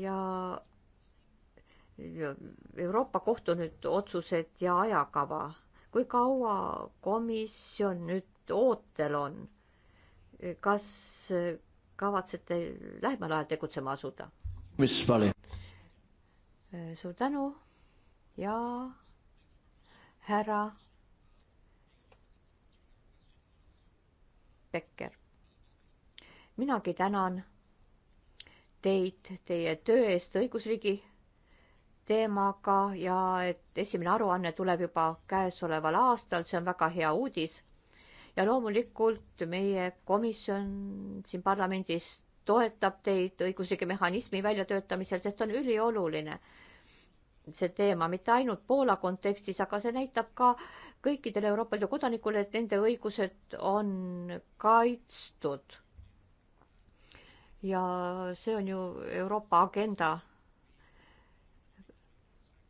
ja Euroopa Kohtu nüüd otsused ja ajakava, kui kaua komisjon nüüd ootel on? kas kavatsete lähemal ajal tegutsema asuda? mis vali? suur tänu ja härra Becker. minagi tänan teid teie töö eest õigusriigi teemaga ja et esimene aruanne tuleb juba käesoleval aastal, see on väga hea uudis. ja loomulikult meie komisjon siin parlamendis toetab teid õigusriigi mehhanismi väljatöötamisel, sest on ülioluline see teema, mitte ainult Poola kontekstis, aga see näitab ka kõikidele Euroopa Liidu kodanikule, et nende õigused on kaitstud ja see on ju Euroopa agenda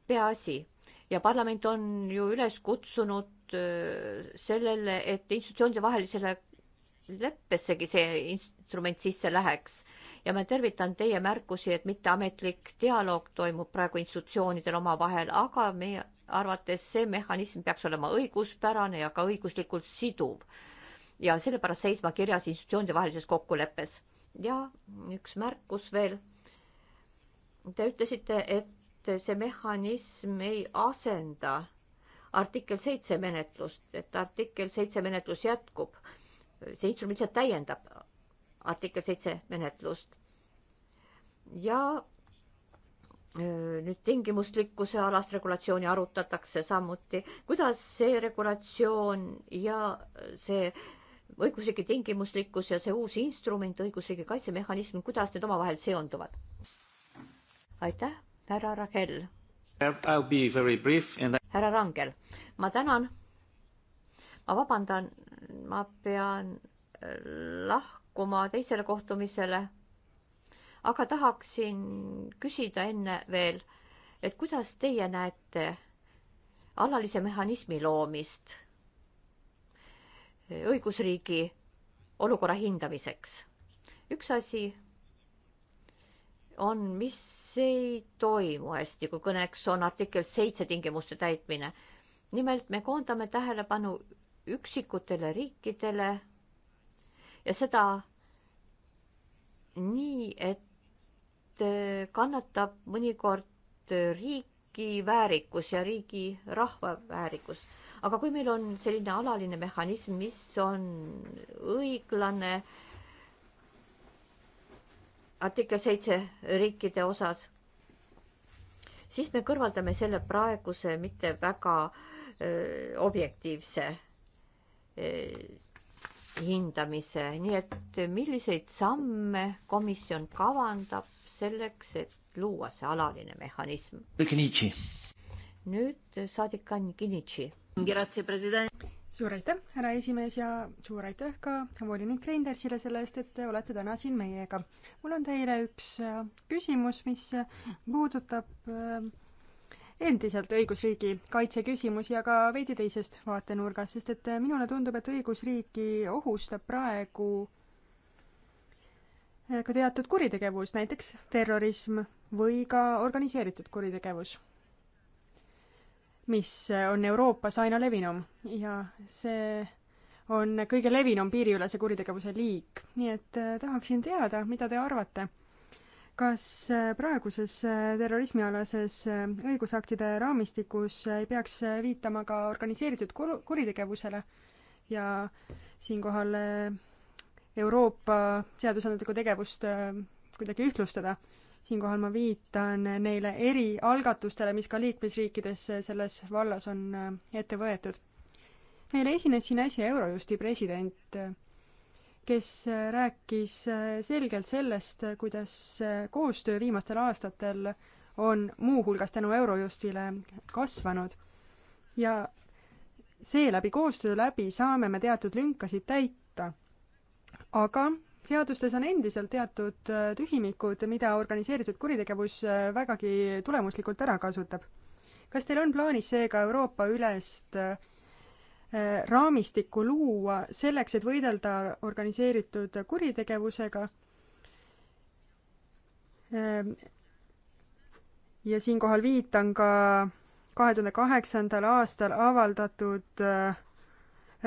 peaasi ja parlament on ju üles kutsunud äh, sellele, et institutsioonide vahelisele leppessegi see instrument sisse läheks ja ma tervitan teie märkusi, et mitteametlik dialoog toimub praegu institutsioonidel omavahel, aga meie arvates see mehhanism peaks olema õiguspärane ja ka õiguslikult siduv ja sellepärast seisma kirjas institutsioonide vahelises kokkuleppes ja üks märkus veel. Te ütlesite, et see mehhanism ei asenda artikkel seitse menetlust, et artikkel seitse menetlus jätkub. see instrument lihtsalt täiendab artikkel seitse menetlust. ja nüüd tingimuslikkuse alast regulatsiooni arutatakse samuti, kuidas see regulatsioon ja see äh, õigusriigi tingimuslikkus ja see uus instrument, õigusriigi kaitsemehhanism, kuidas need omavahel seonduvad? aitäh, härra Rahel. härra Rangel, ma tänan. ma vabandan, ma pean äh, lahkuma teisele kohtumisele. aga tahaksin küsida enne veel, et kuidas teie näete alalise mehhanismi loomist õigusriigi olukorra hindamiseks. üks asi on, mis ei toimu hästi, kui kõneks on artikkel seitse tingimuste täitmine. nimelt me koondame tähelepanu üksikutele riikidele ja seda nii, et kannatab mõnikord riigi väärikus ja riigi rahva väärikus aga kui meil on selline alaline mehhanism, mis on õiglane artikkel seitse riikide osas, siis me kõrvaldame selle praeguse mitte väga öö, objektiivse öö, hindamise, nii et milliseid samme komisjon kavandab selleks, et luua see alaline mehhanism? nüüd saadik Ann Kinitši suur aitäh, härra esimees ja suur aitäh ka volinik Reindersile selle eest, et te olete täna siin meiega. mul on teile üks äh, küsimus, mis äh, puudutab äh, endiselt õigusriigi kaitse küsimusi, aga veidi teisest vaatenurgast, sest et minule tundub, et õigusriiki ohustab praegu ka teatud kuritegevus, näiteks terrorism või ka organiseeritud kuritegevus mis on Euroopas aina levinum ja see on kõige levinum piiriülese kuritegevuse liik. nii et äh, tahaksin teada, mida te arvate, kas äh, praeguses äh, terrorismialases õigusaktide raamistikus ei peaks viitama ka organiseeritud kur-, kuritegevusele ja siinkohal Euroopa seadusandlikku tegevust kuidagi ühtlustada siinkohal ma viitan neile erialgatustele, mis ka liikmesriikides selles vallas on äh, ette võetud. meile esines siin äsja Eurojusti president, kes äh, rääkis äh, selgelt sellest, kuidas koostöö viimastel aastatel on muuhulgas tänu Eurojustile kasvanud ja seeläbi, koostöö läbi saame me teatud lünkasid täita. aga seadustes on endiselt teatud äh, tühimikud, mida organiseeritud kuritegevus äh, vägagi tulemuslikult ära kasutab. kas teil on plaanis seega Euroopa-ülest äh, raamistikku luua selleks, et võidelda organiseeritud kuritegevusega? Ähm, ja siinkohal viitan ka kahe tuhande kaheksandal aastal avaldatud äh,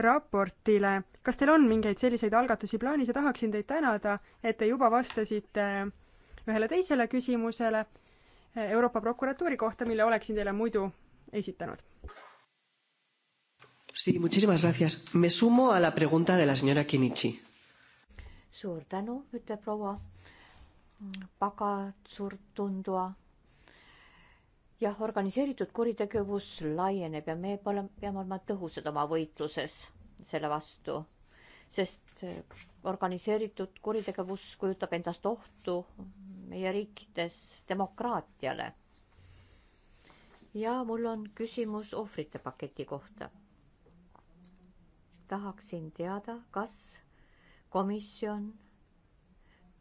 raportile. kas teil on mingeid selliseid algatusi plaanis ja tahaksin teid tänada, et te juba vastasite ühele teisele küsimusele Euroopa prokuratuuri kohta, mille oleksin teile muidu esitanud. Sí, muchísimas gracias. Me sumo a la pregunta de la señora Kinichi. suur tänu, ütleb proua Pakatsur Tundua jah, organiseeritud kuritegevus laieneb ja me pole, peame olema tõhusad oma võitluses selle vastu, sest eh, organiseeritud kuritegevus kujutab endast ohtu meie riikides demokraatiale. ja mul on küsimus ohvrite paketi kohta. tahaksin teada, kas komisjon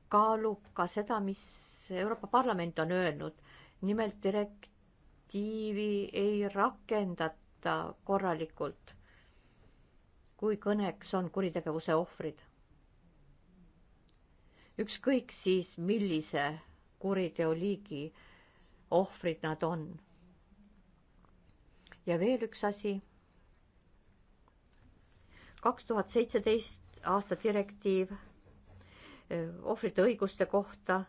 kaalub ka seda, mis Euroopa Parlament on öelnud, nimelt direkt-, direktiivi ei rakendata korralikult, kui kõneks on kuritegevuse ohvrid. ükskõik siis, millise kuriteoliigi ohvrid nad on. ja veel üks asi. kaks tuhat seitseteist aasta direktiiv eh, ohvrite õiguste kohta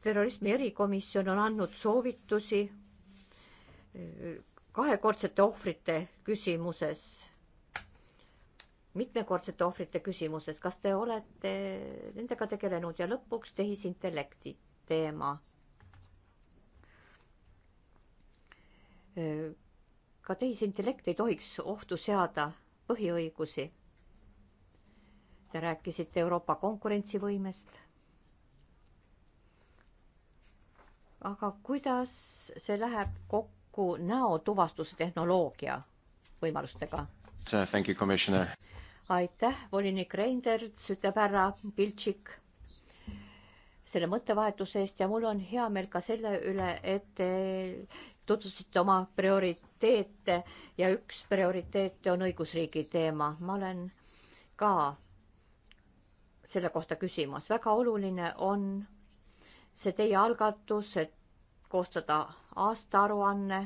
terrorismi erikomisjon on andnud soovitusi eh, kahekordsete ohvrite küsimuses, mitmekordsete ohvrite küsimuses, kas te olete nendega tegelenud ja lõpuks tehisintellekti teema. Eh, ka tehisintellekt ei tohiks ohtu seada põhiõigusi. Te rääkisite Euroopa konkurentsivõimest aga kuidas see läheb kokku näotuvastuse tehnoloogia võimalustega? aitäh, volinik Reinders, ütleb härra Piltšik selle mõttevahetuse eest ja mul on hea meel ka selle üle, et te tutvustasite oma prioriteete ja üks prioriteete on õigusriigi teema. ma olen ka selle kohta küsimas. väga oluline on see teie algatus, et koostada aastaaruanne.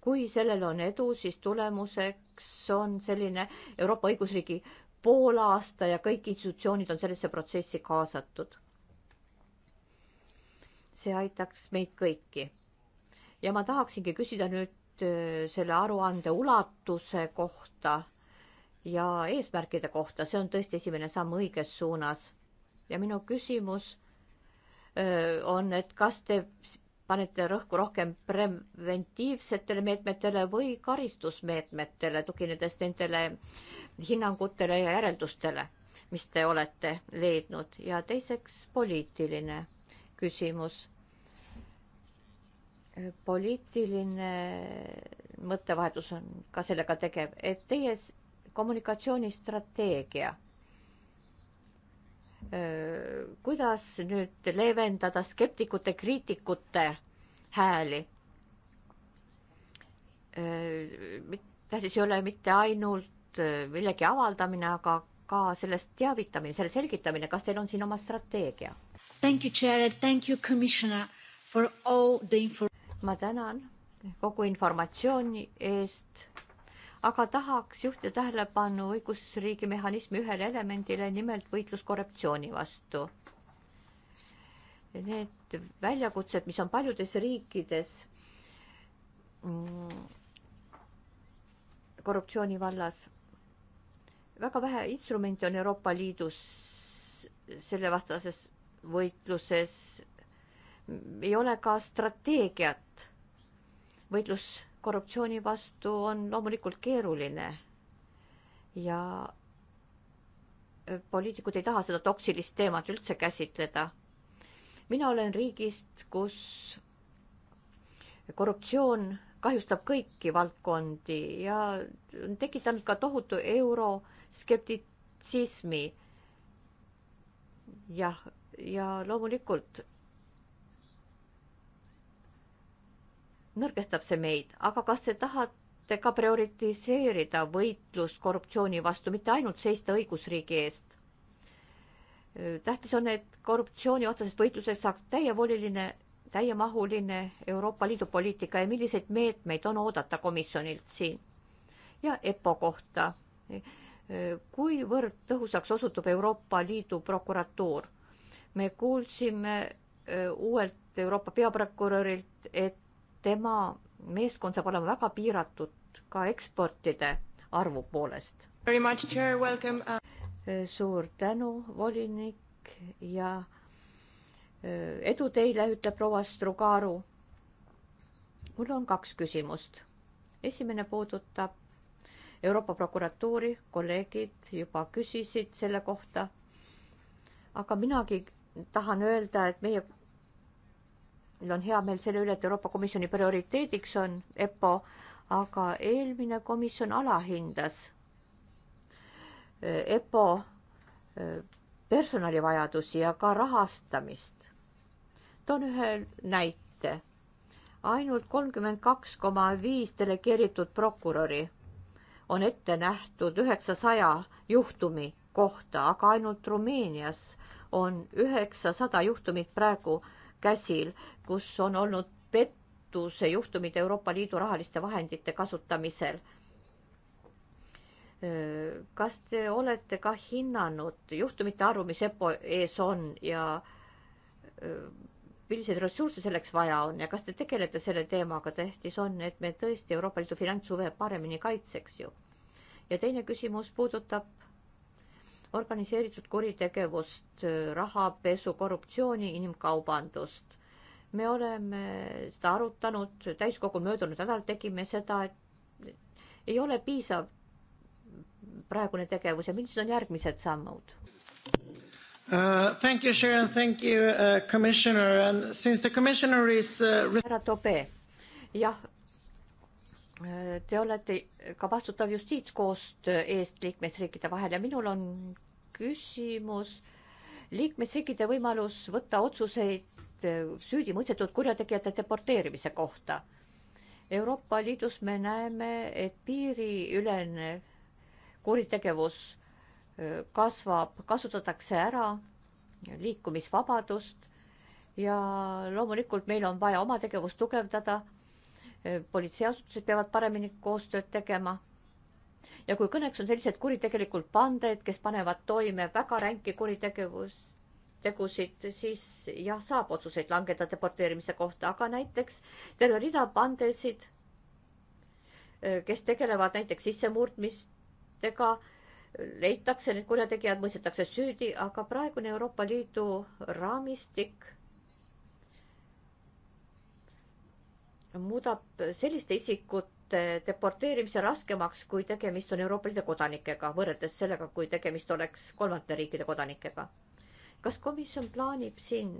kui sellel on edu, siis tulemuseks on selline Euroopa õigusriigi poolaasta ja kõik institutsioonid on sellesse protsessi kaasatud. see aitaks meid kõiki. ja ma tahaksingi küsida nüüd äh, selle aruande ulatuse kohta ja eesmärkide kohta, see on tõesti esimene samm õiges suunas. ja minu küsimus on, et kas te panete rõhku rohkem preventiivsetele meetmetele või karistusmeetmetele, tuginedes nendele hinnangutele ja järeldustele, mis te olete leidnud ja teiseks poliitiline küsimus. poliitiline mõttevahetus on ka sellega tegev, et teie kommunikatsioonistrateegia kuidas nüüd leevendada skeptikute, kriitikute hääli? tähtis ei ole mitte ainult millegi avaldamine, aga ka sellest teavitamine, selle selgitamine, kas teil on siin oma strateegia? Thank you, chair and thank you, commissioner for all the info-. ma tänan kogu informatsiooni eest aga tahaks juhtida tähelepanu õigusriigi mehhanismi ühele elemendile, nimelt võitlus korruptsiooni vastu. Need väljakutsed, mis on paljudes riikides mm, korruptsiooni vallas, väga vähe instrumente on Euroopa Liidus sellevastases võitluses, ei ole ka strateegiat võitlus korruptsiooni vastu on loomulikult keeruline ja äh, poliitikud ei taha seda toksilist teemat üldse käsitleda. mina olen riigist, kus korruptsioon kahjustab kõiki valdkondi ja on tekitanud ka tohutu euroskeptitsismi. jah, ja loomulikult nõrgestab see meid, aga kas te tahate ka prioritiseerida võitlust korruptsiooni vastu, mitte ainult seista õigusriigi eest? tähtis on, et korruptsiooni otsesest võitlusest saaks täievoliline, täiemahuline Euroopa Liidu poliitika ja milliseid meetmeid on oodata komisjonilt siin? ja EPPO kohta. kuivõrd tõhusaks osutub Euroopa Liidu prokuratuur? me kuulsime äh, uuelt Euroopa peaprokurörilt, et tema meeskond saab olema väga piiratud ka eksportide arvu poolest. Uh, suur tänu, volinik ja äh, edu teile, ütleb proua Strugaru. mul on kaks küsimust. esimene puudutab Euroopa prokuratuuri, kolleegid juba küsisid selle kohta. aga minagi tahan öelda, et meie meil on hea meel selle üle, et Euroopa Komisjoni prioriteediks on EPPO, aga eelmine komisjon alahindas eh, EPPO eh, personalivajadusi ja ka rahastamist. toon ühe näite. ainult kolmkümmend kaks koma viis delegeeritud prokuröri on ette nähtud üheksasaja juhtumi kohta, aga ainult Rumeenias on üheksasada juhtumit praegu äh, käsil, kus on olnud pettuse juhtumid Euroopa Liidu rahaliste vahendite kasutamisel. kas te olete ka hinnanud juhtumite arvu, mis EPO ees on ja milliseid ressursse selleks vaja on ja kas te tegelete selle teemaga, tähtis on, et me tõesti Euroopa Liidu finantshuve paremini kaitseks ju. ja teine küsimus puudutab organiseeritud kuritegevust, rahapesu, korruptsiooni, inimkaubandust. me oleme seda arutanud, täiskogul möödunud nädalal tegime seda, et ei ole piisav praegune tegevus ja millised on järgmised sammud? Uh, thank you, Sharon. Thank you, uh, Commissioner. And since the Commissioner is uh... härra Tobe, jah Te olete ka vastutav justiitskoostöö eest liikmesriikide vahel ja minul on küsimus liikmesriikide võimalus võtta otsuseid eh, süüdimõistetud kurjategijate deporteerimise kohta. Euroopa Liidus me näeme, et piiriülene kuritegevus eh, kasvab, kasutatakse ära liikumisvabadust ja loomulikult meil on vaja oma tegevust tugevdada Äh, politseiasutused peavad paremini koostööd tegema. ja kui kõneks on sellised kuritegelikud panded, kes panevad toime väga ränki kuritegevus, tegusid, siis jah, saab otsuseid langetada deporteerimise kohta, aga näiteks terve rida pandesid, äh, kes tegelevad näiteks sissemurdmistega, leitakse, need kurjategijad mõistetakse süüdi, aga praegune Euroopa Liidu raamistik muudab selliste isikute deporteerimise raskemaks, kui tegemist on Euroopa Liidu kodanikega, võrreldes sellega, kui tegemist oleks kolmandate riikide kodanikega. kas komisjon plaanib siin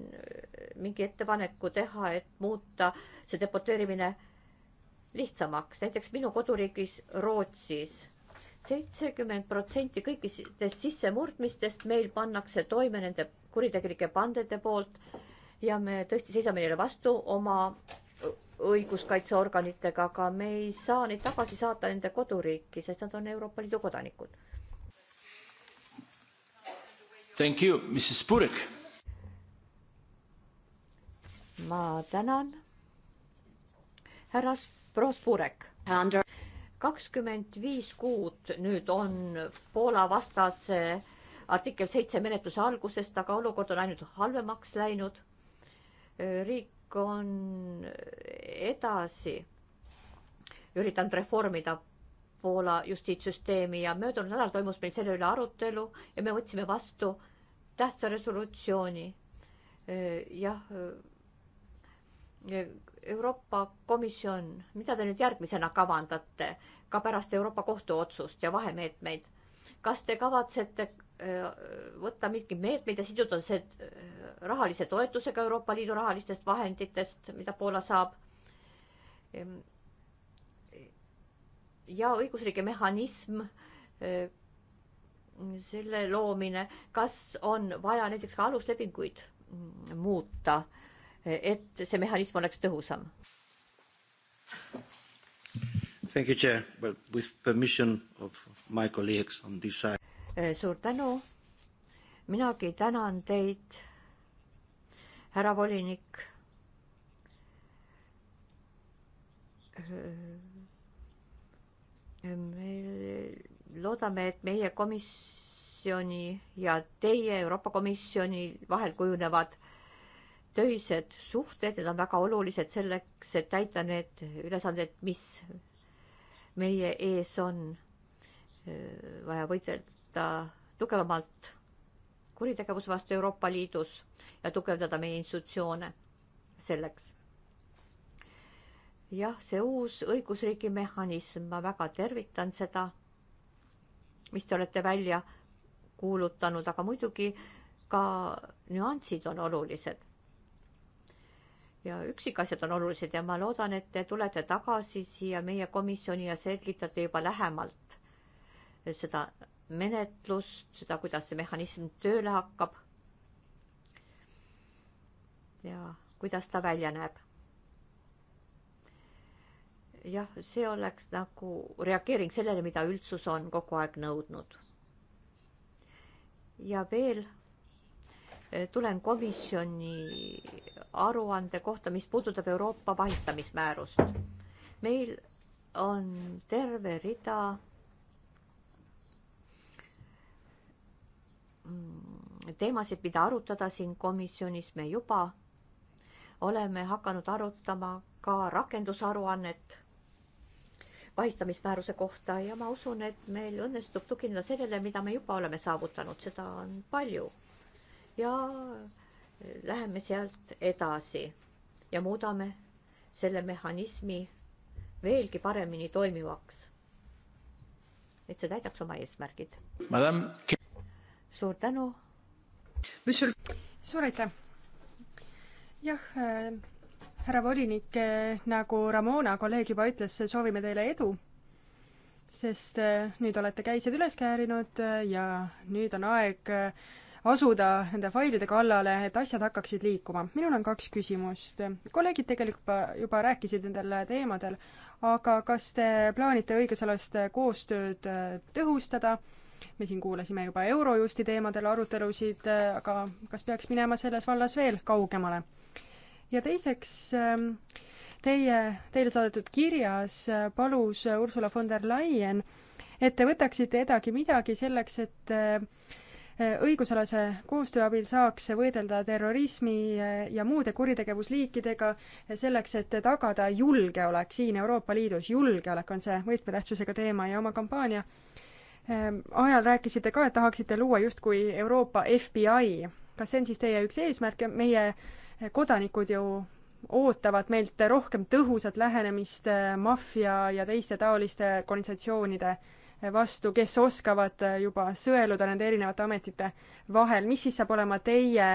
mingi ettepaneku teha, et muuta see deporteerimine lihtsamaks, näiteks minu koduriigis Rootsis seitsekümmend protsenti kõikidest sissemurdmistest meil pannakse toime nende kuritegelike pandede poolt ja me tõesti seisame neile vastu oma õiguskaitseorganitega, aga me ei saa neid tagasi saata nende koduriiki, sest nad on Euroopa Liidu kodanikud. Thank you, Mrs Burek. ma tänan. härra Proos Burek. kakskümmend viis kuud nüüd on Poola vastase artikkel seitse menetluse algusest, aga olukord on ainult halvemaks läinud. riik on edasi üritanud reformida Poola justiitssüsteemi ja möödunud nädal toimus meil selle üle arutelu ja me võtsime vastu tähtsa resolutsiooni. jah, Euroopa Komisjon, mida te nüüd järgmisena kavandate ka pärast Euroopa Kohtu otsust ja vahemeetmeid? kas te kavatsete võtta mingeid meetmeid ja siduda see rahalise toetusega Euroopa Liidu rahalistest vahenditest, mida Poola saab. Ehm, ja õigusriigi mehhanism, selle loomine, kas on vaja näiteks ka aluslepinguid mm, muuta, et see mehhanism oleks tõhusam? Thank you, Chair. Well, with permission of my colleagues on this side. Eh, suur tänu. minagi tänan teid, härra volinik. Eh, me loodame, et meie komisjoni ja teie Euroopa Komisjoni vahel kujunevad töised suhted, need on väga olulised selleks, et täita need ülesanded, mis meie ees on eh, vaja võidelda võidelda tugevamalt kuritegevuse vastu Euroopa Liidus ja tugevdada meie institutsioone selleks. jah, see uus õigusriigi mehhanism, ma väga tervitan seda, mis te olete välja kuulutanud, aga muidugi ka nüansid on olulised ja üksikasjad on olulised ja ma loodan, et te tulete tagasi siia meie komisjoni ja selgitate juba lähemalt seda menetlust, seda, kuidas see mehhanism tööle hakkab. ja kuidas ta välja näeb. jah, see oleks nagu reageering sellele, mida üldsus on kogu aeg nõudnud. ja veel eh, tulen komisjoni aruande kohta, mis puudutab Euroopa vahistamismäärust. meil on terve rida Mm, teemasid, mida arutada siin komisjonis, me juba oleme hakanud arutama ka rakendusaruannet vahistamismääruse kohta ja ma usun, et meil õnnestub tugineda sellele, mida me juba oleme saavutanud, seda on palju. ja läheme sealt edasi ja muudame selle mehhanismi veelgi paremini toimivaks. et see täidaks oma eesmärgid suur tänu. suur aitäh. jah äh,, härra volinik äh,, nagu Ramona kolleeg juba ütles, soovime teile edu sest äh, nüüd olete käised üles käärinud äh, ja nüüd on aeg äh, asuda nende failide kallale, et asjad hakkaksid liikuma. minul on kaks küsimust. kolleegid tegelikult juba, juba rääkisid nendel teemadel, aga kas te plaanite õigusalast koostööd tõhustada? me siin kuulasime juba Eurojusti teemadel arutelusid, aga kas peaks minema selles vallas veel kaugemale? ja teiseks, ähm, teie, teile saadetud kirjas äh, palus Ursula von der Leyen, et te võtaksite edagi midagi selleks, et äh, õigusalase koostöö abil saaks võidelda terrorismi äh, ja muude kuritegevusliikidega selleks, et tagada julgeolek siin Euroopa Liidus. julgeolek on see võtmetähtsusega teema ja oma kampaania Ehm, ajal rääkisite ka, et tahaksite luua justkui Euroopa FBI. kas see on siis teie üks eesmärke, meie eh, kodanikud ju ootavad meilt rohkem tõhusat lähenemist eh, maffia ja teiste taoliste organisatsioonide eh, vastu, kes oskavad juba sõeluda nende erinevate ametite vahel. mis siis saab olema teie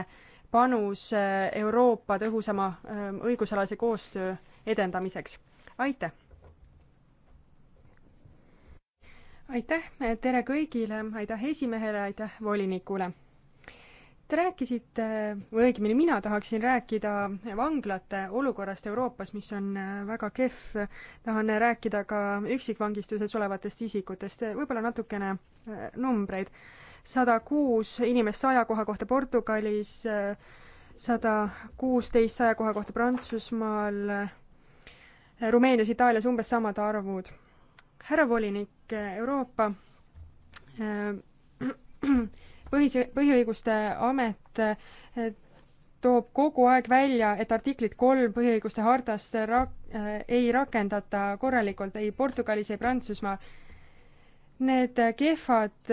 panus Euroopa tõhusama ehm, õigusalase koostöö edendamiseks? aitäh! aitäh, tere kõigile, aitäh esimehele, aitäh volinikule. Te rääkisite, või õigemini mina tahaksin rääkida vanglate olukorrast Euroopas, mis on äh, väga kehv. tahan rääkida ka üksikvangistuses olevatest isikutest, võib-olla natukene äh, numbreid. sada kuus inimest saja koha kohta Portugalis, äh, sada kuusteist saja koha kohta Prantsusmaal, Rumeenias, Itaalias umbes samad arvud härra volinik, Äh, Euroopa äh, põhise, põhiõiguste amet äh, toob kogu aeg välja, et artiklit kolm põhiõiguste hardast rak-, ei rakendata korralikult ei Portugalis, ei Prantsusmaal. Need kehvad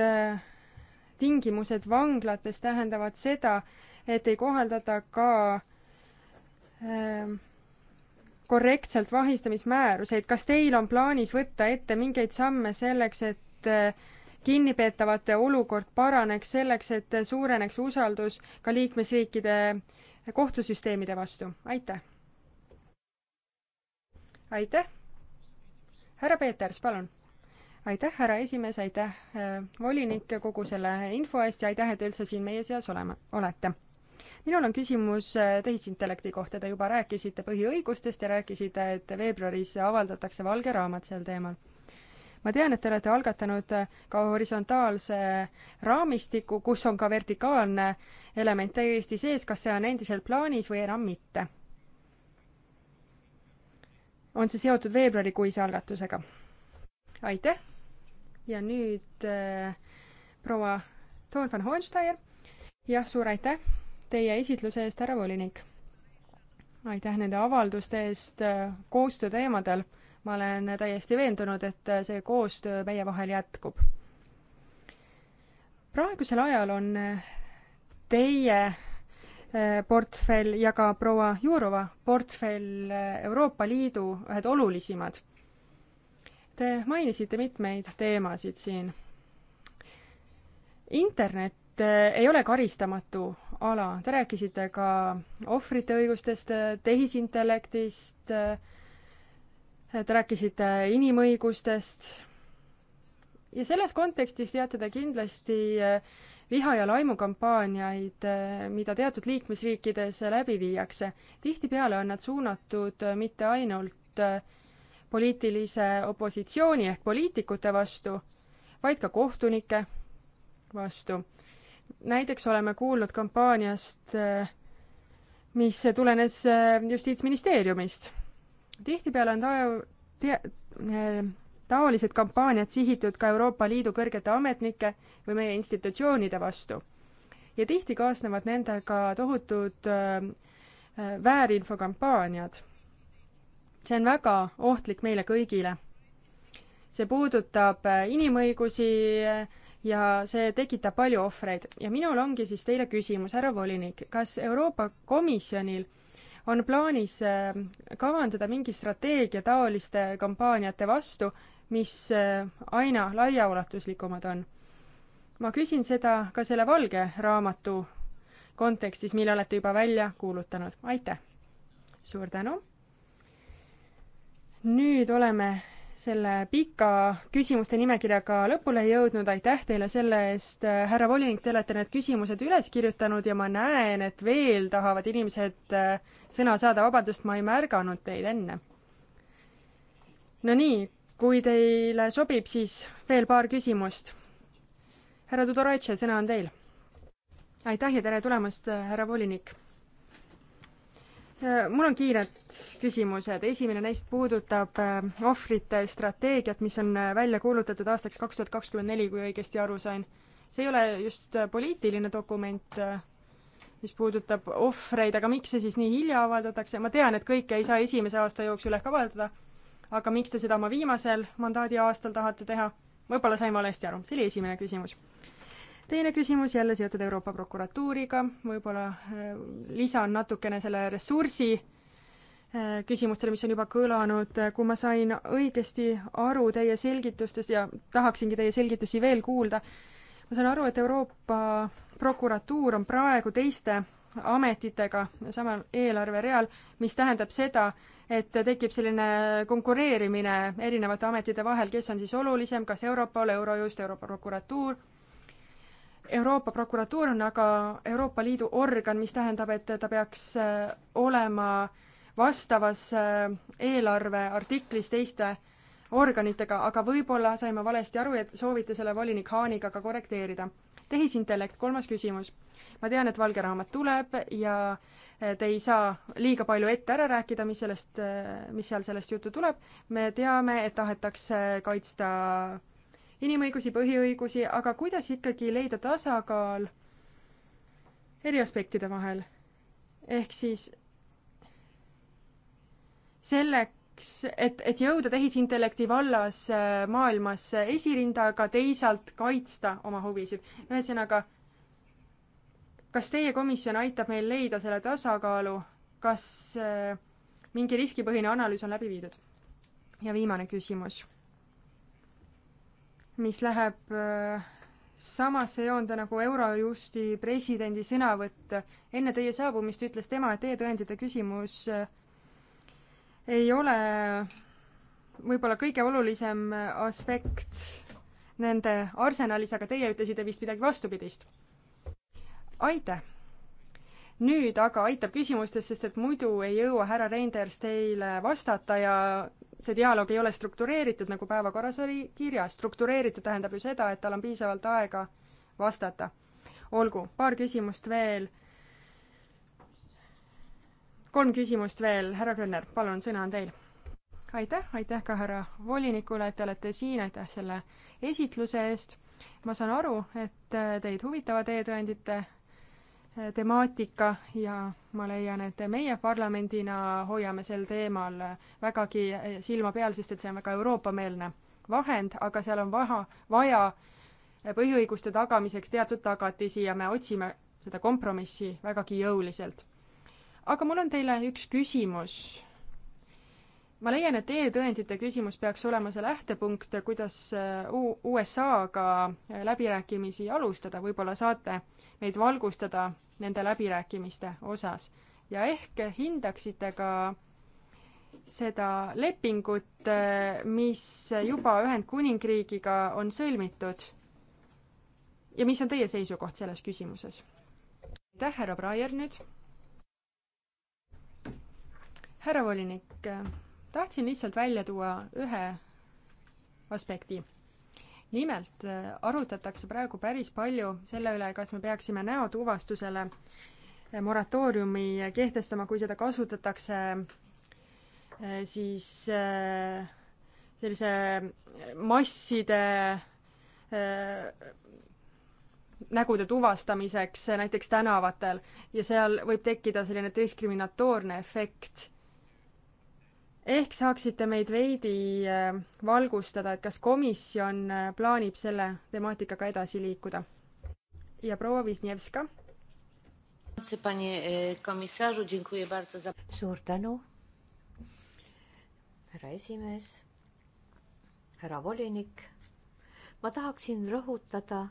tingimused vanglates tähendavad seda, et ei kohaldata ka äh, korrektselt vahistamismääruseid, kas teil on plaanis võtta ette mingeid samme selleks, et äh, kinnipeetavate olukord paraneks, selleks et suureneks usaldus ka liikmesriikide kohtusüsteemide vastu, aitäh! aitäh! härra Peeters, palun! aitäh, härra esimees, aitäh äh,, volinik, kogu selle info eest ja aitäh, et üldse siin meie seas olema, olete minul on küsimus äh, tehisintellekti kohta, te juba rääkisite põhiõigustest ja rääkisite, et veebruaris avaldatakse valge raamat sel teemal ma tean, et te olete algatanud äh, ka horisontaalse raamistiku, kus on ka vertikaalne element täiesti sees, kas see on endiselt plaanis või enam mitte? on see seotud veebruarikuise algatusega? aitäh! ja nüüd äh, proua Toon van Hohensteier. jah, suur aitäh! teie esitluse eest, härra volinik! aitäh nende avalduste eest äh, koostöö teemadel. ma olen täiesti veendunud, et äh, see koostöö meie vahel jätkub. praegusel ajal on äh, teie portfell ja ka proua Jurova portfell Euroopa Liidu ühed olulisimad. Te mainisite mitmeid teemasid siin. internet ei ole karistamatu ala. Te rääkisite ka ohvrite õigustest, tehisintellektist, te rääkisite inimõigustest ja selles kontekstis teate te kindlasti eh, viha- ja laimukampaaniaid, eh, mida teatud liikmesriikides läbi viiakse. tihtipeale on nad suunatud eh, mitte ainult poliitilise opositsiooni ehk poliitikute vastu, vaid ka kohtunike vastu näiteks oleme kuulnud kampaaniast, eh, mis tulenes eh, Justiitsministeeriumist. tihtipeale on ta-, te-, eh, taolised kampaaniad sihitud ka Euroopa Liidu kõrgete ametnike või meie institutsioonide vastu. ja tihti kaasnevad nendega tohutud väärinfokampaaniad. see on väga ohtlik meile kõigile. see puudutab inimõigusi, ja see tekitab palju ohvreid. ja minul ongi siis teile küsimus, härra volinik, kas Euroopa Komisjonil on plaanis äh, kavandada mingi strateegia taoliste kampaaniate vastu, mis äh, aina laiaulatuslikumad on? ma küsin seda ka selle valge raamatu kontekstis, mille olete juba välja kuulutanud, aitäh! suur tänu! nüüd oleme selle pika küsimuste nimekirjaga lõpule jõudnud, aitäh teile selle eest, härra volinik, te olete need küsimused üles kirjutanud ja ma näen, et veel tahavad inimesed eh, sõna saada, vabandust, ma ei märganud teid enne. no nii, kui teile sobib, siis veel paar küsimust. härra Tudoratše, sõna on teil. aitäh ja tere tulemast, eh, härra volinik mul on kiired küsimused, esimene neist puudutab äh, ohvrite strateegiat, mis on äh, välja kuulutatud aastaks kaks tuhat kakskümmend neli, kui õigesti aru sain. see ei ole just äh, poliitiline dokument, mis puudutab ohvreid, aga miks see siis nii hilja avaldatakse, ma tean, et kõike ei saa esimese aasta jooksul ehk avaldada, aga miks te seda oma viimasel mandaadi aastal tahate teha? võib-olla sain valesti aru, see oli esimene küsimus teine küsimus jälle seotud Euroopa prokuratuuriga, võib-olla äh, lisan natukene selle ressursi äh, küsimustele, mis on juba kõlanud, kui ma sain õigesti aru teie selgitustest ja tahaksingi teie selgitusi veel kuulda, ma saan aru, et Euroopa prokuratuur on praegu teiste ametitega samal eelarvereal, mis tähendab seda, et tekib selline konkureerimine erinevate ametite vahel, kes on siis olulisem, kas Europol, Eurojust, Euroopa prokuratuur Euroopa prokuratuur on aga Euroopa Liidu organ, mis tähendab, et ta peaks äh, olema vastavas äh, eelarveartiklis teiste organitega, aga võib-olla sain ma valesti aru ja soovite selle volinik Haaniga ka korrekteerida. tehisintellekt, kolmas küsimus. ma tean, et valge raamat tuleb ja äh, te ei saa liiga palju ette ära rääkida, mis sellest, mis seal sellest juttu tuleb. me teame, et tahetakse kaitsta inimõigusi, põhiõigusi, aga kuidas ikkagi leida tasakaal eri aspektide vahel? ehk siis selleks, et, et jõuda tehisintellekti vallas äh, maailmas äh, esirinda, aga teisalt kaitsta oma huvisid. ühesõnaga, kas teie komisjon aitab meil leida selle tasakaalu, kas äh, mingi riskipõhine analüüs on läbi viidud? ja viimane küsimus mis läheb äh, samasse joonde nagu Eurojusti presidendi sõnavõtt. enne teie saabumist ütles tema, et e-tõendite küsimus äh, ei ole võib-olla kõige olulisem aspekt nende arsenalis, aga teie ütlesite vist midagi vastupidist. aitäh! nüüd aga aitab küsimustest, sest et muidu ei jõua härra Reinders teile vastata ja see dialoog ei ole struktureeritud, nagu päevakorras oli kirjas. struktureeritud tähendab ju seda, et tal on piisavalt aega vastata. olgu, paar küsimust veel. kolm küsimust veel, härra Könner, palun, sõna on teil aitäh, aitäh ka härra volinikule, et te olete siin, aitäh selle esitluse eest. ma saan aru, et teid huvitavad e-tõendite temaatika ja ma leian, et meie parlamendina hoiame sel teemal vägagi silma peal, sest et see on väga Euroopa-meelne vahend, aga seal on vaha, vaja põhiõiguste tagamiseks teatud tagatisi ja me otsime seda kompromissi vägagi jõuliselt. aga mul on teile üks küsimus ma leian, et e-tõendite küsimus peaks olema see lähtepunkt, kuidas äh, USA-ga äh, läbirääkimisi alustada, võib-olla saate meid valgustada nende läbirääkimiste osas. ja ehk hindaksite ka seda lepingut, äh, mis juba Ühendkuningriigiga on sõlmitud. ja mis on teie seisukoht selles küsimuses? aitäh, härra Breyer nüüd. härra volinik tahtsin lihtsalt välja tuua ühe aspekti. nimelt äh, arutatakse praegu päris palju selle üle, kas me peaksime näotuvastusele äh, moratooriumi kehtestama, kui seda kasutatakse äh, siis sellise masside nägude tuvastamiseks näiteks tänavatel ja seal võib tekkida selline diskriminatoorne efekt ehk saaksite meid veidi äh, valgustada, et kas komisjon äh, plaanib selle temaatikaga edasi liikuda? ja proua Wisniewska. E, suur tänu, härra esimees, härra volinik. ma tahaksin rõhutada,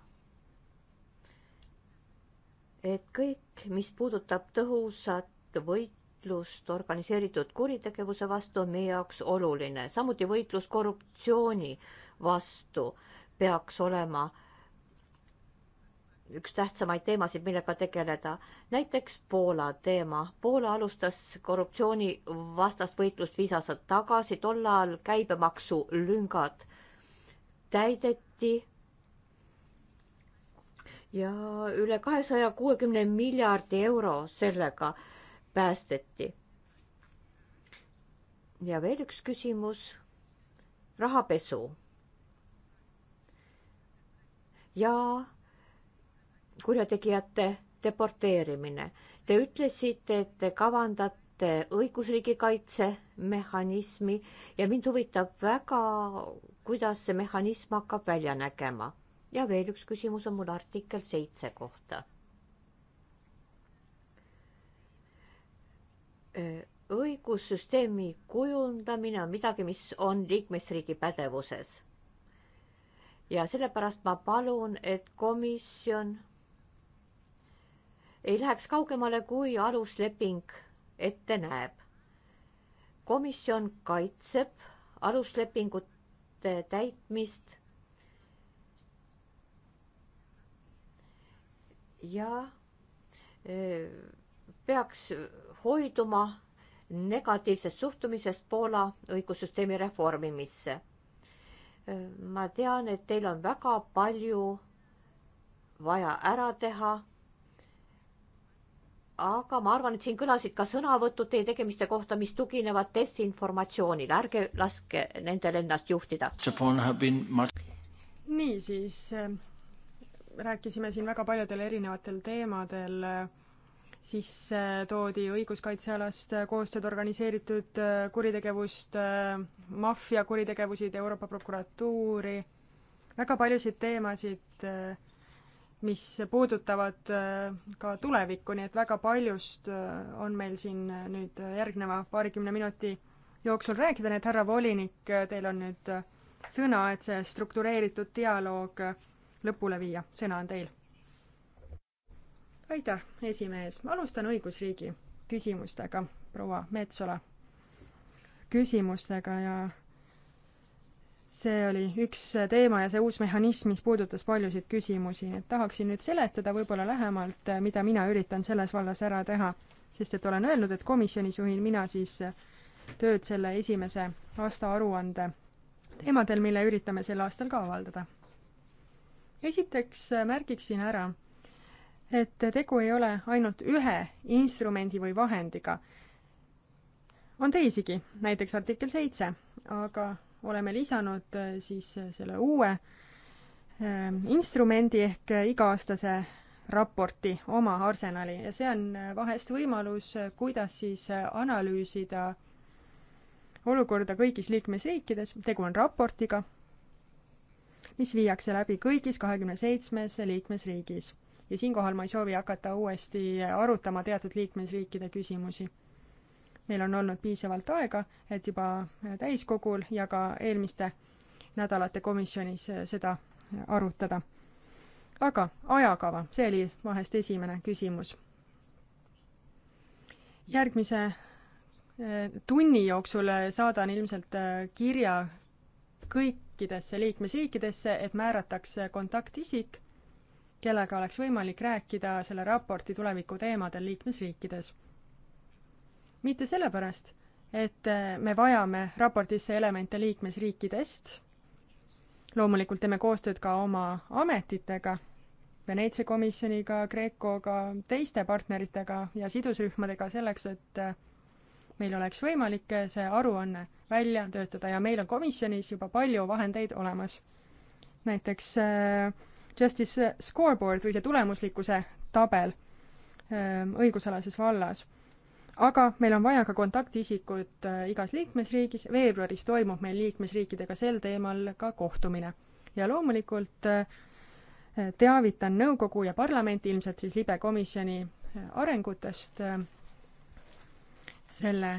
et kõik, mis puudutab tõhusat võitu, võitlust organiseeritud kuritegevuse vastu on meie jaoks oluline, samuti võitlus korruptsiooni vastu peaks olema üks tähtsamaid teemasid, millega tegeleda. näiteks Poola teema. Poola alustas korruptsioonivastast võitlust viis aastat tagasi, tol ajal käibemaksulüngad täideti ja üle kahesaja kuuekümne miljardi euro sellega päästeti. ja veel üks küsimus. rahapesu. ja kurjategijate deporteerimine. Te ütlesite, et te kavandate õigusriigi kaitsemehhanismi ja mind huvitab väga, kuidas see mehhanism hakkab välja nägema. ja veel üks küsimus on mul artikkel seitse kohta õigussüsteemi kujundamine on midagi, mis on liikmesriigi pädevuses. ja sellepärast ma palun, et komisjon ei läheks kaugemale, kui alusleping ette näeb. komisjon kaitseb aluslepingute täitmist ja peaks hoiduma negatiivsest suhtumisest Poola õigussüsteemi reformimisse. ma tean, et teil on väga palju vaja ära teha. aga ma arvan, et siin kõlasid ka sõnavõtud teie tegemiste kohta, mis tuginevad desinformatsioonile, ärge laske nendel ennast juhtida. niisiis, äh, rääkisime siin väga paljudel erinevatel teemadel äh, sisse toodi õiguskaitsealast koostööd, organiseeritud äh, kuritegevust, äh, maffiakuritegevusid, Euroopa prokuratuuri, väga paljusid teemasid, äh, mis puudutavad ka tulevikku, nii et väga paljust on meil siin nüüd järgneva paarikümne minuti jooksul rääkida, nii et härra volinik, teil on nüüd sõna, et see struktureeritud dialoog lõpule viia, sõna on teil aitäh, esimees, alustan õigusriigi küsimustega, proua Metsola küsimustega ja see oli üks teema ja see uus mehhanism, mis puudutas paljusid küsimusi, et tahaksin nüüd seletada võib-olla lähemalt, mida mina üritan selles vallas ära teha, sest et olen öelnud, et komisjonis juhin mina siis tööd selle esimese aasta aruande teemadel, mille üritame sel aastal ka avaldada. esiteks märgiksin ära, et tegu ei ole ainult ühe instrumendi või vahendiga. on teisigi, näiteks artikkel seitse, aga oleme lisanud äh, siis äh, selle uue äh, instrumendi ehk iga-aastase raporti oma arsenali ja see on vahest võimalus, kuidas siis analüüsida olukorda kõigis liikmesriikides, tegu on raportiga, mis viiakse läbi kõigis kahekümne seitsmes liikmesriigis ja siinkohal ma ei soovi hakata uuesti arutama teatud liikmesriikide küsimusi. meil on olnud piisavalt aega, et juba täiskogul ja ka eelmiste nädalate komisjonis seda arutada. aga ajakava, see oli vahest esimene küsimus. järgmise eh, tunni jooksul saadan ilmselt eh, kirja kõikidesse liikmesriikidesse, et määratakse kontaktisik kellega oleks võimalik rääkida selle raporti tuleviku teemadel liikmesriikides. mitte sellepärast, et äh, me vajame raportisse elemente liikmesriikidest, loomulikult teeme koostööd ka oma ametitega, Veneetsia komisjoniga, Kreekoga, teiste partneritega ja sidusrühmadega selleks, et äh, meil oleks võimalik äh, see aruanne välja töötada ja meil on komisjonis juba palju vahendeid olemas. näiteks äh, Justice Scoreboard või see tulemuslikkuse tabel ähm, õigusalases vallas. aga meil on vaja ka kontaktisikut äh, igas liikmesriigis, veebruaris toimub meil liikmesriikidega sel teemal ka kohtumine. ja loomulikult äh, teavitan nõukogu ja parlamenti, ilmselt siis libe komisjoni äh, arengutest selle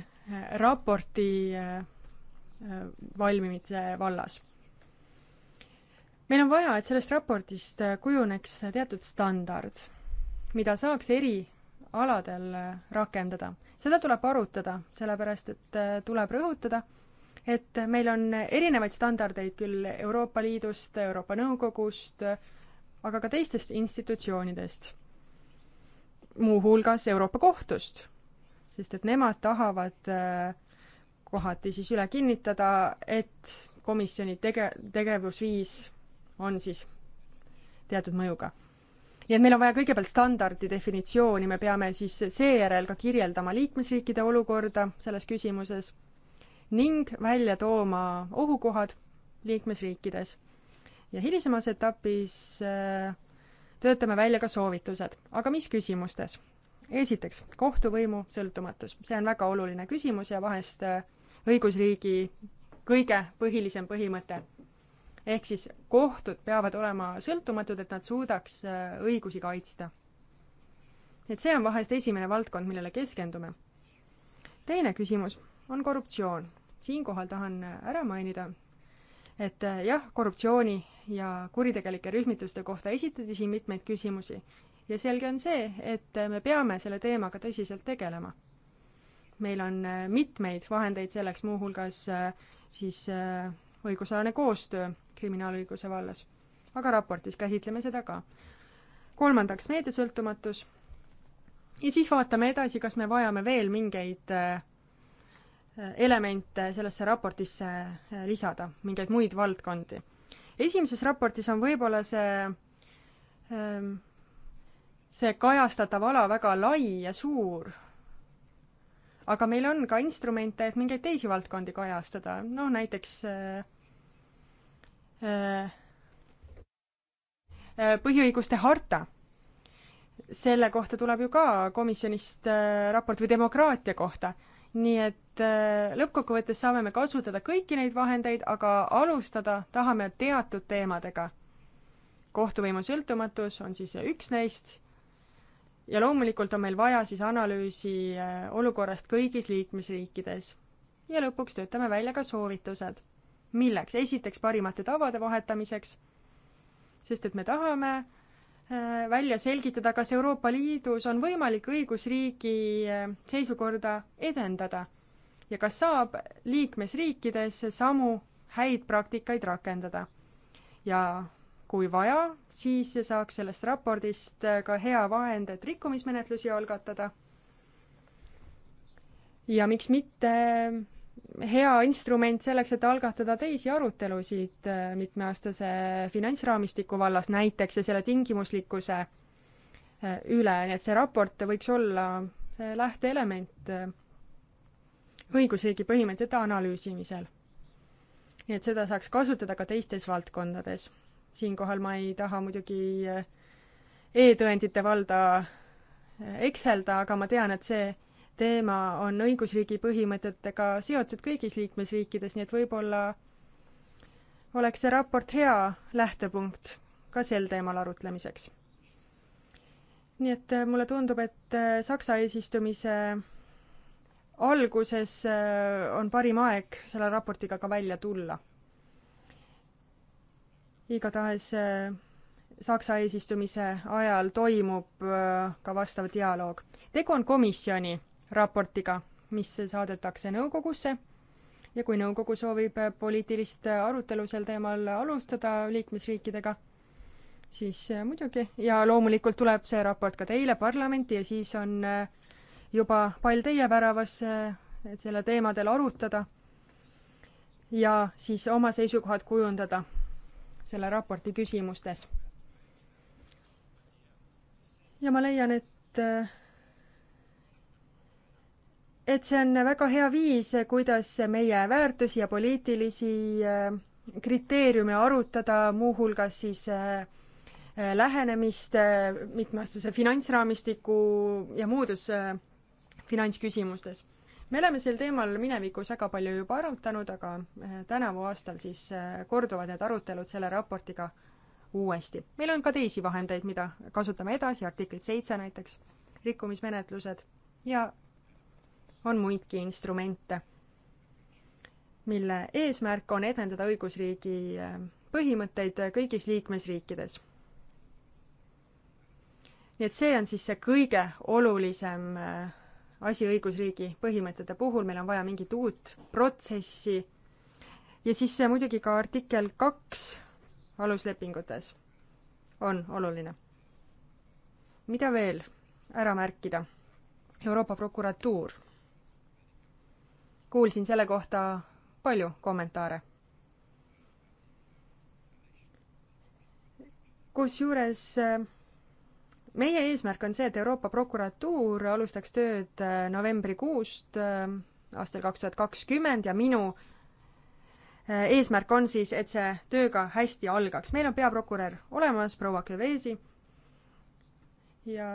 raporti valmimise vallas meil on vaja, et sellest raportist äh, kujuneks teatud standard, mida saaks eri aladel äh, rakendada. seda tuleb arutada, sellepärast et äh, tuleb rõhutada, et meil on erinevaid standardeid küll Euroopa Liidust, Euroopa Nõukogust, aga ka teistest institutsioonidest, muuhulgas Euroopa Kohtust, sest et nemad tahavad kohati siis üle kinnitada, et komisjoni tege-, tegevusviis on siis teatud mõjuga. nii et meil on vaja kõigepealt standardi definitsiooni, me peame siis seejärel ka kirjeldama liikmesriikide olukorda selles küsimuses ning välja tooma ohukohad liikmesriikides. ja hilisemas etapis äh, töötame välja ka soovitused, aga mis küsimustes? esiteks, kohtuvõimu sõltumatus, see on väga oluline küsimus ja vahest äh, õigusriigi kõige põhilisem põhimõte ehk siis kohtud peavad olema sõltumatud, et nad suudaks äh, õigusi kaitsta. et see on vahest esimene valdkond, millele keskendume. teine küsimus on korruptsioon. siinkohal tahan äh, ära mainida, et äh, jah, korruptsiooni ja kuritegelike rühmituste kohta esitati siin mitmeid küsimusi ja selge on see, et me peame selle teemaga tõsiselt tegelema. meil on mitmeid vahendeid selleks, muuhulgas siis õigusalane koostöö kriminaalõiguse vallas. aga raportis käsitleme seda ka. kolmandaks, meediasõltumatus. ja siis vaatame edasi, kas me vajame veel mingeid äh, elemente sellesse raportisse äh, lisada, mingeid muid valdkondi. esimeses raportis on võib-olla see ähm, see kajastatav ala väga lai ja suur, aga meil on ka instrumente, et mingeid teisi valdkondi kajastada, noh näiteks äh, Äh, äh, põhiõiguste harta. selle kohta tuleb ju ka komisjonist äh, raport või demokraatia kohta. nii et lõppkokkuvõttes saame me kasutada kõiki neid vahendeid, aga alustada tahame teatud teemadega. kohtuvõimu sõltumatus on siis üks neist ja loomulikult on meil vaja siis analüüsi olukorrast kõigis liikmesriikides. ja lõpuks töötame välja ka soovitused milleks? esiteks parimate tavade vahetamiseks, sest et me tahame äh, välja selgitada, kas Euroopa Liidus on võimalik õigusriigi äh, seisukorda edendada ja kas saab liikmesriikides samu häid praktikaid rakendada. ja kui vaja, siis saaks sellest raportist äh, ka hea vahend, et rikkumismenetlusi algatada. ja miks mitte hea instrument selleks, et algatada teisi arutelusid äh, mitmeaastase finantsraamistiku vallas näiteks ja selle tingimuslikkuse äh, üle, nii et see raport võiks olla see lähteelement äh, õigusriigi põhimõtete analüüsimisel. nii et seda saaks kasutada ka teistes valdkondades. siinkohal ma ei taha muidugi e-tõendite valda ekselda, aga ma tean, et see teema on õigusriigi põhimõtetega seotud kõigis liikmesriikides, nii et võib-olla oleks see raport hea lähtepunkt ka sel teemal arutlemiseks. nii et äh, mulle tundub, et äh, Saksa eesistumise alguses äh, on parim aeg selle raportiga ka välja tulla. igatahes Saksa eesistumise ajal toimub ka vastav dialoog. tegu on komisjoni raportiga, mis saadetakse nõukogusse ja kui nõukogu soovib poliitilist arutelu sel teemal alustada liikmesriikidega, siis muidugi, ja loomulikult tuleb see raport ka teile parlamenti ja siis on juba pall teie väravasse, et selle teemadel arutada ja siis oma seisukohad kujundada selle raporti küsimustes. ja ma leian, et et see on väga hea viis, kuidas meie väärtusi ja poliitilisi äh, kriteeriume arutada, muuhulgas siis äh, äh, lähenemist mitmeaastase finantsraamistiku ja muudes finantsküsimustes. me oleme sel teemal minevikus väga palju juba arutanud, aga tänavu aastal siis korduvad need arutelud selle raportiga uuesti. meil on ka teisi vahendeid, mida kasutame edasi, artiklit seitse näiteks, rikkumismenetlused ja on muidki instrumente, mille eesmärk on edendada õigusriigi äh, põhimõtteid kõigis liikmesriikides. nii et see on siis see kõige olulisem äh, asi õigusriigi põhimõtete puhul, meil on vaja mingit uut protsessi ja siis äh, muidugi ka artikkel kaks aluslepingutes on oluline. mida veel ära märkida? Euroopa Prokuratuur kuulsin selle kohta palju kommentaare. kusjuures eh, meie eesmärk on see, et Euroopa prokuratuur alustaks tööd eh, novembrikuust eh, aastal kaks tuhat kakskümmend ja minu eesmärk on siis, et see tööga hästi algaks. meil on peaprokurör olemas, proua Kövesi ja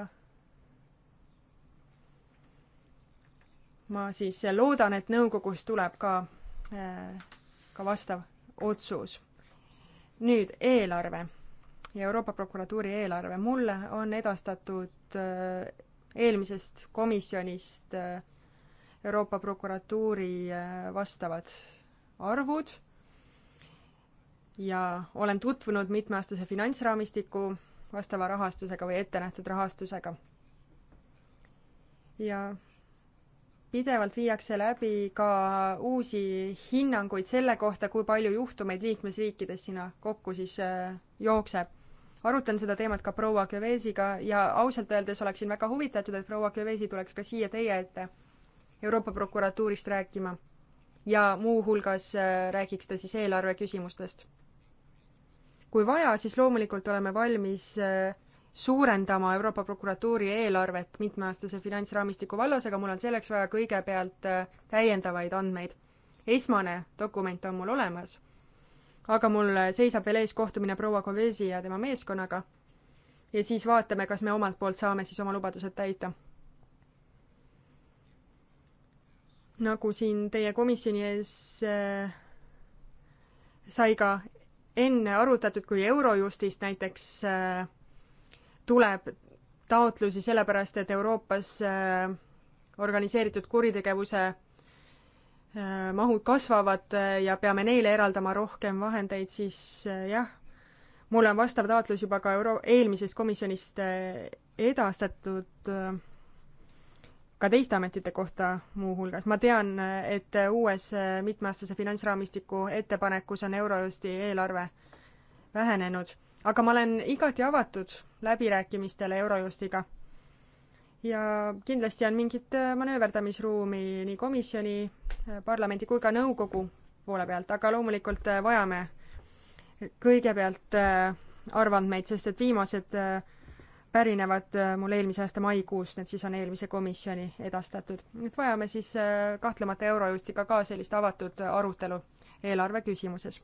ma siis loodan, et nõukogus tuleb ka, äh, ka vastav otsus. nüüd eelarve ja Euroopa Prokuratuuri eelarve. mulle on edastatud äh, eelmisest komisjonist äh, Euroopa Prokuratuuri vastavad arvud ja olen tutvunud mitmeaastase finantsraamistiku vastava rahastusega või ettenähtud rahastusega. ja pidevalt viiakse läbi ka uusi hinnanguid selle kohta, kui palju juhtumeid liikmesriikides sinna kokku siis äh, jookseb. arutan seda teemat ka proua Kövesiga ja ausalt öeldes oleksin väga huvitatud, et proua Kövesi tuleks ka siia teie ette Euroopa prokuratuurist rääkima. ja muuhulgas äh, räägiks ta siis eelarve küsimustest. kui vaja, siis loomulikult oleme valmis äh, suurendama Euroopa Prokuratuuri eelarvet mitmeaastase finantsraamistiku vallas, aga mul on selleks vaja kõigepealt äh, täiendavaid andmeid. esmane dokument on mul olemas, aga mul äh, seisab veel ees kohtumine proua Kovesi ja tema meeskonnaga ja siis vaatame, kas me omalt poolt saame siis oma lubadused täita. nagu siin teie komisjoni ees äh, sai ka enne arutatud, kui Eurojustist näiteks äh, tuleb taotlusi sellepärast, et Euroopas äh, organiseeritud kuritegevuse äh, mahud kasvavad äh, ja peame neile eraldama rohkem vahendeid, siis jah, mulle on vastav taotlus juba ka euro-, eelmisest komisjonist edastatud ka teiste ametite kohta muuhulgas. ma tean, et uues mitmeaastase finantsraamistiku ettepanekus on Eurojusti eelarve vähenenud aga ma olen igati avatud läbirääkimistele Eurojustiga. ja kindlasti on mingit äh, manööverdamisruumi nii komisjoni, äh, parlamendi kui ka nõukogu poole pealt, aga loomulikult äh, vajame kõigepealt arvandmeid, sest et viimased pärinevad mul eelmise aasta maikuust, need siis on eelmise komisjoni edastatud. et vajame siis kahtlemata Eurojustiga ka sellist avatud arutelu eelarve küsimuses.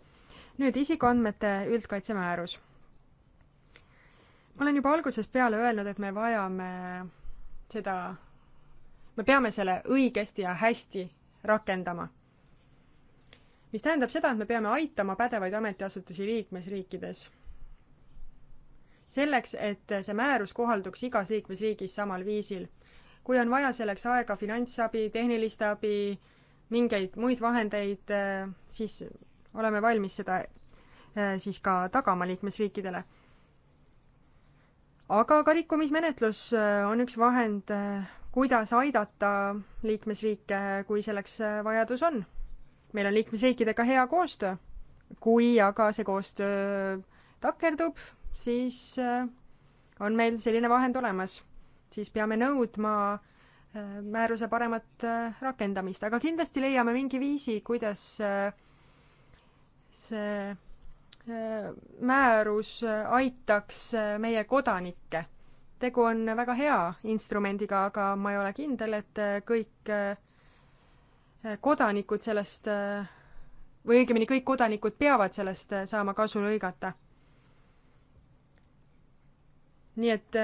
nüüd isikuandmete üldkaitsemäärus ma olen juba algusest peale öelnud, et me vajame seda, me peame selle õigesti ja hästi rakendama. mis tähendab seda, et me peame aitama pädevaid ametiasutusi liikmesriikides. selleks, et see määrus kohalduks igas liikmesriigis samal viisil. kui on vaja selleks aega finantsabi, tehnilist abi, mingeid muid vahendeid, siis oleme valmis seda eh, siis ka tagama liikmesriikidele aga ka rikkumismenetlus äh, on üks vahend, äh, kuidas aidata liikmesriike, kui selleks äh, vajadus on. meil on liikmesriikidega hea koostöö. kui aga see koostöö takerdub, siis on meil selline vahend olemas. siis peame nõudma määruse paremat rakendamist, aga kindlasti leiame mingi viisi, kuidas see määrus aitaks meie kodanikke. tegu on väga hea instrumendiga, aga ma ei ole kindel, et kõik eh, kodanikud sellest eh, või õigemini kõik kodanikud peavad sellest eh, saama kasu lõigata. nii et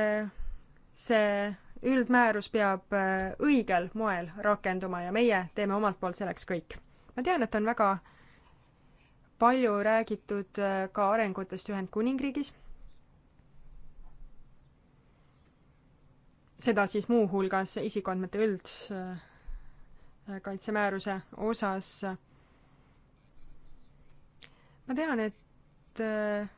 see üldmäärus peab õigel moel rakenduma ja meie teeme omalt poolt selleks kõik. ma tean, et on väga äh, palju räägitud äh, ka arengutest Ühendkuningriigis. seda siis muuhulgas isikuandmete üldkaitsemääruse äh, osas. ma tean, et äh,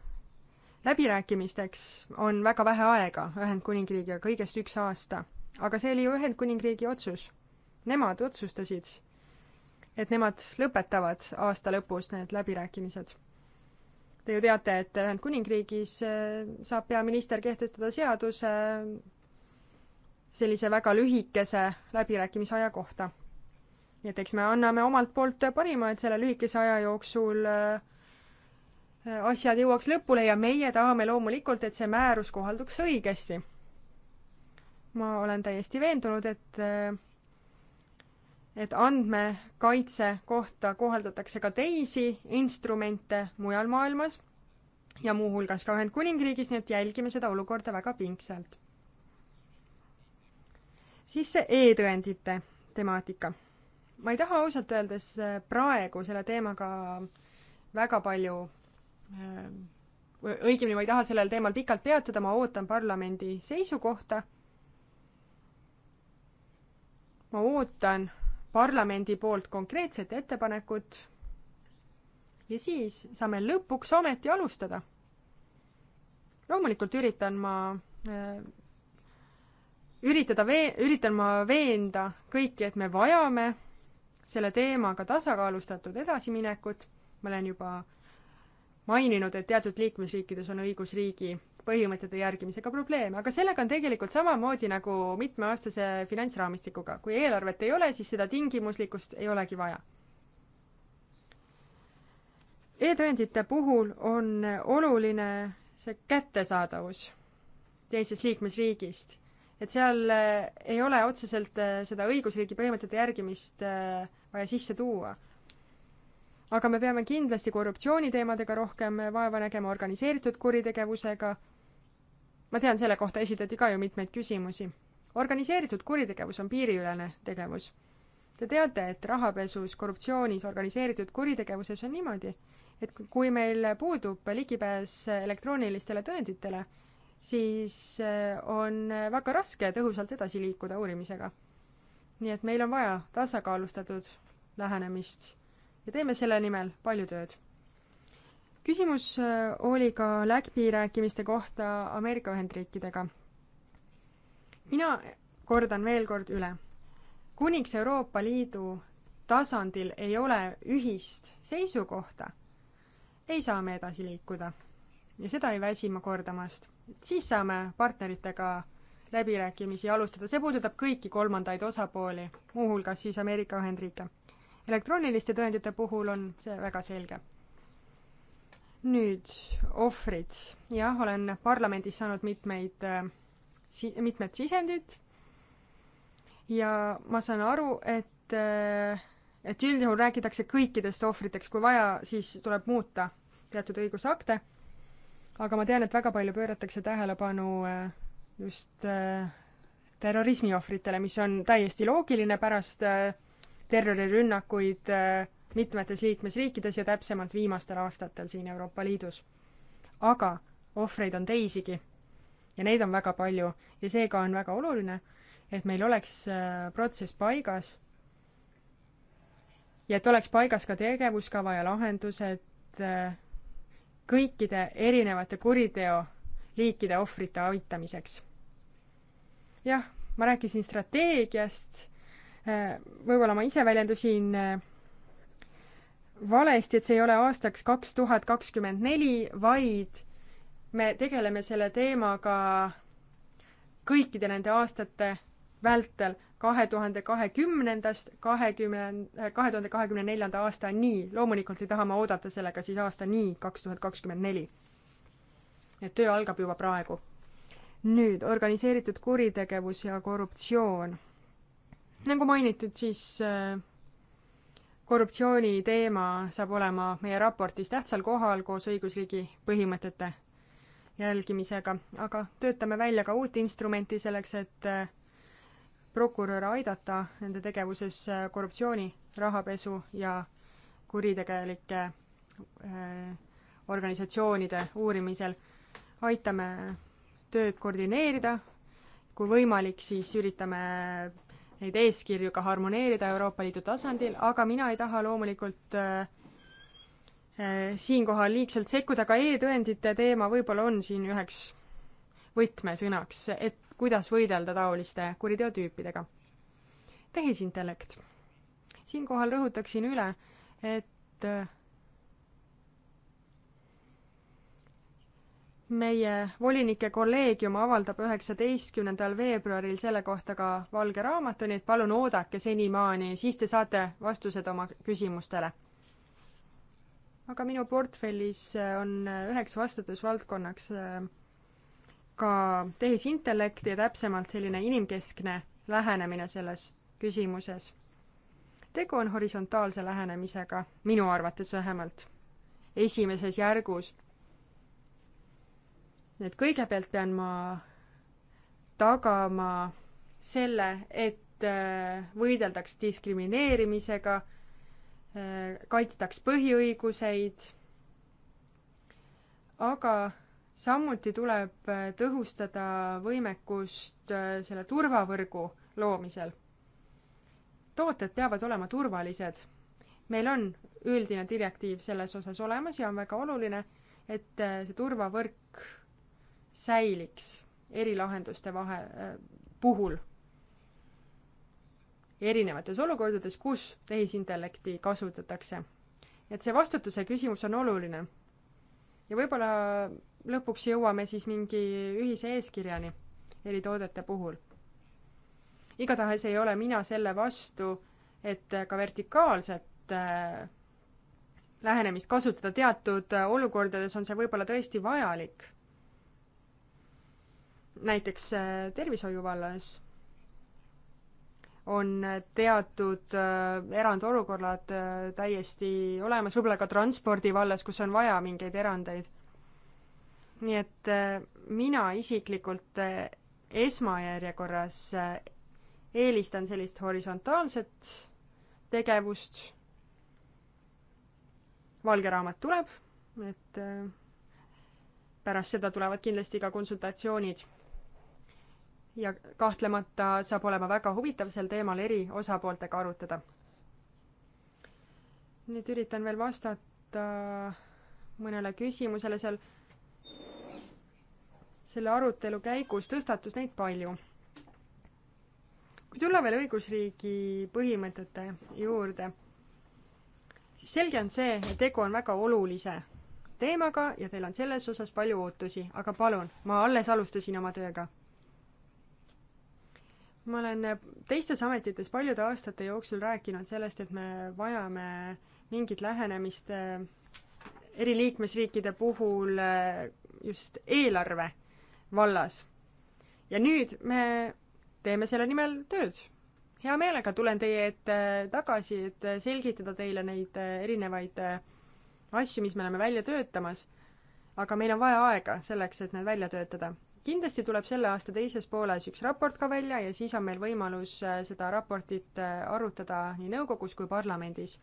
läbirääkimisteks on väga vähe aega Ühendkuningriigiga, kõigest üks aasta, aga see oli ju Ühendkuningriigi otsus. Nemad otsustasid et nemad lõpetavad aasta lõpus need läbirääkimised. Te ju teate, et Ühendkuningriigis eh, saab peaminister kehtestada seaduse eh, sellise väga lühikese läbirääkimisaja kohta. nii et eks me anname omalt poolt parima, et selle lühikese aja jooksul eh, asjad jõuaks lõpule ja meie tahame loomulikult, et see määrus kohalduks õigesti. ma olen täiesti veendunud, et et andmekaitse kohta kohaldatakse ka teisi instrumente mujal maailmas ja muuhulgas ka Ühendkuningriigis, nii et jälgime seda olukorda väga pingsalt. siis see e-tõendite temaatika. ma ei taha ausalt öeldes äh, praegu selle teemaga väga palju äh, õigemini ma ei taha sellel teemal pikalt peatuda, ma ootan parlamendi seisukohta. ma ootan parlamendi poolt konkreetset ettepanekut ja siis saame lõpuks ometi alustada. loomulikult üritan ma äh, üritada vee-, üritan ma veenda kõiki, et me vajame selle teemaga tasakaalustatud edasiminekut, ma olen juba maininud, et teatud liikmesriikides on õigusriigi põhimõtete järgimisega probleeme, aga sellega on tegelikult samamoodi nagu mitmeaastase finantsraamistikuga. kui eelarvet ei ole, siis seda tingimuslikkust ei olegi vaja. E-tõendite puhul on oluline see kättesaadavus teisest liikmesriigist, et seal äh, ei ole otseselt äh, seda õigusriigi põhimõtete järgimist äh, vaja sisse tuua aga me peame kindlasti korruptsiooniteemadega rohkem vaeva nägema, organiseeritud kuritegevusega, ma tean, selle kohta esitati ka ju mitmeid küsimusi. organiseeritud kuritegevus on piiriülene tegevus. Te teate, et rahapesus, korruptsioonis, organiseeritud kuritegevuses on niimoodi, et kui meil puudub ligipääs elektroonilistele tõenditele, siis äh, on väga raske tõhusalt edasi liikuda uurimisega. nii et meil on vaja tasakaalustatud lähenemist ja teeme selle nimel palju tööd küsimus äh, oli ka läbirääkimiste kohta Ameerika Ühendriikidega. mina kordan veel kord üle. kuniks Euroopa Liidu tasandil ei ole ühist seisukohta, ei saa me edasi liikuda. ja seda ei väsi ma kordamast. siis saame partneritega läbirääkimisi alustada, see puudutab kõiki kolmandaid osapooli, muuhulgas siis Ameerika Ühendriike. elektrooniliste tõendite puhul on see väga selge nüüd ohvrid. jah, olen parlamendis saanud mitmeid äh, si-, mitmed sisendid ja ma saan aru, et, äh, et üldjuhul räägitakse kõikidest ohvriteks, kui vaja, siis tuleb muuta teatud õigusakte, aga ma tean, et väga palju pööratakse tähelepanu äh, just terrorismiohvritele, mis on täiesti loogiline pärast terrorirünnakuid äh, mitmetes liikmesriikides ja täpsemalt viimastel aastatel siin Euroopa Liidus. aga ohvreid on teisigi ja neid on väga palju ja seega on väga oluline, et meil oleks äh, protsess paigas ja et oleks paigas ka tegevuskava ja lahendused äh, kõikide erinevate kuriteoliikide ohvrite aitamiseks. jah, ma rääkisin strateegiast, äh, võib-olla ma ise väljendusin valesti, et see ei ole aastaks kaks tuhat kakskümmend neli, vaid me tegeleme selle teemaga kõikide nende aastate vältel kahe tuhande kahekümnendast kahekümne, kahe tuhande kahekümne neljanda aastani. loomulikult ei taha ma oodata sellega siis aastani kaks tuhat kakskümmend neli. et töö algab juba praegu. nüüd organiseeritud kuritegevus ja korruptsioon. nagu mainitud, siis äh, korruptsiooni teema saab olema meie raportis tähtsal kohal koos õigusriigi põhimõtete jälgimisega, aga töötame välja ka uut instrumenti selleks, et äh, prokuröre aidata nende tegevuses äh, korruptsiooni, rahapesu ja kuritegelike äh, organisatsioonide uurimisel. aitame tööd koordineerida, kui võimalik, siis üritame neid eeskirju ka harmoneerida Euroopa Liidu tasandil, aga mina ei taha loomulikult äh, äh, siinkohal liigselt sekkuda, aga e-tõendite teema võib-olla on siin üheks võtmesõnaks, et kuidas võidelda taoliste kuriteotüüpidega. tehisintellekt. siinkohal rõhutaksin üle, et äh, meie volinike kolleegium avaldab üheksateistkümnendal veebruaril selle kohta ka valge raamatu, nii et palun oodake senimaani, siis te saate vastused oma küsimustele. aga minu portfellis on üheks vastutusvaldkonnaks äh, ka tehisintellekt ja täpsemalt selline inimkeskne lähenemine selles küsimuses. tegu on horisontaalse lähenemisega, minu arvates vähemalt, esimeses järgus nii et kõigepealt pean ma tagama selle, et äh, võideldaks diskrimineerimisega, äh, kaitstaks põhiõiguseid, aga samuti tuleb äh, tõhustada võimekust selle turvavõrgu loomisel. tooted peavad olema turvalised. meil on üldine direktiiv selles osas olemas ja on väga oluline, et see turvavõrk säiliks erilahenduste vahe äh, puhul erinevates olukordades, kus tehisintellekti kasutatakse. et see vastutuse küsimus on oluline. ja võib-olla lõpuks jõuame siis mingi ühise eeskirjani eri toodete puhul. igatahes ei ole mina selle vastu, et ka vertikaalset äh, lähenemist kasutada, teatud äh, olukordades on see võib-olla tõesti vajalik näiteks äh, tervishoiu vallas on teatud äh, erandolukorrad äh, täiesti olemas, võib-olla ka transpordi vallas, kus on vaja mingeid erandeid. nii et mina isiklikult esmajärjekorras eelistan sellist horisontaalset tegevust. valge raamat tuleb, et pärast seda tulevad kindlasti ka konsultatsioonid ja kahtlemata saab olema väga huvitav sel teemal eri osapooltega arutada. nüüd üritan veel vastata mõnele küsimusele seal selle arutelu käigus tõstatus neid palju. kui tulla veel õigusriigi põhimõtete juurde, siis selge on see, et tegu on väga olulise teemaga ja teil on selles osas palju ootusi, aga palun, ma alles alustasin oma tööga ma olen teistes ametites paljude aastate jooksul rääkinud sellest, et me vajame mingit lähenemist eh, eri liikmesriikide puhul eh, just eelarve vallas. ja nüüd me teeme selle nimel tööd. hea meelega tulen teie ette tagasi, et selgitada teile neid eh, erinevaid asju, mis me oleme välja töötamas, aga meil on vaja aega selleks, et need välja töötada kindlasti tuleb selle aasta teises pooles üks raport ka välja ja siis on meil võimalus äh, seda raportit äh, arutada nii nõukogus kui parlamendis.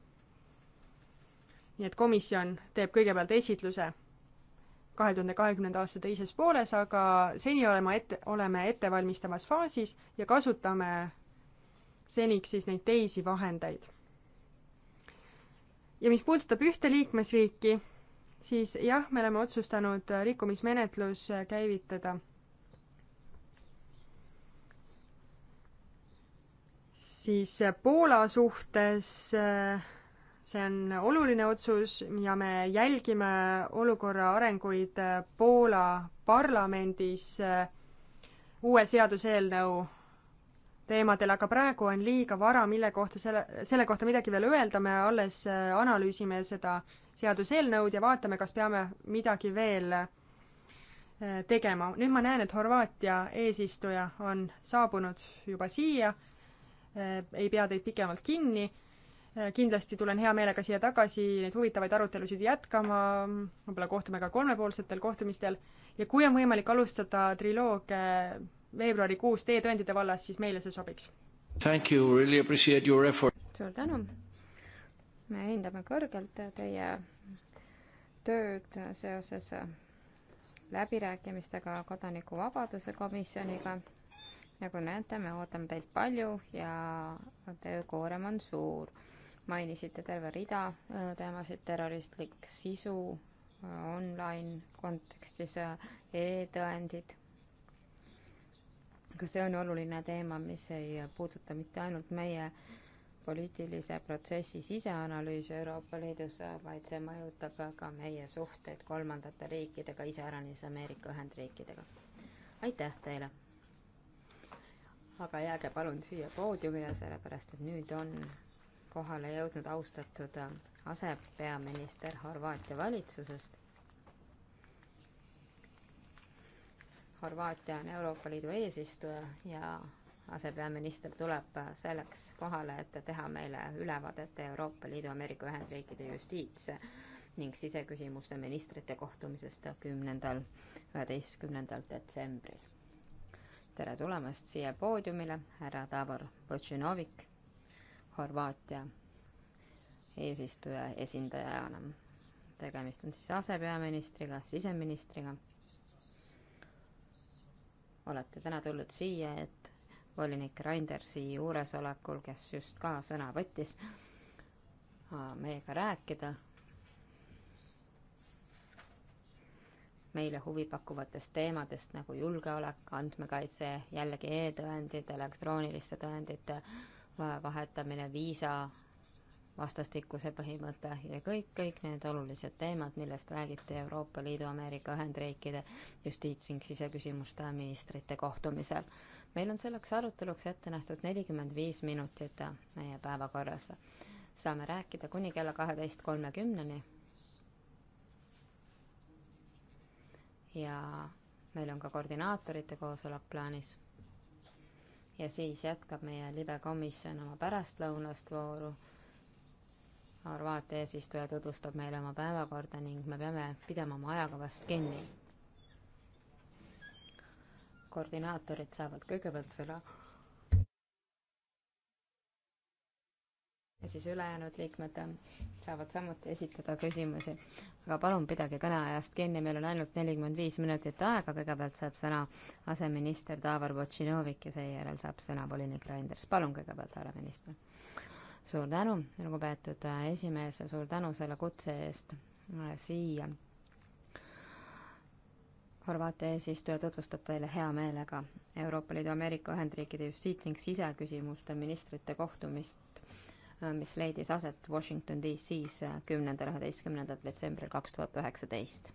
nii et komisjon teeb kõigepealt esitluse kahe tuhande kahekümnenda aasta teises pooles, aga seni olema ette, oleme ettevalmistavas faasis ja kasutame seniks siis neid teisi vahendeid. ja mis puudutab ühte liikmesriiki, siis jah, me oleme otsustanud rikkumismenetlus äh, käivitada. siis Poola suhtes see on oluline otsus ja me jälgime olukorra arenguid Poola parlamendis uue seaduseelnõu teemadel, aga praegu on liiga vara, mille kohta selle, selle kohta midagi veel öelda, me alles analüüsime seda seaduseelnõud ja vaatame, kas peame midagi veel eh, tegema. nüüd ma näen, et Horvaatia eesistuja on saabunud juba siia Äh, ei pea teid pikemalt kinni. Äh, kindlasti tulen hea meelega siia tagasi neid huvitavaid arutelusid jätkama, võib-olla kohtume ka kolmepoolsetel kohtumistel ja kui on võimalik alustada triloog äh, veebruarikuus teetõendite vallas, siis meile see sobiks. Thank you, really appreciate your effort. suur tänu. me hindame kõrgelt teie tööd seoses läbirääkimistega Kodanikuvabaduse komisjoniga nagu näete, me ootame teilt palju ja töökoorem on suur. mainisite terve rida äh, teemasid, terroristlik sisu, äh, online kontekstis äh, e-tõendid. ka see on oluline teema, mis ei puuduta mitte ainult meie poliitilise protsessi siseanalüüsi Euroopa Liidus, vaid see mõjutab ka meie suhteid kolmandate riikidega, iseäranis Ameerika Ühendriikidega. aitäh teile! aga jääge palun siia poodiumile, sellepärast et nüüd on kohale jõudnud austatud äh, asepeaminister Horvaatia valitsusest. Horvaatia on Euroopa Liidu eesistuja ja asepeaminister tuleb äh, selleks kohale, et teha meile ülevaadet Euroopa Liidu Ameerika Ühendriikide justiits ning siseküsimuste ministrite kohtumisest kümnendal, üheteistkümnendal detsembril tere tulemast siia poodiumile, härra Davor Botšinovik, Horvaatia eesistuja esindajana. tegemist on siis asepeaministriga, siseministriga. olete täna tulnud siia, et volinik Reindersi juuresolekul, kes just ka sõna võttis, meiega rääkida meile huvipakkuvatest teemadest nagu julgeolek, andmekaitse, jällegi e-tõendid, elektrooniliste tõendite vahetamine, viisa, vastastikuse põhimõte ja kõik, kõik need olulised teemad, millest räägiti Euroopa Liidu, Ameerika Ühendriikide justiits- ning siseküsimuste ministrite kohtumisel. meil on selleks aruteluks ette nähtud nelikümmend viis minutit meie päevakorras. saame rääkida kuni kella kaheteist kolmekümneni ja meil on ka koordinaatorite koosolek plaanis. ja siis jätkab meie libekomisjon oma pärastlõunast vooru. Horvaatia eesistuja tutvustab meile oma päevakorda ning me peame pidama oma ajakavast kinni. koordinaatorid saavad kõigepealt sõna ja siis ülejäänud liikmed saavad samuti esitada küsimusi. aga palun pidage kõneajast kinni, meil on ainult nelikümmend viis minutit aega, kõigepealt saab sõna aseminister Tavar Botšinovik ja seejärel saab sõna volinik Reinders. palun kõigepealt, härra minister. suur tänu, lugupeetud esimees ja suur tänu selle kutse eest siia. Horvaatia eesistuja tutvustab teile hea meelega Euroopa Liidu Ameerika Ühendriikide justiits- ning siseküsimuste ministrite kohtumist mis leidis aset Washington DC-s kümnendal, üheteistkümnendal detsembril kaks tuhat üheksateist.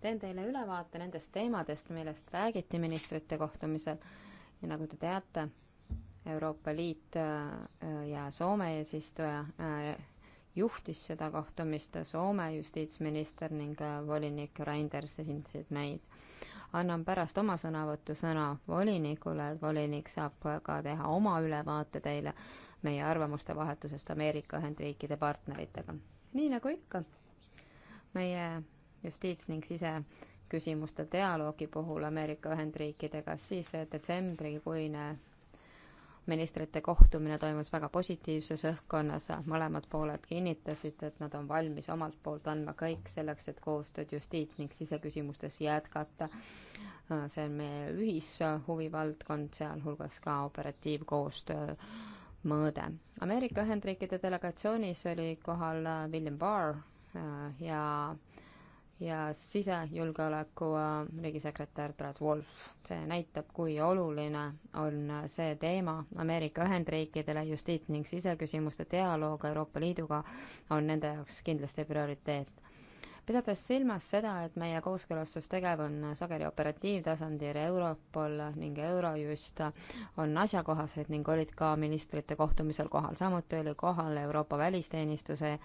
teen teile ülevaate nendest teemadest, millest räägiti ministrite kohtumisel ja nagu te teate, Euroopa Liit äh, ja Soome eesistuja äh, juhtis seda kohtumist, Soome justiitsminister ning äh, volinik Reinders esindasid meid annan pärast oma sõnavõttu sõna volinikule, et volinik saab ka teha oma ülevaate teile meie arvamuste vahetusest Ameerika Ühendriikide partneritega. nii nagu ikka, meie justiits- ning siseküsimuste dialoogi puhul Ameerika Ühendriikidega, siis detsembrikuine ministrite kohtumine toimus väga positiivses õhkkonnas, mõlemad pooled kinnitasid, et nad on valmis omalt poolt andma kõik selleks, et koostööd justiits- ning siseküsimustes jätkata. see on meie ühishuvivaldkond, sealhulgas ka operatiivkoostöö mõõde. Ameerika Ühendriikide delegatsioonis oli kohal äh, William Barr äh, ja ja sisejulgeoleku äh, riigisekretär Brad Wolf. see näitab, kui oluline on äh, see teema Ameerika Ühendriikidele, justiit- ning siseküsimuste dialoog Euroopa Liiduga on nende jaoks kindlasti prioriteet. pidades silmas seda, et meie kooskõlastustegev on sageli operatiivtasandil, Europol ning Eurojust on asjakohased ning olid ka ministrite kohtumisel kohal, samuti oli kohal Euroopa välisteenistuse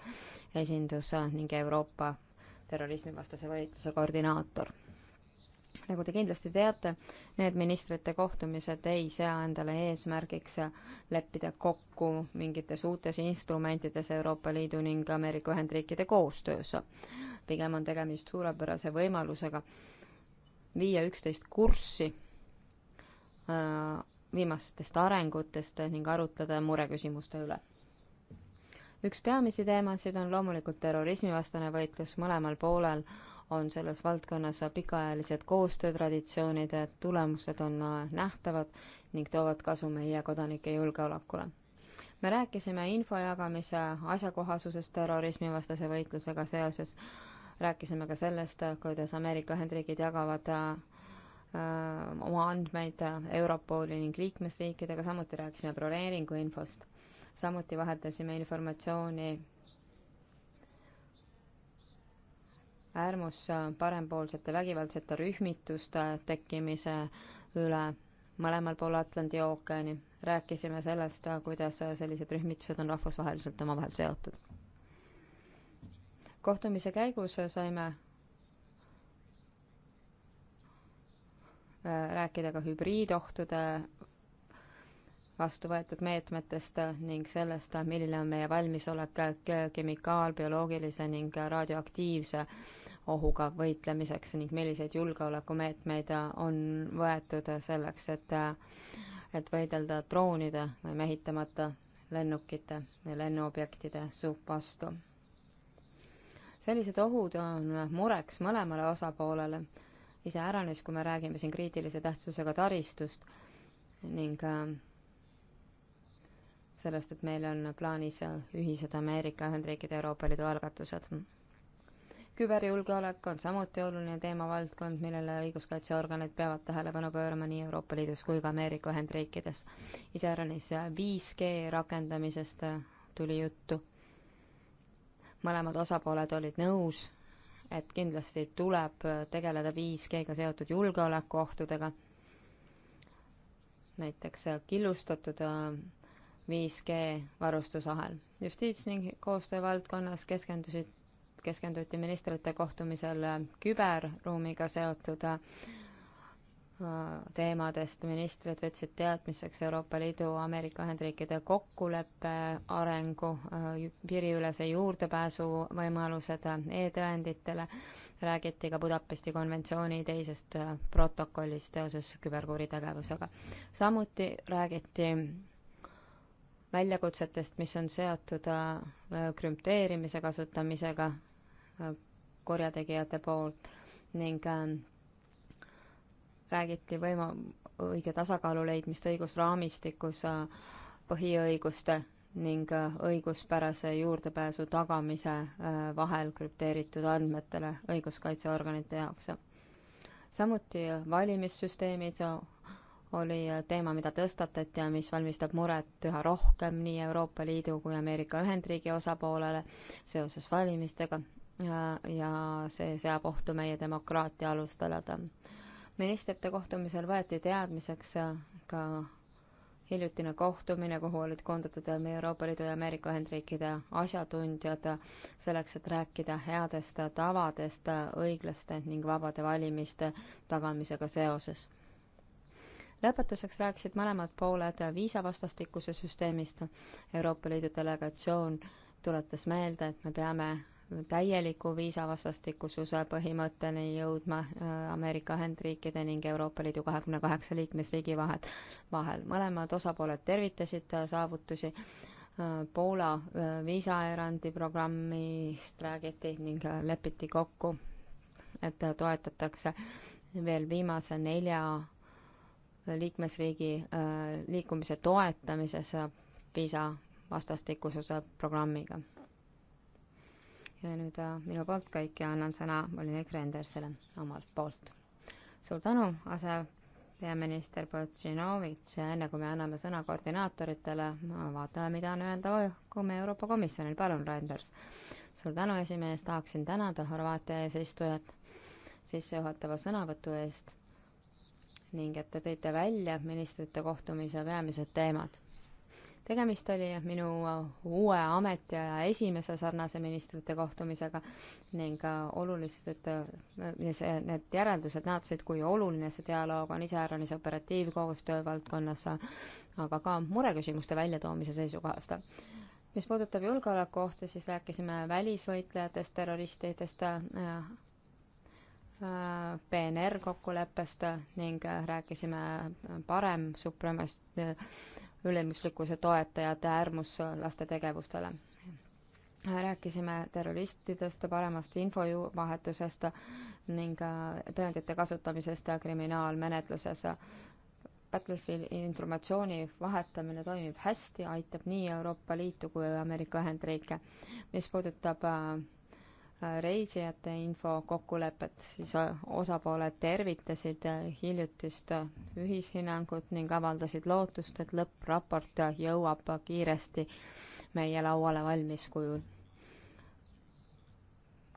esindus ning Euroopa terrorismivastase võitluse koordinaator. nagu te kindlasti teate, need ministrite kohtumised ei sea endale eesmärgiks leppida kokku mingites uutes instrumentides Euroopa Liidu ning Ameerika Ühendriikide koostöös. pigem on tegemist suurepärase võimalusega viia üksteist kurssi äh, viimastest arengutest ning arutleda mureküsimuste üle üks peamisi teemasid on loomulikult terrorismivastane võitlus mõlemal poolel, on selles valdkonnas pikaajalised koostöötraditsioonid, et tulemused on äh, nähtavad ning toovad kasu meie kodanike julgeolekule. me rääkisime info jagamise asjakohasusest terrorismivastase võitlusega seoses, rääkisime ka sellest, äh, kuidas Ameerika Ühendriigid jagavad äh, oma andmeid Europoli ning liikmesriikidega, samuti rääkisime broneeringu infost samuti vahetasime informatsiooni äärmus parempoolsete vägivaldsete rühmituste tekkimise üle mõlemal pool Atlandi ookeani. rääkisime sellest, kuidas sellised rühmitused on rahvusvaheliselt omavahel seotud. kohtumise käigus saime äh, rääkida ka hübriidohtude vastu võetud meetmetest ning sellest, milline on meie valmisolek kemikaal, bioloogilise ning radioaktiivse ohuga võitlemiseks ning milliseid julgeolekumeetmeid on võetud selleks, et et võidelda droonide või mehitamata lennukite või lennuobjektide suht vastu. sellised ohud on mureks mõlemale osapoolele, iseäranis, kui me räägime siin kriitilise tähtsusega taristust ning äh, sellest, et meil on plaanis ühised Ameerika Ühendriikide Euroopa Liidu algatused. küberjulgeolek on samuti oluline teemavaldkond, millele õiguskaitseorganid peavad tähelepanu pöörama nii Euroopa Liidus kui ka Ameerika Ühendriikides. iseäranis 5G rakendamisest tuli juttu. mõlemad osapooled olid nõus, et kindlasti tuleb tegeleda 5G-ga seotud julgeolekuohtudega, näiteks killustatud 5G varustusahel. justiits- ning koostöövaldkonnas keskendusid, keskenduti ministrite kohtumisel äh, küberruumiga seotud äh, teemadest ministrid võtsid teadmiseks Euroopa Liidu, Ameerika Ühendriikide kokkuleppe äh, arengu, piiriülese juurdepääsu võimalused e-tõenditele, räägiti ka Budapesti konventsiooni teisest protokollist seoses küberkuritegevusega. samuti räägiti väljakutsetest, mis on seotud äh, krüpteerimise kasutamisega äh, korjategijate poolt ning äh, räägiti võima-, õige tasakaalu leidmist õigusraamistikus põhiõiguste ning õiguspärase juurdepääsu tagamise vahel krüpteeritud andmetele õiguskaitseorganite jaoks. samuti valimissüsteemid oli äh, teema, mida tõstatati ja mis valmistab muret üha rohkem nii Euroopa Liidu kui Ameerika Ühendriigi osapoolele seoses valimistega ja, ja see seab ohtu meie demokraatia alustalad. ministrite kohtumisel võeti teadmiseks äh, ka hiljutine kohtumine, kuhu olid koondatud äh, Euroopa Liidu ja Ameerika Ühendriikide asjatundjad selleks, et rääkida headest tavadest õiglaste ning vabade valimiste tagamisega seoses lõpetuseks rääkisid mõlemad pooled viisavastastikuse süsteemist. Euroopa Liidu delegatsioon tuletas meelde, et me peame täieliku viisavastastikususe põhimõtteni jõudma äh, Ameerika Ühendriikide ning Euroopa Liidu kahekümne kaheksa liikmesriigi vahet, vahel. mõlemad osapooled tervitasid äh, saavutusi äh, Poola viisaerandi programmist räägiti ning lepiti kokku, et toetatakse veel viimase nelja liikmesriigi äh, liikumise toetamises viisa vastastikususe programmiga. ja nüüd äh, minu poolt kõik ja annan sõna volinik Rendersele omalt poolt. suur tänu, asepeaminister Potšinovitš, enne kui me anname sõna koordinaatoritele, vaatame, mida on öelda me Euroopa Komisjonil, palun, Renders. suur tänu, esimees, tahaksin tänada Horvaatia eesistujat sissejuhatava sõnavõtu eest ning et te tõite välja ministrite kohtumise peamised teemad. tegemist oli minu uue ametiaja esimese sarnase ministrite kohtumisega ning äh, olulised, et äh, see, need järeldused näotasid, kui oluline see dialoog on iseäranis operatiivkoostöö valdkonnas, aga ka mureküsimuste väljatoomise seisukohast mis puudutab julgeolekuohte, siis rääkisime välisvõitlejatest, terroristidest äh,, PNR kokkuleppest ning rääkisime parem supremast ülemuslikkuse toetajate äärmuslaste tegevustele. rääkisime terroristidest, paremast infovahetusest ning tõendite kasutamisest kriminaalmenetluses. Battlefield informatsiooni vahetamine toimib hästi, aitab nii Euroopa Liitu kui Ameerika Ühendriike. mis puudutab äh, reisijate info kokkulepet, siis osapooled tervitasid äh, hiljutist äh, ühishinnangut ning avaldasid lootust, et lõppraport äh, jõuab kiiresti meie lauale valmis kujul,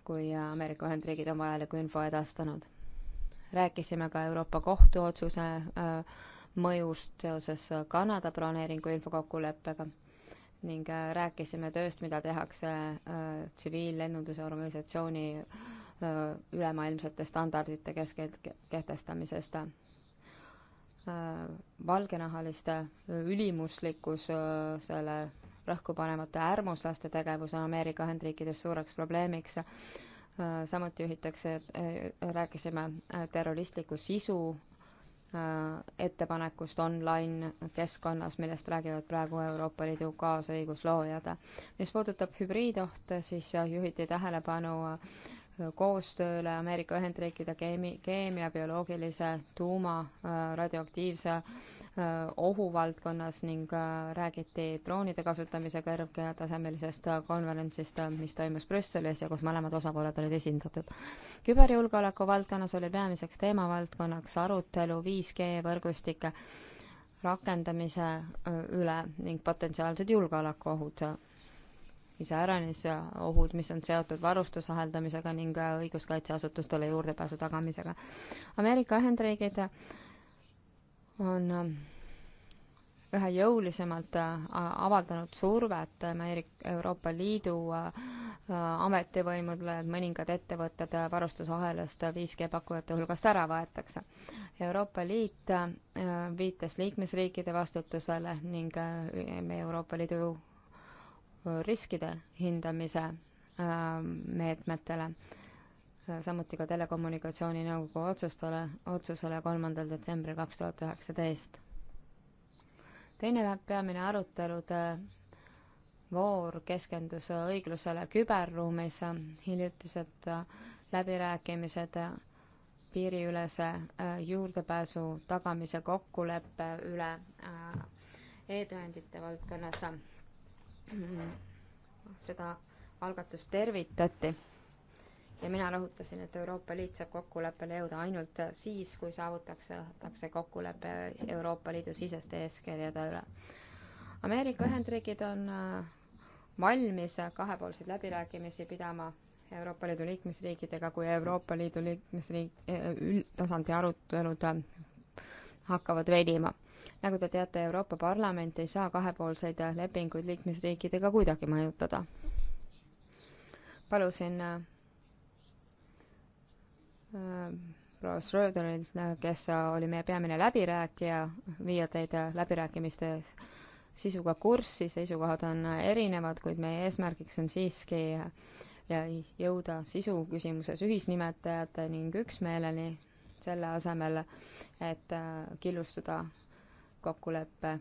kui Ameerika Ühendriigid on vajaliku info edastanud. rääkisime ka Euroopa Kohtu otsuse mõjust seoses Kanada broneeringu infokokkuleppega ning äh, rääkisime tööst, mida tehakse äh, tsiviillennunduse organisatsiooni äh, ülemaailmsete standardite keskel-, kehtestamisest. valgenahaliste ülimuslikkus selle rõhkupanevate äärmuslaste tegevus on Ameerika Ühendriikides suureks probleemiks samuti juhitakse, rääkisime terroristliku sisu Äh, ettepanekust online keskkonnas, millest räägivad praegu Euroopa Liidu kaasõigusloojad. mis puudutab hübriidohte, siis juhiti tähelepanu koostööle Ameerika Ühendriikide keemi-, keemia, bioloogilise, tuuma, äh, radioaktiivse äh, ohu valdkonnas ning äh, räägiti droonide kasutamise kõrgtasemelisest konverentsist, mis toimus Brüsselis ja kus mõlemad osapooled olid esindatud. küberjulgeoleku valdkonnas oli peamiseks teemavaldkonnaks arutelu 5G võrgustike rakendamise üle ning potentsiaalsed julgeolekuohud iseäranis ohud, mis on seotud varustusaheldamisega ning äh, õiguskaitseasutustele juurdepääsu tagamisega. Ameerika Ühendriigid on äh, üha jõulisemalt äh, avaldanud survet Ameerika, Euroopa Liidu ametivõimudele, et mõningad ettevõtted varustusahelast 5G pakkujate hulgast ära võetakse. Euroopa Liit viitas liikmesriikide vastutusele ning Euroopa Liidu riskide hindamise äh, meetmetele, samuti ka Telekommunikatsiooninõukogu otsustele, otsusele kolmandal detsembril kaks tuhat üheksateist. teine peamine arutelude voor keskendus õiglusele küberruumis, hiljutised äh, läbirääkimised äh, piiriülese juurdepääsu tagamise kokkuleppe üle e-tõendite valdkonnas seda algatust tervitati ja mina rõhutasin, et Euroopa Liit saab kokkuleppele jõuda ainult siis, kui saavutatakse kokkulepe Euroopa Liidu siseste eeskirjade üle. Ameerika Ühendriigid on äh, valmis kahepoolseid läbirääkimisi pidama Euroopa Liidu liikmesriikidega, kui Euroopa Liidu liikmesriik, äh, üldtasandi arutelud äh, hakkavad venima nagu te teate, Euroopa Parlament ei saa kahepoolseid lepinguid liikmesriikidega kuidagi mõjutada. palusin äh, äh proua Schröderilt, äh, kes oli meie peamine läbirääkija, viia teid äh, läbirääkimiste sisuga kurssi, seisukohad on erinevad, kuid meie eesmärgiks on siiski ja jõuda sisu küsimuses ühisnimetajate ning üksmeeleni, selle asemel, et killustuda äh, kokkuleppe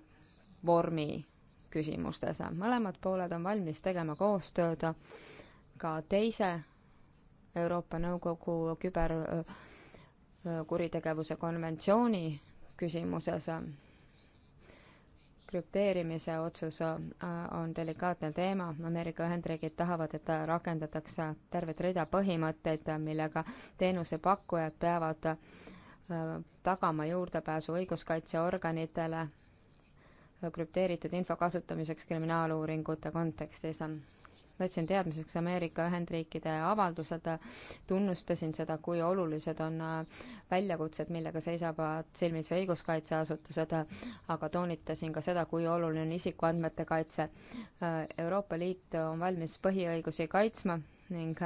vormi küsimustes. mõlemad pooled on valmis tegema koostööd ka teise Euroopa Nõukogu küberkuritegevuse konventsiooni küsimuses. krüpteerimise otsus on delikaatne teema, Ameerika Ühendriigid tahavad, et rakendatakse tervet rida põhimõtteid, millega teenusepakkujad peavad Äh, tagama juurdepääsu õiguskaitseorganitele krüpteeritud info kasutamiseks kriminaaluuringute kontekstis. võtsin teadmiseks Ameerika Ühendriikide avaldused, tunnustasin seda, kui olulised on äh, väljakutsed, millega seisavad silmis õiguskaitseasutused, aga toonitasin ka seda, kui oluline on isikuandmete kaitse. Äh, Euroopa Liit on valmis põhiõigusi kaitsma ning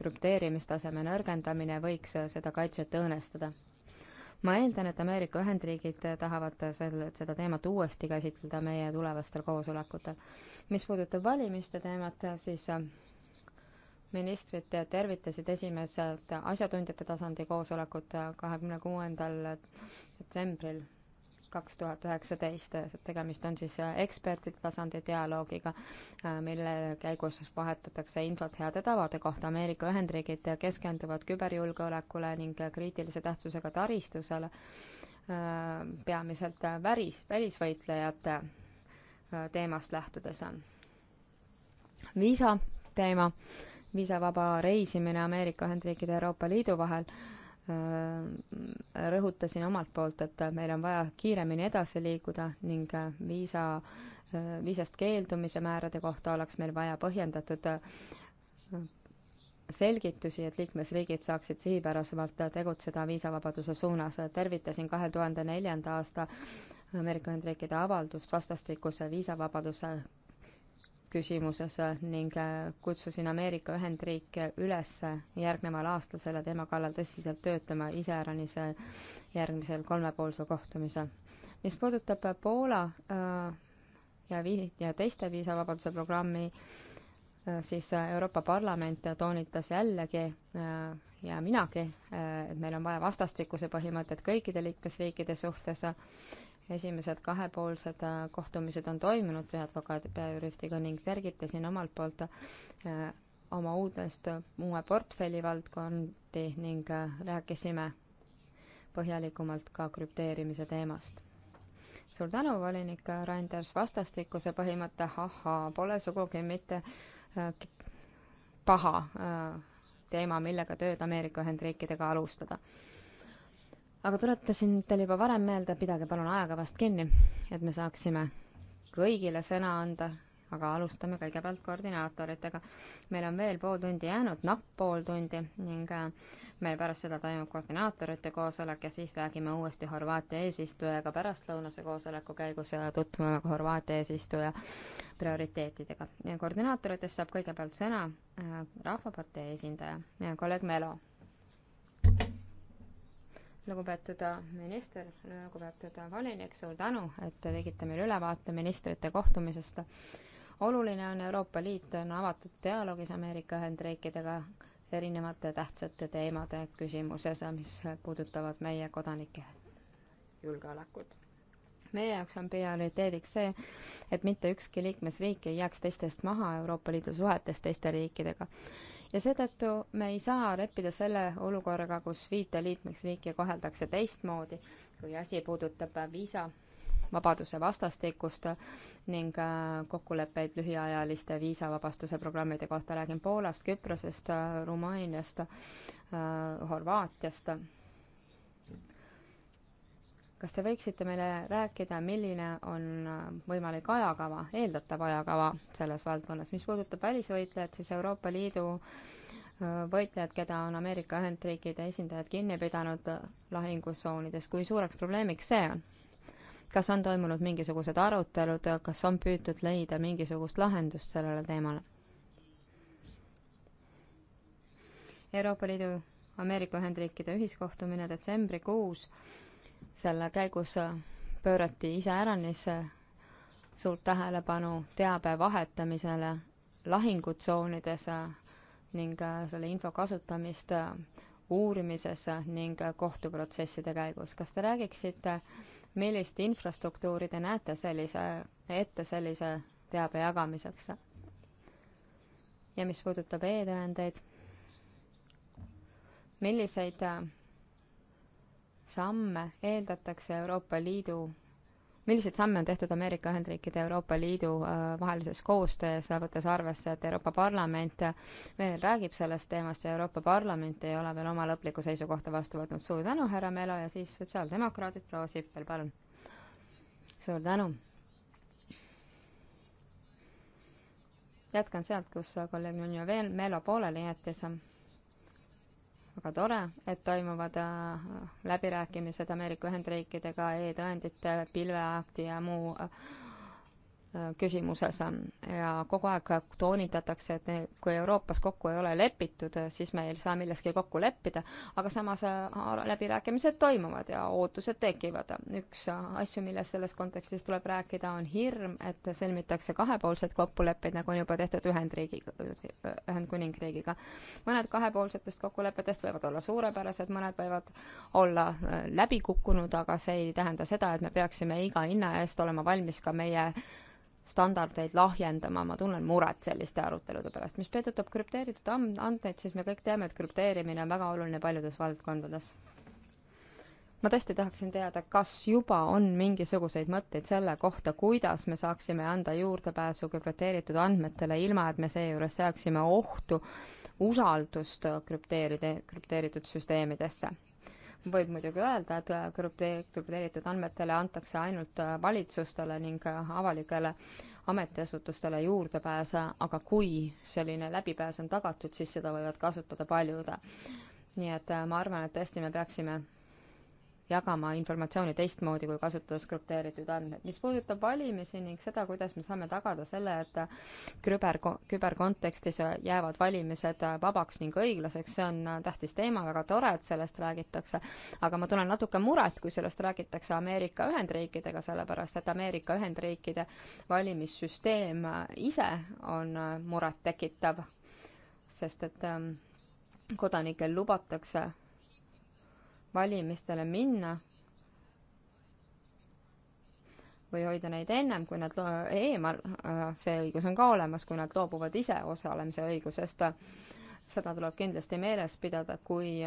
krüpteerimistaseme nõrgendamine võiks seda kaitset õõnestada. ma eeldan, et Ameerika Ühendriigid tahavad sel, seda teemat uuesti käsitleda meie tulevastel koosolekutel. mis puudutab valimiste teemat, siis äh, ministrid tervitasid esimesed asjatundjate tasandi koosolekut kahekümne kuuendal detsembril kaks tuhat üheksateist, tegemist on siis äh, ekspertide tasandi dialoogiga, äh, mille käigus vahetatakse infot heade tavade kohta. Ameerika Ühendriigid keskenduvad küberjulgeolekule ning kriitilise tähtsusega taristusele, äh, peamiselt välis, välisvõitlejate teemast lähtudes. viisa teema, viisavaba reisimine Ameerika Ühendriikide ja Euroopa Liidu vahel Äh, rõhutasin omalt poolt, et meil on vaja kiiremini edasi liikuda ning äh, viisa, äh, viisast keeldumise määrade kohta oleks meil vaja põhjendatud selgitusi, et liikmesriigid saaksid sihipärasemalt tegutseda viisavabaduse suunas. tervitasin kahe tuhande neljanda aasta Ameerika Ühendriikide avaldust vastastikuse viisavabaduse küsimuses ning äh, kutsusin Ameerika Ühendriike üles järgneval aastal selle teema kallal tõsiselt töötama iseäranis äh, järgmisel kolmepoolsel kohtumisel. mis puudutab äh, Poola ja vii-, ja teiste viisavabaduse programmi, siis Euroopa Parlament toonitas jällegi ja minagi, et meil on vaja vastastikuse põhimõtet kõikide liikmesriikide suhtes esimesed kahepoolsed äh, kohtumised on toimunud peaadvokaadi, peajuristiga ning tergitasin omalt poolt äh, oma uudest, uue portfelli valdkondi ning äh, rääkisime põhjalikumalt ka krüpteerimise teemast suur tänu, volinik Randers, vastastikuse põhimõte, ahhaa, pole sugugi mitte äh, paha äh, teema, millega tööd Ameerika Ühendriikidega alustada aga tuletasin teile juba varem meelde, pidage palun ajakavast kinni, et me saaksime kõigile sõna anda, aga alustame kõigepealt koordinaatoritega. meil on veel pool tundi jäänud, napp pool tundi ning äh, meil pärast seda toimub koordinaatorite koosolek ja siis räägime uuesti Horvaatia eesistujaga pärastlõunase koosoleku käigus ja tutvume Horvaatia eesistuja prioriteetidega. koordinaatoritest saab kõigepealt sõna äh, Rahvapartei esindaja, kolleeg Melo lugupeetud minister, lugupeetud volinik, suur tänu, et te tegite meile ülevaate ministrite kohtumisest. oluline on Euroopa Liit on avatud dialoogis Ameerika Ühendriikidega erinevate tähtsate teemade küsimuses, mis puudutavad meie kodanike julgeolekut. meie jaoks on prioriteediks see, et mitte ükski liikmesriik ei jääks teistest maha Euroopa Liidu suhetes teiste riikidega ja seetõttu me ei saa leppida selle olukorraga, kus viite liikmesriiki koheldakse teistmoodi, kui asi puudutab viisa vabaduse vastastikust ning äh, kokkuleppeid lühiajaliste viisavabastuse programmide kohta. räägin Poolast, Küprosest, äh, Rumaaniast, äh, Horvaatiast kas te võiksite meile rääkida, milline on äh, võimalik ajakava, eeldatav ajakava selles valdkonnas, mis puudutab välisvõitlejat, siis Euroopa Liidu äh, võitlejad, keda on Ameerika Ühendriikide esindajad kinni pidanud äh, lahingusoonides, kui suureks probleemiks see on? kas on toimunud mingisugused arutelud, kas on püütud leida mingisugust lahendust sellele teemale? Euroopa Liidu Ameerika Ühendriikide ühiskohtumine detsembrikuus selle käigus äh, pöörati iseäranis äh, suurt tähelepanu teabe vahetamisele lahingutsoonides äh, ning selle info kasutamist uurimises ning kohtuprotsesside käigus. kas te räägiksite, millist infrastruktuuri te näete sellise, ette sellise teabe jagamiseks? ja mis puudutab e-tõendeid, milliseid samme eeldatakse Euroopa Liidu, milliseid samme on tehtud Ameerika Ühendriikide ja Euroopa Liidu äh, vahelises koostöös, võttes arvesse, et Euroopa Parlament veel räägib sellest teemast ja Euroopa Parlament ei ole veel oma lõplikku seisukohta vastu võtnud. suur tänu, härra Melo, ja siis sotsiaaldemokraadid, proua Sippel, palun. suur tänu. jätkan sealt, kus kolleeg Nunio veel Melo pooleli jättis väga tore, et toimuvad äh, läbirääkimised Ameerika Ühendriikidega e-tõendite, pilveakti ja muu äh, küsimuses ja kogu aeg toonitatakse, et kui Euroopas kokku ei ole lepitud, siis me ei saa milleski kokku leppida, aga samas äh, läbirääkimised toimuvad ja ootused tekivad. üks asju, millest selles kontekstis tuleb rääkida, on hirm, et sõlmitakse kahepoolsed kokkulepped, nagu on juba tehtud Ühendriigiga, Ühendkuningriigiga. mõned kahepoolsetest kokkulepetest võivad olla suurepärased, mõned võivad olla äh, läbi kukkunud, aga see ei tähenda seda, et me peaksime iga hinna eest olema valmis ka meie standardeid lahjendama, ma tunnen muret selliste arutelude pärast. mis puudutab krüpteeritud andmeid, siis me kõik teame, et krüpteerimine on väga oluline paljudes valdkondades. ma tõesti tahaksin teada, kas juba on mingisuguseid mõtteid selle kohta, kuidas me saaksime anda juurdepääsu krüpteeritud andmetele, ilma et me seejuures seaksime ohtu usaldust krüpteerida, krüpteeritud süsteemidesse võib muidugi öelda, et äh, krüpteeritud andmetele antakse ainult äh, valitsustele ning äh, avalikele ametiasutustele juurdepääs, aga kui selline läbipääs on tagatud, siis seda võivad kasutada paljud. nii et ma arvan, et tõesti me peaksime jagama informatsiooni teistmoodi, kui kasutades krüpteeritud andmeid. mis puudutab valimisi ning seda, kuidas me saame tagada selle, et krüber, küberkontekstis jäävad valimised vabaks ning õiglaseks, see on tähtis teema, väga tore, et sellest räägitakse, aga ma tunnen natuke muret, kui sellest räägitakse Ameerika Ühendriikidega, sellepärast et Ameerika Ühendriikide valimissüsteem ise on murettekitav, sest et ähm, kodanikel lubatakse valimistele minna või hoida neid ennem, kui nad eemal, see õigus on ka olemas, kui nad loobuvad ise osalemise õigusest. seda tuleb kindlasti meeles pidada, kui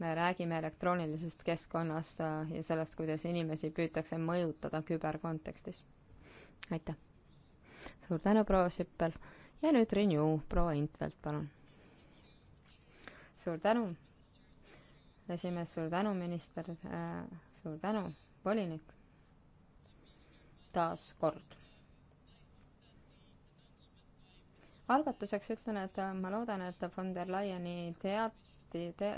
me räägime elektroonilisest keskkonnast ja sellest, kuidas inimesi püütakse mõjutada küberkontekstis. aitäh! suur tänu, proua Sippel ja nüüd Renew, proua Intvelt, palun! suur tänu! esimees, suur tänu, minister, äh, suur tänu, volinik, taas kord algatuseks ütlen, et äh, ma loodan, et von der Leyeni teati te,,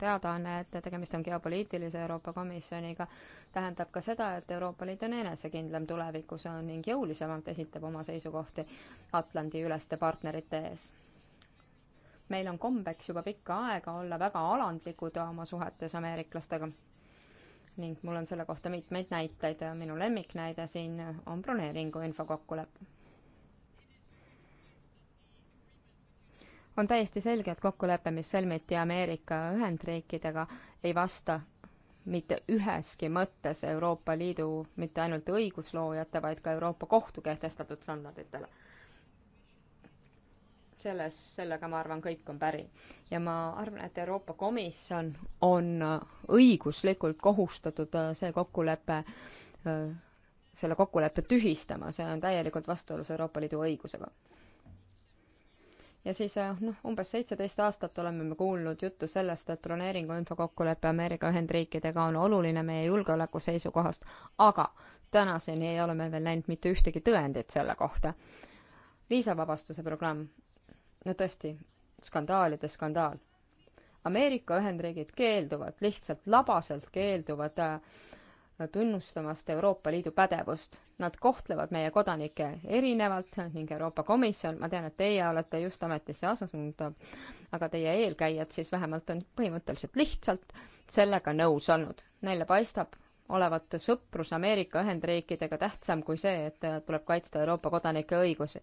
teadaanne, et tegemist on geopoliitilise Euroopa Komisjoniga, tähendab ka seda, et Euroopa Liit on enesekindlam tulevikus äh, ning jõulisemalt esitab oma seisukohti Atlandi-üleste partnerite ees meil on kombeks juba pikka aega olla väga alandlikud oma suhetes ameeriklastega. ning mul on selle kohta mitmeid näiteid ja minu lemmiknäide siin on broneeringu infokokkulepe. on täiesti selge, et kokkulepe, mis sõlmiti Ameerika Ühendriikidega, ei vasta mitte üheski mõttes Euroopa Liidu mitte ainult õigusloojate, vaid ka Euroopa Kohtu kehtestatud standarditele selles, sellega ma arvan, kõik on päri. ja ma arvan, et Euroopa Komisjon on õiguslikult kohustatud äh, see kokkulepe, äh, selle kokkuleppe tühistama, see on täielikult vastuolus Euroopa Liidu õigusega. ja siis äh, noh, umbes seitseteist aastat oleme me kuulnud juttu sellest, et broneeringuinfo kokkulepe Ameerika Ühendriikidega on oluline meie julgeoleku seisukohast, aga tänaseni ei ole me veel näinud mitte ühtegi tõendit selle kohta viisavabastuse programm. no tõesti, skandaalide skandaal. Ameerika Ühendriigid keelduvad, lihtsalt labaselt keelduvad äh, tunnustamast Euroopa Liidu pädevust. Nad kohtlevad meie kodanikke erinevalt ning Euroopa Komisjon, ma tean, et teie olete just ametisse asunud, aga teie eelkäijad siis vähemalt on põhimõtteliselt lihtsalt sellega nõus olnud. Neile paistab olevat sõprus Ameerika Ühendriikidega tähtsam kui see, et tuleb kaitsta Euroopa kodanike õigusi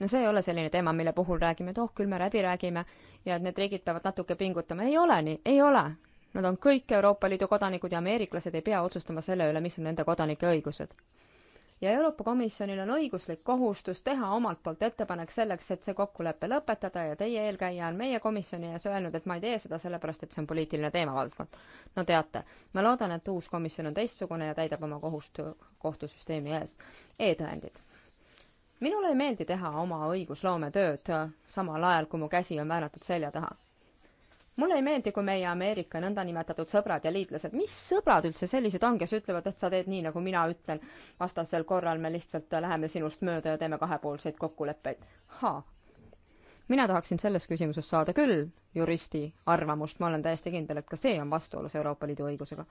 no see ei ole selline teema, mille puhul räägime, et oh, küll me läbi räägime ja et need riigid peavad natuke pingutama. ei ole nii, ei ole. Nad on kõik Euroopa Liidu kodanikud ja ameeriklased ei pea otsustama selle üle, mis on nende kodanike õigused. ja Euroopa Komisjonil on õiguslik kohustus teha omalt poolt ettepanek selleks, et see kokkulepe lõpetada ja teie eelkäija on meie komisjoni ees öelnud, et ma ei tee seda sellepärast, et see on poliitiline teemavaldkond. no teate, ma loodan, et uus komisjon on teistsugune ja täidab oma kohust kohtusüsteemi ees e. e-tõendid minule ei meeldi teha oma õigusloometööd samal ajal, kui mu käsi on väänatud selja taha. mulle ei meeldi, kui meie Ameerika nõndanimetatud sõbrad ja liitlased, mis sõbrad üldse sellised on, kes ütlevad, et sa teed nii, nagu mina ütlen, vastasel korral me lihtsalt läheme sinust mööda ja teeme kahepoolseid kokkuleppeid. haa. mina tahaksin selles küsimuses saada küll juristi arvamust, ma olen täiesti kindel, et ka see on vastuolus Euroopa Liidu õigusega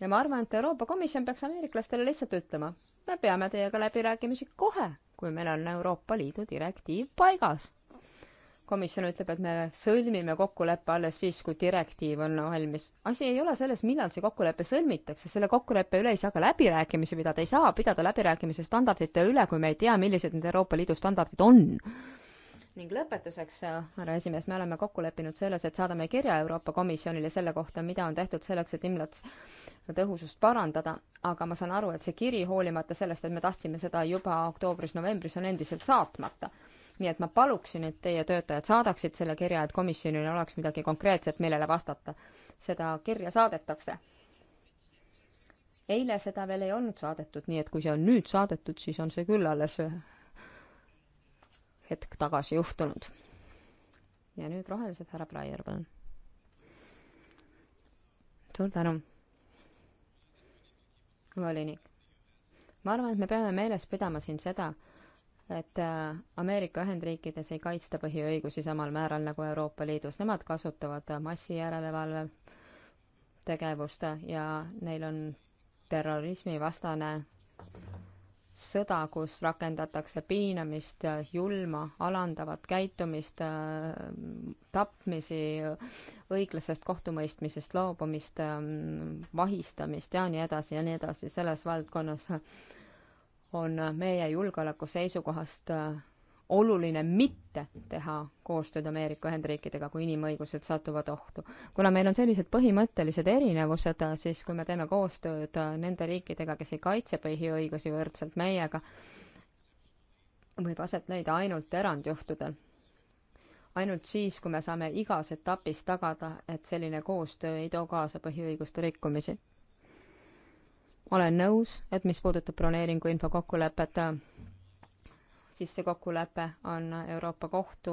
ja ma arvan, et Euroopa Komisjon peaks ameeriklastele lihtsalt ütlema, me peame teiega läbirääkimisi kohe, kui meil on Euroopa Liidu direktiiv paigas. komisjon ütleb, et me sõlmime kokkuleppe alles siis, kui direktiiv on valmis. asi ei ole selles, millal see kokkulepe sõlmitakse, selle kokkuleppe üle ei saa ka läbirääkimisi pidada, ei saa pidada läbirääkimisi standardite üle, kui me ei tea, millised need Euroopa Liidu standardid on ning lõpetuseks, äh, härra esimees, me oleme kokku leppinud selles, et saadame kirja Euroopa Komisjonile selle kohta, mida on tehtud selleks, et Imlats tõhusust parandada, aga ma saan aru, et see kiri, hoolimata sellest, et me tahtsime seda juba oktoobris-novembris, on endiselt saatmata. nii et ma paluksin, et teie töötajad saadaksid selle kirja, et komisjonil oleks midagi konkreetset, millele vastata. seda kirja saadetakse. eile seda veel ei olnud saadetud, nii et kui see on nüüd saadetud, siis on see küll alles hetk tagasi juhtunud. ja nüüd rohelised, härra Breyer, palun. suur tänu. volinik. ma arvan, et me peame meeles pidama siin seda, et äh, Ameerika Ühendriikides ei kaitsta põhiõigusi samal määral nagu Euroopa Liidus, nemad kasutavad massijärelevalve tegevust ja neil on terrorismivastane sõda, kus rakendatakse piinamist, julma, alandavat käitumist, äh, tapmisi, õiglasest kohtumõistmisest loobumist, ähm, vahistamist ja nii edasi ja nii edasi, selles valdkonnas on äh, meie julgeoleku seisukohast äh, oluline mitte teha koostööd Ameerika Ühendriikidega, kui inimõigused satuvad ohtu. kuna meil on sellised põhimõttelised erinevused, siis kui me teeme koostööd nende riikidega, kes ei kaitse põhiõigusi võrdselt meiega, võib aset leida ainult erandjuhtudel. ainult siis, kui me saame igas etapis tagada, et selline koostöö ei too kaasa põhiõiguste rikkumisi. olen nõus, et mis puudutab broneeringuinfo kokkulepet, siis see kokkulepe on Euroopa Kohtu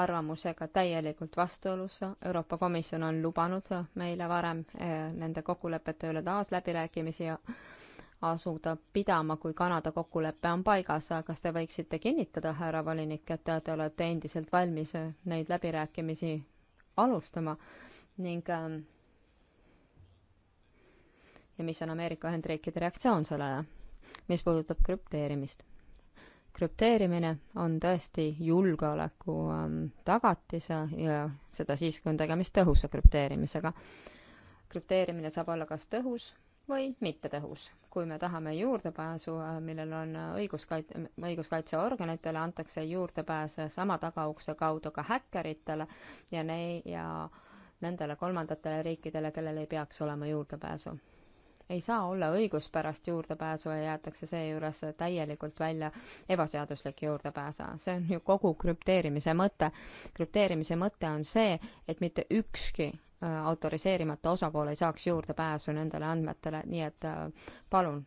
arvamusega täielikult vastuolus. Euroopa Komisjon on lubanud meile varem eh, nende kokkulepete üle taas läbirääkimisi asuda pidama, kui Kanada kokkulepe on paigas. kas te võiksite kinnitada, härra volinik, et te olete endiselt valmis neid läbirääkimisi alustama ning ähm, ja mis on Ameerika Ühendriikide reaktsioon sellele, mis puudutab krüpteerimist? krüpteerimine on tõesti julgeoleku ähm, tagatis ja seda siis, kui on tegemist tõhusa krüpteerimisega. krüpteerimine saab olla kas tõhus või mittetõhus. kui me tahame juurdepääsu, äh, millel on äh, õiguskait-, õiguskaitseorganitele antakse juurdepääs äh, sama tagaukse kaudu ka häkkeritele ja nei- ja nendele kolmandatele riikidele, kellel ei peaks olema juurdepääsu ei saa olla õiguspärast juurdepääsu ja jäetakse seejuures täielikult välja ebaseaduslik juurdepääs. see on ju kogu krüpteerimise mõte. krüpteerimise mõte on see, et mitte ükski äh, autoriseerimata osapool ei saaks juurdepääsu nendele andmetele, nii et äh, palun,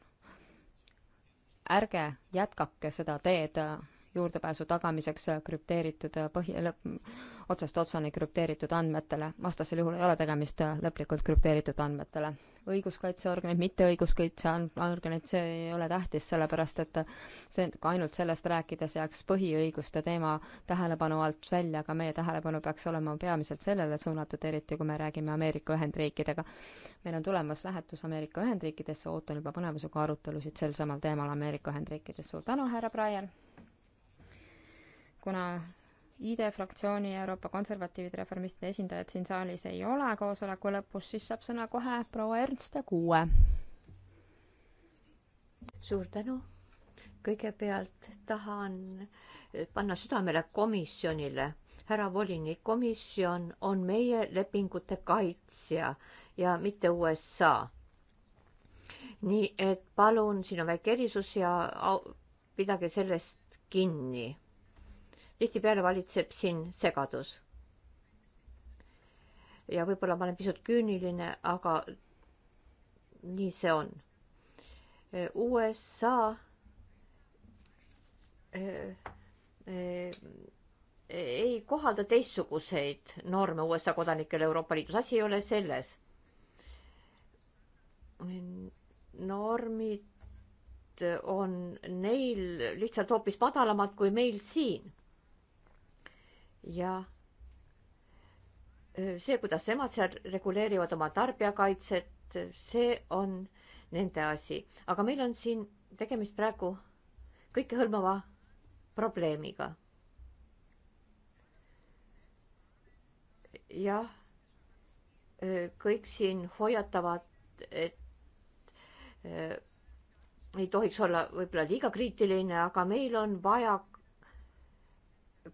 ärge jätkake seda teed äh, juurdepääsu tagamiseks krüpteeritud põhi, otsast otsani krüpteeritud andmetele, vastasel juhul ei ole tegemist lõplikult krüpteeritud andmetele. õiguskaitseorganid, mitte õiguskaitseorganid, see ei ole tähtis, sellepärast et see, kui ainult sellest rääkides jääks põhiõiguste teema tähelepanu alt välja, aga meie tähelepanu peaks olema peamiselt sellele suunatud, eriti kui me räägime Ameerika Ühendriikidega. meil on tulemas lähetus Ameerika Ühendriikidesse, ootan juba põnevusega arutelusid sel samal teemal Ameerika Ühendriikides. suur tänu, härra Brian! kuna ID fraktsiooni Euroopa konservatiivide reformistide esindajad siin saalis ei ole koosoleku lõpus, siis saab sõna kohe proua Ernst ja Kuue. suur tänu. kõigepealt tahan panna südamele komisjonile, härra volinik, komisjon on meie lepingute kaitsja ja mitte USA. nii et palun, siin on väike erisus ja au, pidage sellest kinni tihtipeale valitseb siin segadus. ja võib-olla ma olen pisut küüniline, aga nii see on. E, USA e, e, ei kohalda teistsuguseid norme USA kodanikele Euroopa Liidus, asi ei ole selles. normid on neil lihtsalt hoopis madalamad kui meil siin ja see, kuidas nemad seal reguleerivad oma tarbijakaitset, see on nende asi, aga meil on siin tegemist praegu kõikehõlmava probleemiga. jah, kõik siin hoiatavad, et ei tohiks olla võib-olla liiga kriitiline, aga meil on vaja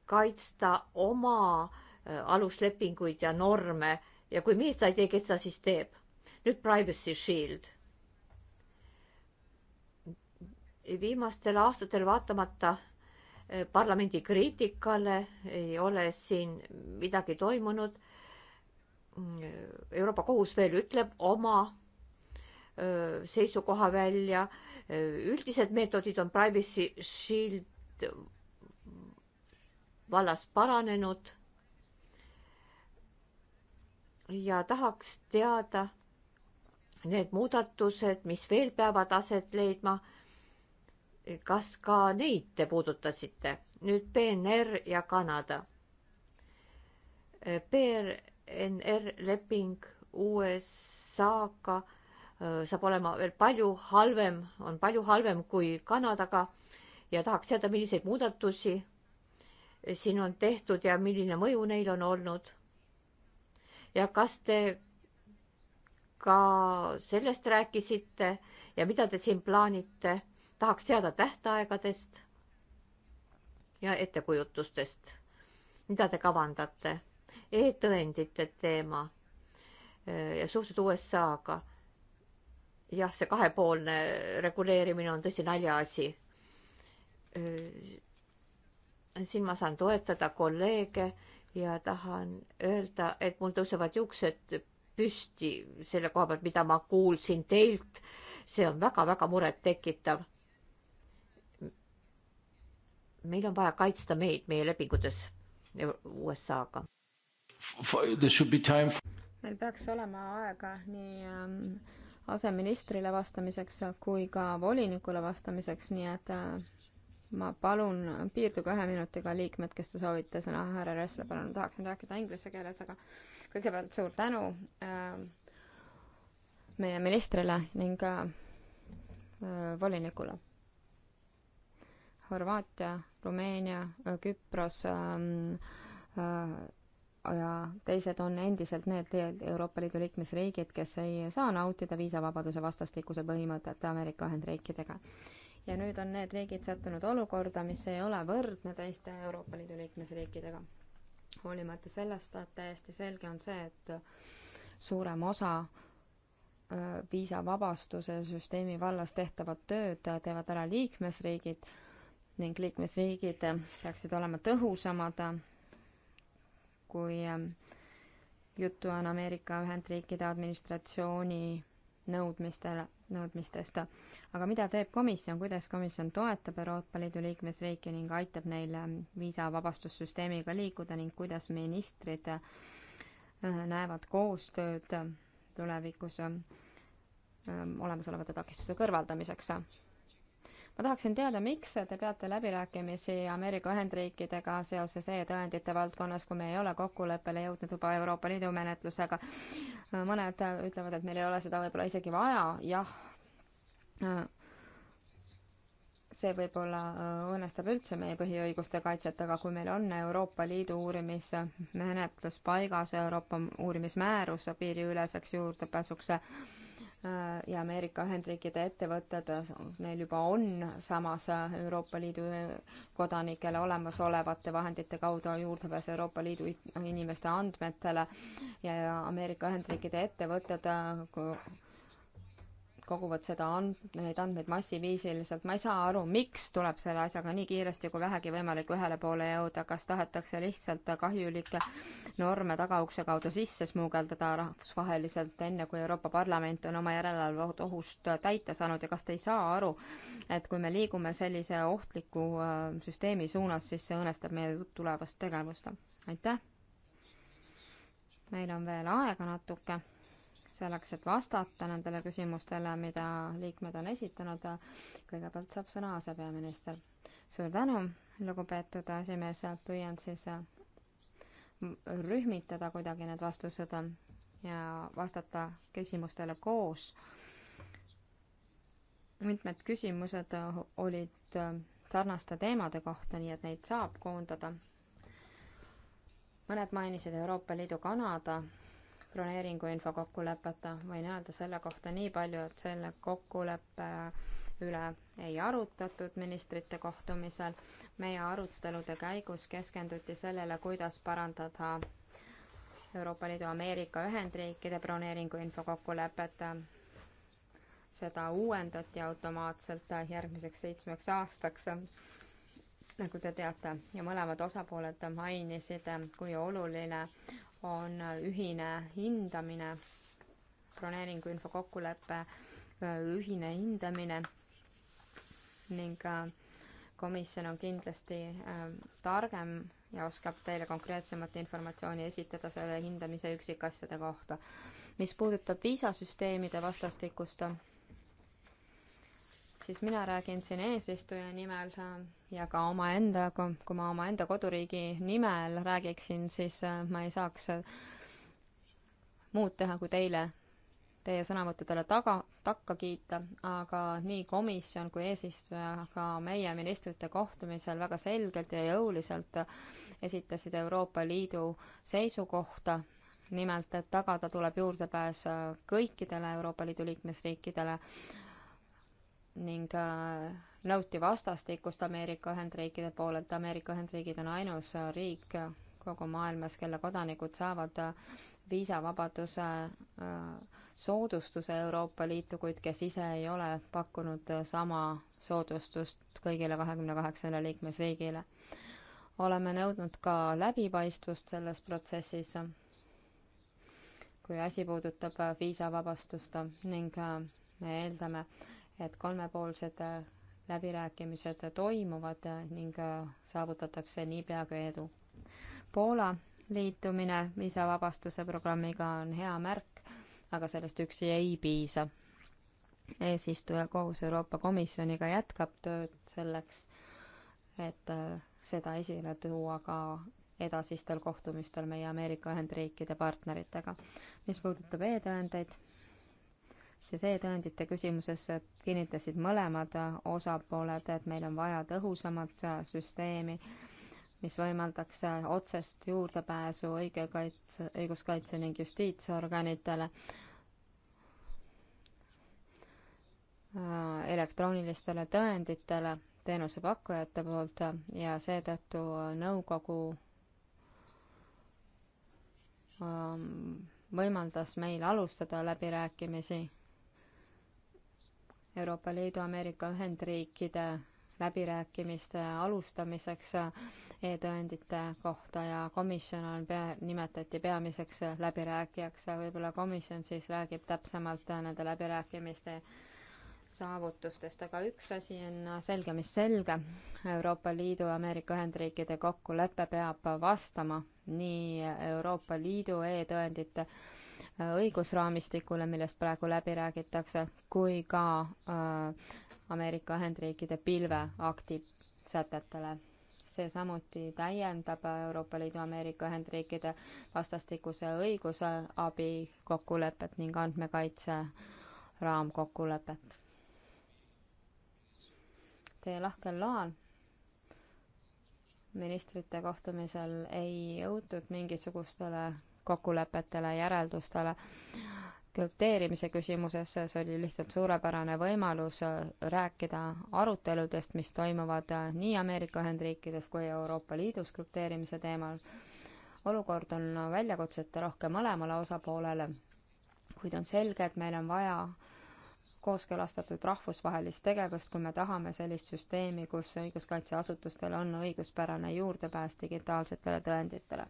kaitsta oma äh, aluslepinguid ja norme ja kui mees seda ei tee, kes seda siis teeb? nüüd Privacy Shield. viimastel aastatel vaatamata äh, parlamendi kriitikale ei ole siin midagi toimunud. Äh, Euroopa Kohus veel ütleb oma seisukoha välja. üldised meetodid on Privacy Shield vallas paranenud. ja tahaks teada need muudatused, mis veel peavad aset leidma. kas ka neid te puudutasite? nüüd PNR ja Kanada. PNR leping USA-ga äh, saab olema veel palju halvem, on palju halvem kui Kanadaga ja tahaks teada, milliseid muudatusi siin on tehtud ja milline mõju neil on olnud. ja kas te ka sellest rääkisite ja mida te siin plaanite, tahaks teada tähtaegadest ja ettekujutustest, mida te kavandate e, e-tõendite teema ja suhted USA-ga. jah, see kahepoolne reguleerimine on tõsi naljaasi siin ma saan toetada kolleege ja tahan öelda, et mul tõusevad juuksed püsti selle koha pealt, mida ma kuulsin teilt. see on väga-väga murettekitav. meil on vaja kaitsta meid meie lepingutes USA-ga. meil peaks olema aega nii ähm, aseministrile vastamiseks kui ka volinikule vastamiseks, nii et äh, ma palun, piirduge ühe minutiga, liikmed, kes te soovite sõna, härra Ressler, palun, tahaksin rääkida inglise keeles, aga kõigepealt suur tänu äh, meie ministrile ning äh, volinikule. Horvaatia, Rumeenia, Küpros ähm, äh, ja teised on endiselt need Euroopa Liidu liikmesriigid, kes ei saa nautida viisavabaduse vastastikuse põhimõtet Ameerika Ühendriikidega ja nüüd on need riigid sattunud olukorda, mis ei ole võrdne teiste Euroopa Liidu liikmesriikidega. hoolimata sellest täiesti selge on see, et suurem osa viisavabastuse süsteemi vallas tehtavat tööd teevad ära liikmesriigid ning liikmesriigid peaksid olema tõhusamad, kui juttu on Ameerika Ühendriikide administratsiooni nõudmistele, nõudmistest. aga mida teeb komisjon, kuidas komisjon toetab Euroopa Liidu liikmesriike ning aitab neil ähm, viisavabastussüsteemiga liikuda ning kuidas ministrid äh, näevad koostööd äh, tulevikus ähm, ähm, olemasolevate takistuste kõrvaldamiseks? ma tahaksin teada, miks te peate läbirääkimisi Ameerika Ühendriikidega seoses e-tõendite valdkonnas, kui me ei ole kokkuleppele jõudnud juba Euroopa Liidu menetlusega. mõned ütlevad, et meil ei ole seda võib-olla isegi vaja, jah see võib-olla äh, õõnestab üldse meie põhiõiguste kaitset, aga kui meil on Euroopa Liidu uurimismenetlus paigas, Euroopa uurimismäärus piiriüleseks juurdepääsuks Äh, ja Ameerika Ühendriikide ettevõtted, neil juba on samas äh, Euroopa Liidu äh, kodanikele olemasolevate vahendite kaudu juurdepääs Euroopa Liidu inimeste andmetele ja Ameerika Ühendriikide ettevõtted koguvad seda and-, neid andmeid massiviisiliselt, ma ei saa aru, miks tuleb selle asjaga nii kiiresti kui vähegi võimalik ühele poole jõuda, kas tahetakse lihtsalt kahjulikke norme tagaukse kaudu sisse smugeldada rahvusvaheliselt, enne kui Euroopa Parlament on oma järelevalveohust täita saanud ja kas te ei saa aru, et kui me liigume sellise ohtliku äh, süsteemi suunas, siis see õõnestab meie tulevast tegevust? aitäh! meil on veel aega natuke selleks, et vastata nendele küsimustele, mida liikmed on esitanud. kõigepealt saab sõna asepeaminister. suur tänu, lugupeetud esimees, püüan siis rühmitada kuidagi need vastused ja vastata küsimustele koos. mitmed küsimused olid sarnaste teemade kohta, nii et neid saab koondada. mõned mainisid Euroopa Liidu Kanada broneeringuinfo kokkulepet, võin öelda selle kohta nii palju, et selle kokkuleppe üle ei arutatud ministrite kohtumisel. meie arutelude käigus keskenduti sellele, kuidas parandada Euroopa Liidu Ameerika Ühendriikide broneeringuinfo kokkulepet. seda uuendati automaatselt järgmiseks seitsmeks aastaks nagu te teate ja mõlemad osapooled mainisid, kui oluline on ühine hindamine, broneeringuinfo kokkuleppe ühine hindamine ning äh, komisjon on kindlasti äh, targem ja oskab teile konkreetsemat informatsiooni esitada selle hindamise üksikasjade kohta. mis puudutab viisasüsteemide vastastikust siis mina räägin siin eesistuja nimel äh, ja ka omaenda, kui ma omaenda koduriigi nimel räägiksin, siis äh, ma ei saaks äh, muud teha, kui teile, teie sõnavõttudele taga, takka kiita, aga nii komisjon kui eesistuja ka meie ministrite kohtumisel väga selgelt ja jõuliselt esitasid Euroopa Liidu seisukohta nimelt, et tagada tuleb juurdepääs kõikidele Euroopa Liidu liikmesriikidele ning äh, nõuti vastastikust Ameerika Ühendriikide poolelt. Ameerika Ühendriigid on ainus äh, riik äh, kogu maailmas, kelle kodanikud saavad viisavabaduse soodustuse Euroopa Liitu, kuid kes ise ei ole pakkunud sama soodustust kõigile kahekümne kaheksale liikmesriigile. oleme nõudnud ka läbipaistvust selles protsessis, kui asi puudutab viisavabastust ning me eeldame, et kolmepoolsed äh, läbirääkimised toimuvad äh, ning äh, saavutatakse niipea kui edu. Poola liitumine viisavabastuse programmiga on hea märk, aga sellest üksi ei piisa. eesistuja koos Euroopa Komisjoniga jätkab tööd selleks, et seda esile tuua ka edasistel kohtumistel meie Ameerika Ühendriikide partneritega. mis puudutab e-tõendeid, CD-tõendite küsimuses kinnitasid mõlemad osapooled, et meil on vaja tõhusamat süsteemi, mis võimaldaks otsest juurdepääsu õigekaitse, õiguskaitse ning justiitsorganitele äh, elektroonilistele tõenditele teenusepakkujate poolt ja seetõttu nõukogu ähm, võimaldas meil alustada läbirääkimisi Euroopa Liidu, Ameerika Ühendriikide läbirääkimiste alustamiseks e-tõendite eh, kohta ja komisjon on pea, nimetati peamiseks läbirääkijaks ja võib-olla komisjon siis räägib täpsemalt nende läbirääkimiste saavutustest, aga üks asi on selge, mis selge, Euroopa Liidu ja Ameerika Ühendriikide kokkulepe peab vastama nii Euroopa Liidu e-tõendite Äh, õigusraamistikule, millest praegu läbi räägitakse, kui ka äh, Ameerika Ühendriikide pilveakti sätetele see samuti täiendab Euroopa Liidu Ameerika Ühendriikide vastastikuse õigusabi kokkulepet ning andmekaitse raamkokkulepet. Teie lahkel loal ministrite kohtumisel ei jõutud mingisugustele kokkulepetele, järeldustele krüpteerimise küsimuses, see oli lihtsalt suurepärane võimalus rääkida aruteludest, mis toimuvad nii Ameerika Ühendriikides kui Euroopa Liidus krüpteerimise teemal. olukord on väljakutsete rohke mõlemale osapoolele, kuid on selge, et meil on vaja kooskõlastatud rahvusvahelist tegevust, kui me tahame sellist süsteemi, kus õiguskaitseasutustel on õiguspärane juurdepääs digitaalsetele tõenditele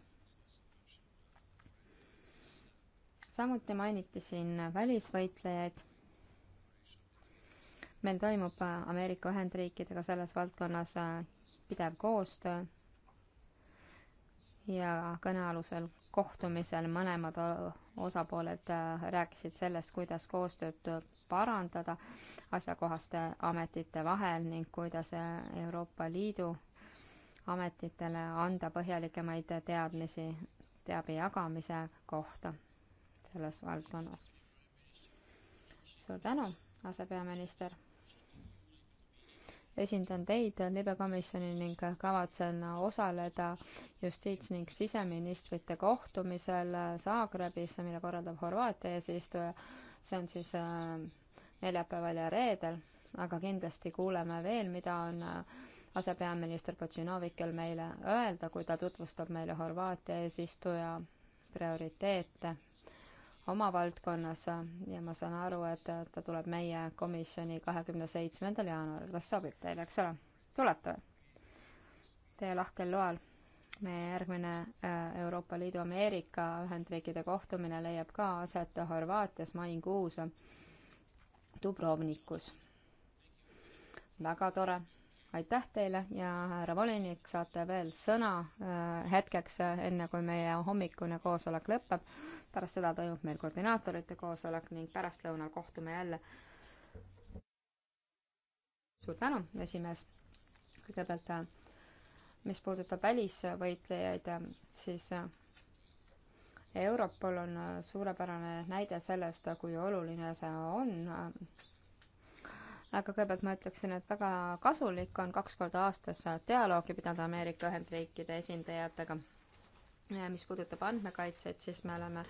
samuti mainiti siin välisvõitlejaid. meil toimub äh, Ameerika Ühendriikidega selles valdkonnas äh, pidev koostöö ja kõnealusel kohtumisel mõlemad osapooled äh, rääkisid sellest, kuidas koostööd parandada asjakohaste ametite vahel ning kuidas Euroopa Liidu ametitele anda põhjalikemaid teadmisi teabe jagamise kohta selles valdkonnas. suur tänu, asepeaminister. esindan teid libekomisjoni ning kavatsen osaleda justiits- ning siseministrite kohtumisel Zagrebis, mille korraldab Horvaatia eesistuja. see on siis äh, neljapäeval ja reedel, aga kindlasti kuuleme veel, mida on äh, asepeaminister Potšinovikel meile öelda, kui ta tutvustab meile Horvaatia eesistuja prioriteete oma valdkonnas ja ma saan aru, et ta tuleb meie komisjoni kahekümne seitsmendal jaanuaril, kas sobib teile, eks ole? tulete või? Teie lahkel loal. meie järgmine äh, Euroopa Liidu Ameerika Ühendriikide kohtumine leiab ka aset Horvaatias maikuus Dubrovnikus. väga tore aitäh teile ja härra volinik, saate veel sõna äh, hetkeks, äh, enne kui meie hommikune koosolek lõpeb. pärast seda toimub meil koordinaatorite koosolek ning pärastlõunal kohtume jälle. suur tänu, esimees. kõigepealt, äh, mis puudutab välisvõitlejaid, siis Europol on suurepärane näide sellest, kui oluline see on aga kõigepealt ma ütleksin, et väga kasulik on kaks korda aastas dialoogi pidada Ameerika Ühendriikide esindajatega. mis puudutab andmekaitset, siis me oleme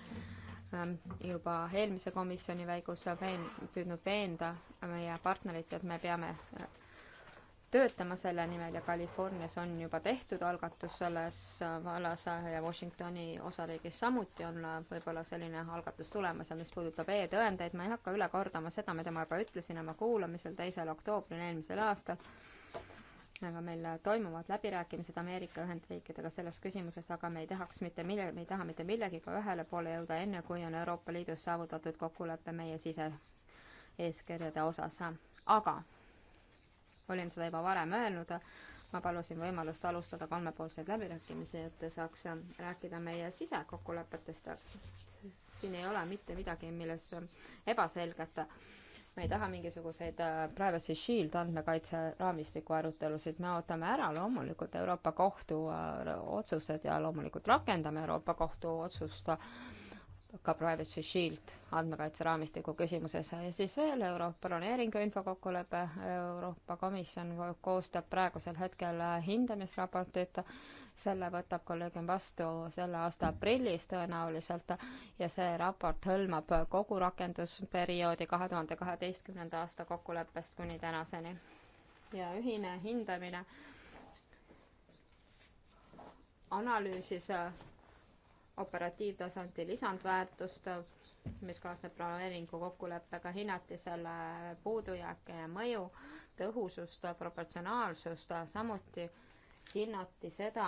ähm, juba eelmise komisjoni käigus veen-, püüdnud veenda meie partnerit, et me peame töötama selle nimel ja Californias on juba tehtud algatus selles vallas ja Washingtoni osariigis samuti on võib-olla selline algatus tulemas ja mis puudutab e-tõendeid, ma ei hakka üle kordama seda, mida ma juba ütlesin oma kuulamisel teisel oktoobril eelmisel aastal, aga meil toimuvad läbirääkimised Ameerika Ühendriikidega selles küsimuses, aga me ei tahaks mitte mille, me ei taha mitte millegagi ühele poole jõuda, enne kui on Euroopa Liidus saavutatud kokkulepe meie sise eeskirjade osas. aga olin seda juba varem öelnud, ma palusin võimalust alustada kolmepoolseid läbirääkimisi, et saaks rääkida meie sisekokkulepetest. siin ei ole mitte midagi, milles ebaselget. me ei taha mingisuguseid Privacy Shield andmekaitse raamistiku arutelusid, me ootame ära loomulikult Euroopa Kohtu otsused ja loomulikult rakendame Euroopa Kohtu otsust ka Privacy Shield andmekaitseraamistiku küsimuses ja siis veel Euroopa broneeringu infokokkulepe, Euroopa Komisjon koostab praegusel hetkel hindamisraportit, selle võtab kolleegium vastu selle aasta aprillis tõenäoliselt ja see raport hõlmab kogu rakendusperioodi kahe tuhande kaheteistkümnenda aasta kokkuleppest kuni tänaseni. ja ühine hindamine analüüsis operatiivtasandi lisandväärtust, mis kaasneb planeeringu kokkuleppega, hinnati selle puudujääke ja mõju, tõhusust, proportsionaalsust, samuti hinnati seda,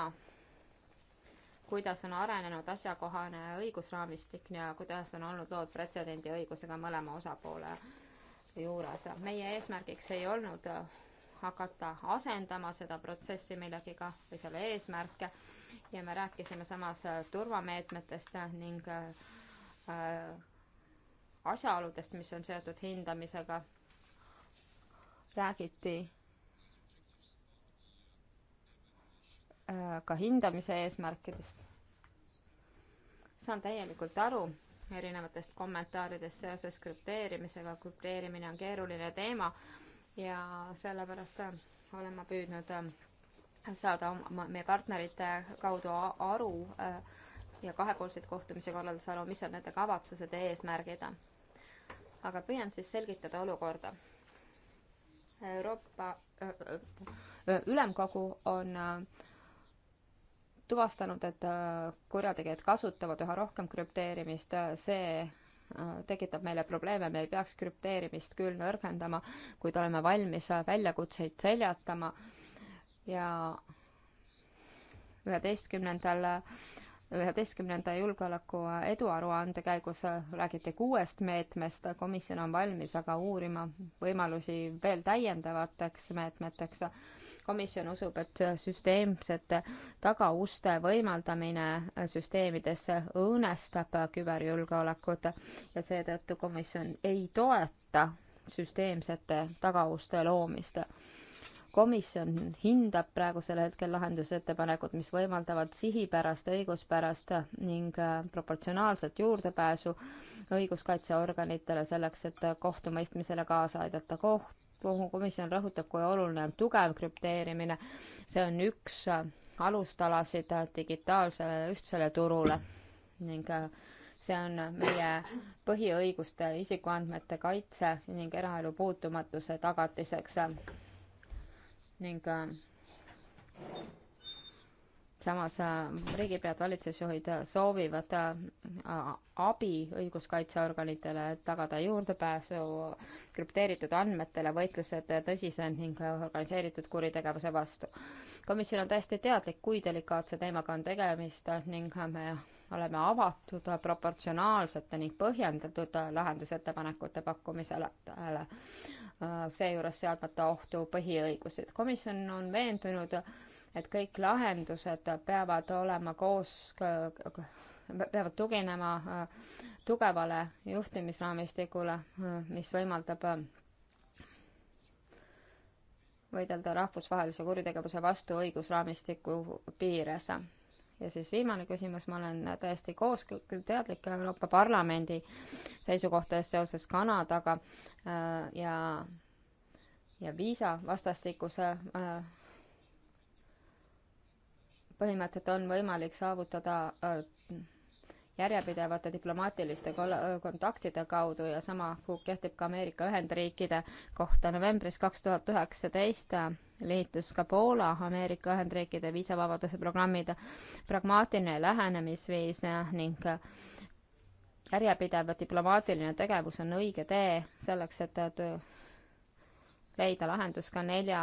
kuidas on arenenud asjakohane õigusraamistik ja kuidas on olnud lood pretsedendi õigusega mõlema osapoole juures. meie eesmärgiks ei olnud hakata asendama seda protsessi millegiga või selle eesmärke ja me rääkisime samas äh, turvameetmetest äh, ning äh, asjaoludest, mis on seotud hindamisega. räägiti ka hindamise eesmärkidest. saan täielikult aru erinevatest kommentaaridest seoses krüpteerimisega, krüpteerimine on keeruline teema ja sellepärast olen ma püüdnud saada oma, meie partnerite kaudu aru äh, ja kahepoolseid kohtumisi korraldades aru, mis on nende kavatsused ja eesmärgid. aga püüan siis selgitada olukorda. Euroopa äh, äh, Ülemkogu on tuvastanud, et kurjategijad kasutavad üha rohkem krüpteerimist, see tekitab meile probleeme, me ei peaks krüpteerimist küll nõrgendama, kuid oleme valmis väljakutseid seljatama ja üheteistkümnendal üheteistkümnenda julgeoleku eduaruande käigus räägiti kuuest meetmest, komisjon on valmis aga uurima võimalusi veel täiendavateks meetmeteks. komisjon usub, et süsteemsete tagauste võimaldamine süsteemidesse õõnestab küberjulgeolekut ja seetõttu komisjon ei toeta süsteemsete tagauste loomist komisjon hindab praegusel hetkel lahendusettepanekut, mis võimaldavad sihipärast, õiguspärast ning äh, proportsionaalset juurdepääsu õiguskaitseorganitele selleks, et kohtumõistmisele kaasa aidata. koht, kuhu komisjon rõhutab, kui oluline on tugev krüpteerimine, see on üks äh, alustalasid äh, digitaalsele ühtsele turule ning see on meie põhiõiguste, isikuandmete kaitse ning eraelu puutumatuse tagatiseks ning äh, samas äh, riigipead, valitsusjuhid äh, soovivad abi õiguskaitseorganitele, et tagada juurdepääsu krüpteeritud andmetele, võitlused tõsise ning organiseeritud kuritegevuse vastu. komisjon on täiesti teadlik, kui delikaatse teemaga on tegemist ning me oleme avatud proportsionaalsete ning põhjendatud lahendusettepanekute pakkumisele Äh, seejuures seadmata ohtu põhiõigused. komisjon on veendunud, et kõik lahendused peavad olema koos, peavad tuginema äh, tugevale juhtimisraamistikule, äh, mis võimaldab võidelda rahvusvahelise kuritegevuse vastu õigusraamistiku piires ja siis viimane küsimus, ma olen täiesti koos küll teadlik Euroopa Parlamendi seisukohtadest seoses Kanadaga äh, ja, ja viisa vastastikuse äh, põhimõtet on võimalik saavutada äh, järjepidevate diplomaatiliste kontaktide kaudu ja sama kehtib ka Ameerika Ühendriikide kohta. novembris kaks tuhat üheksateist liitus ka Poola Ameerika Ühendriikide viisavabaduse programmide pragmaatiline lähenemisviis ning järjepidev diplomaatiline tegevus on õige tee selleks, et leida lahendus ka nelja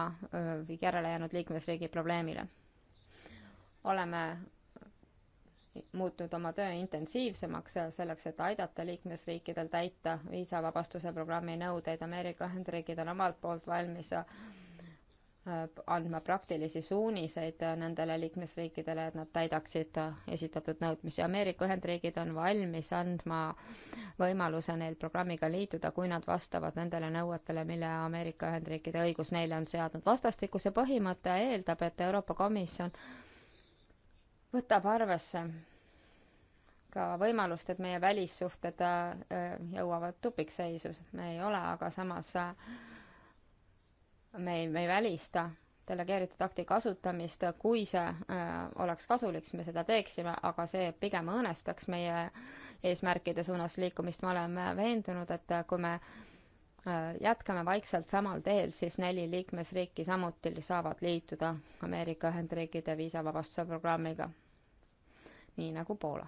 järelejäänud liikmesriigi probleemile. oleme muutnud oma töö intensiivsemaks selleks, et aidata liikmesriikidel täita viisavabastuse programmi nõudeid. Ameerika Ühendriigid on omalt poolt valmis äh, andma praktilisi suuniseid nendele liikmesriikidele, et nad täidaksid äh, esitatud nõudmisi. Ameerika Ühendriigid on valmis andma võimaluse neil programmiga liituda, kui nad vastavad nendele nõuetele, mille Ameerika Ühendriikide õigus neile on seadnud. vastastikuse põhimõte eeldab, et Euroopa Komisjon võtab arvesse ka võimalust, et meie välissuhted äh, jõuavad tupikseisus. me ei ole aga samas, äh, me ei, me ei välista delegeeritud akti kasutamist, kui see äh, oleks kasulik, siis me seda teeksime, aga see pigem õõnestaks meie eesmärkide suunas liikumist. ma olen veendunud, et kui me äh, jätkame vaikselt samal teel, siis neli liikmesriiki samuti saavad liituda Ameerika Ühendriikide viisavabastuse programmiga nii nagu Poola.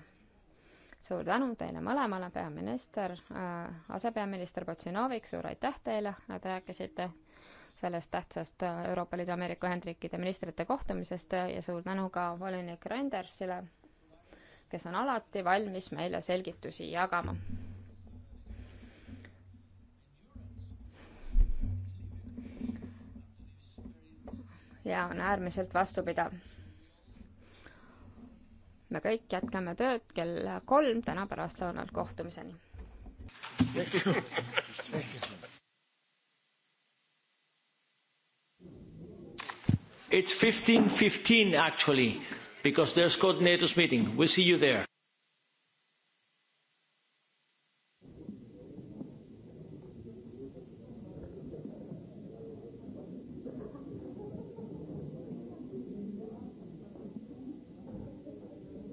suur tänu teile mõlemale, peaminister äh,, asepeaminister Botšinovik, suur aitäh teile, et rääkisite sellest tähtsast äh, Euroopa Liidu Ameerika Ühendriikide ministrite kohtumisest ja suur tänu ka volinik Rendersile, kes on alati valmis meile selgitusi jagama. ja on äärmiselt vastupidav me kõik jätkame tööd kell kolm täna pärastlõunal, kohtumiseni! Thank you. Thank you. It's 15:15 15, actually because there's coordinators meeting. We'll see you there.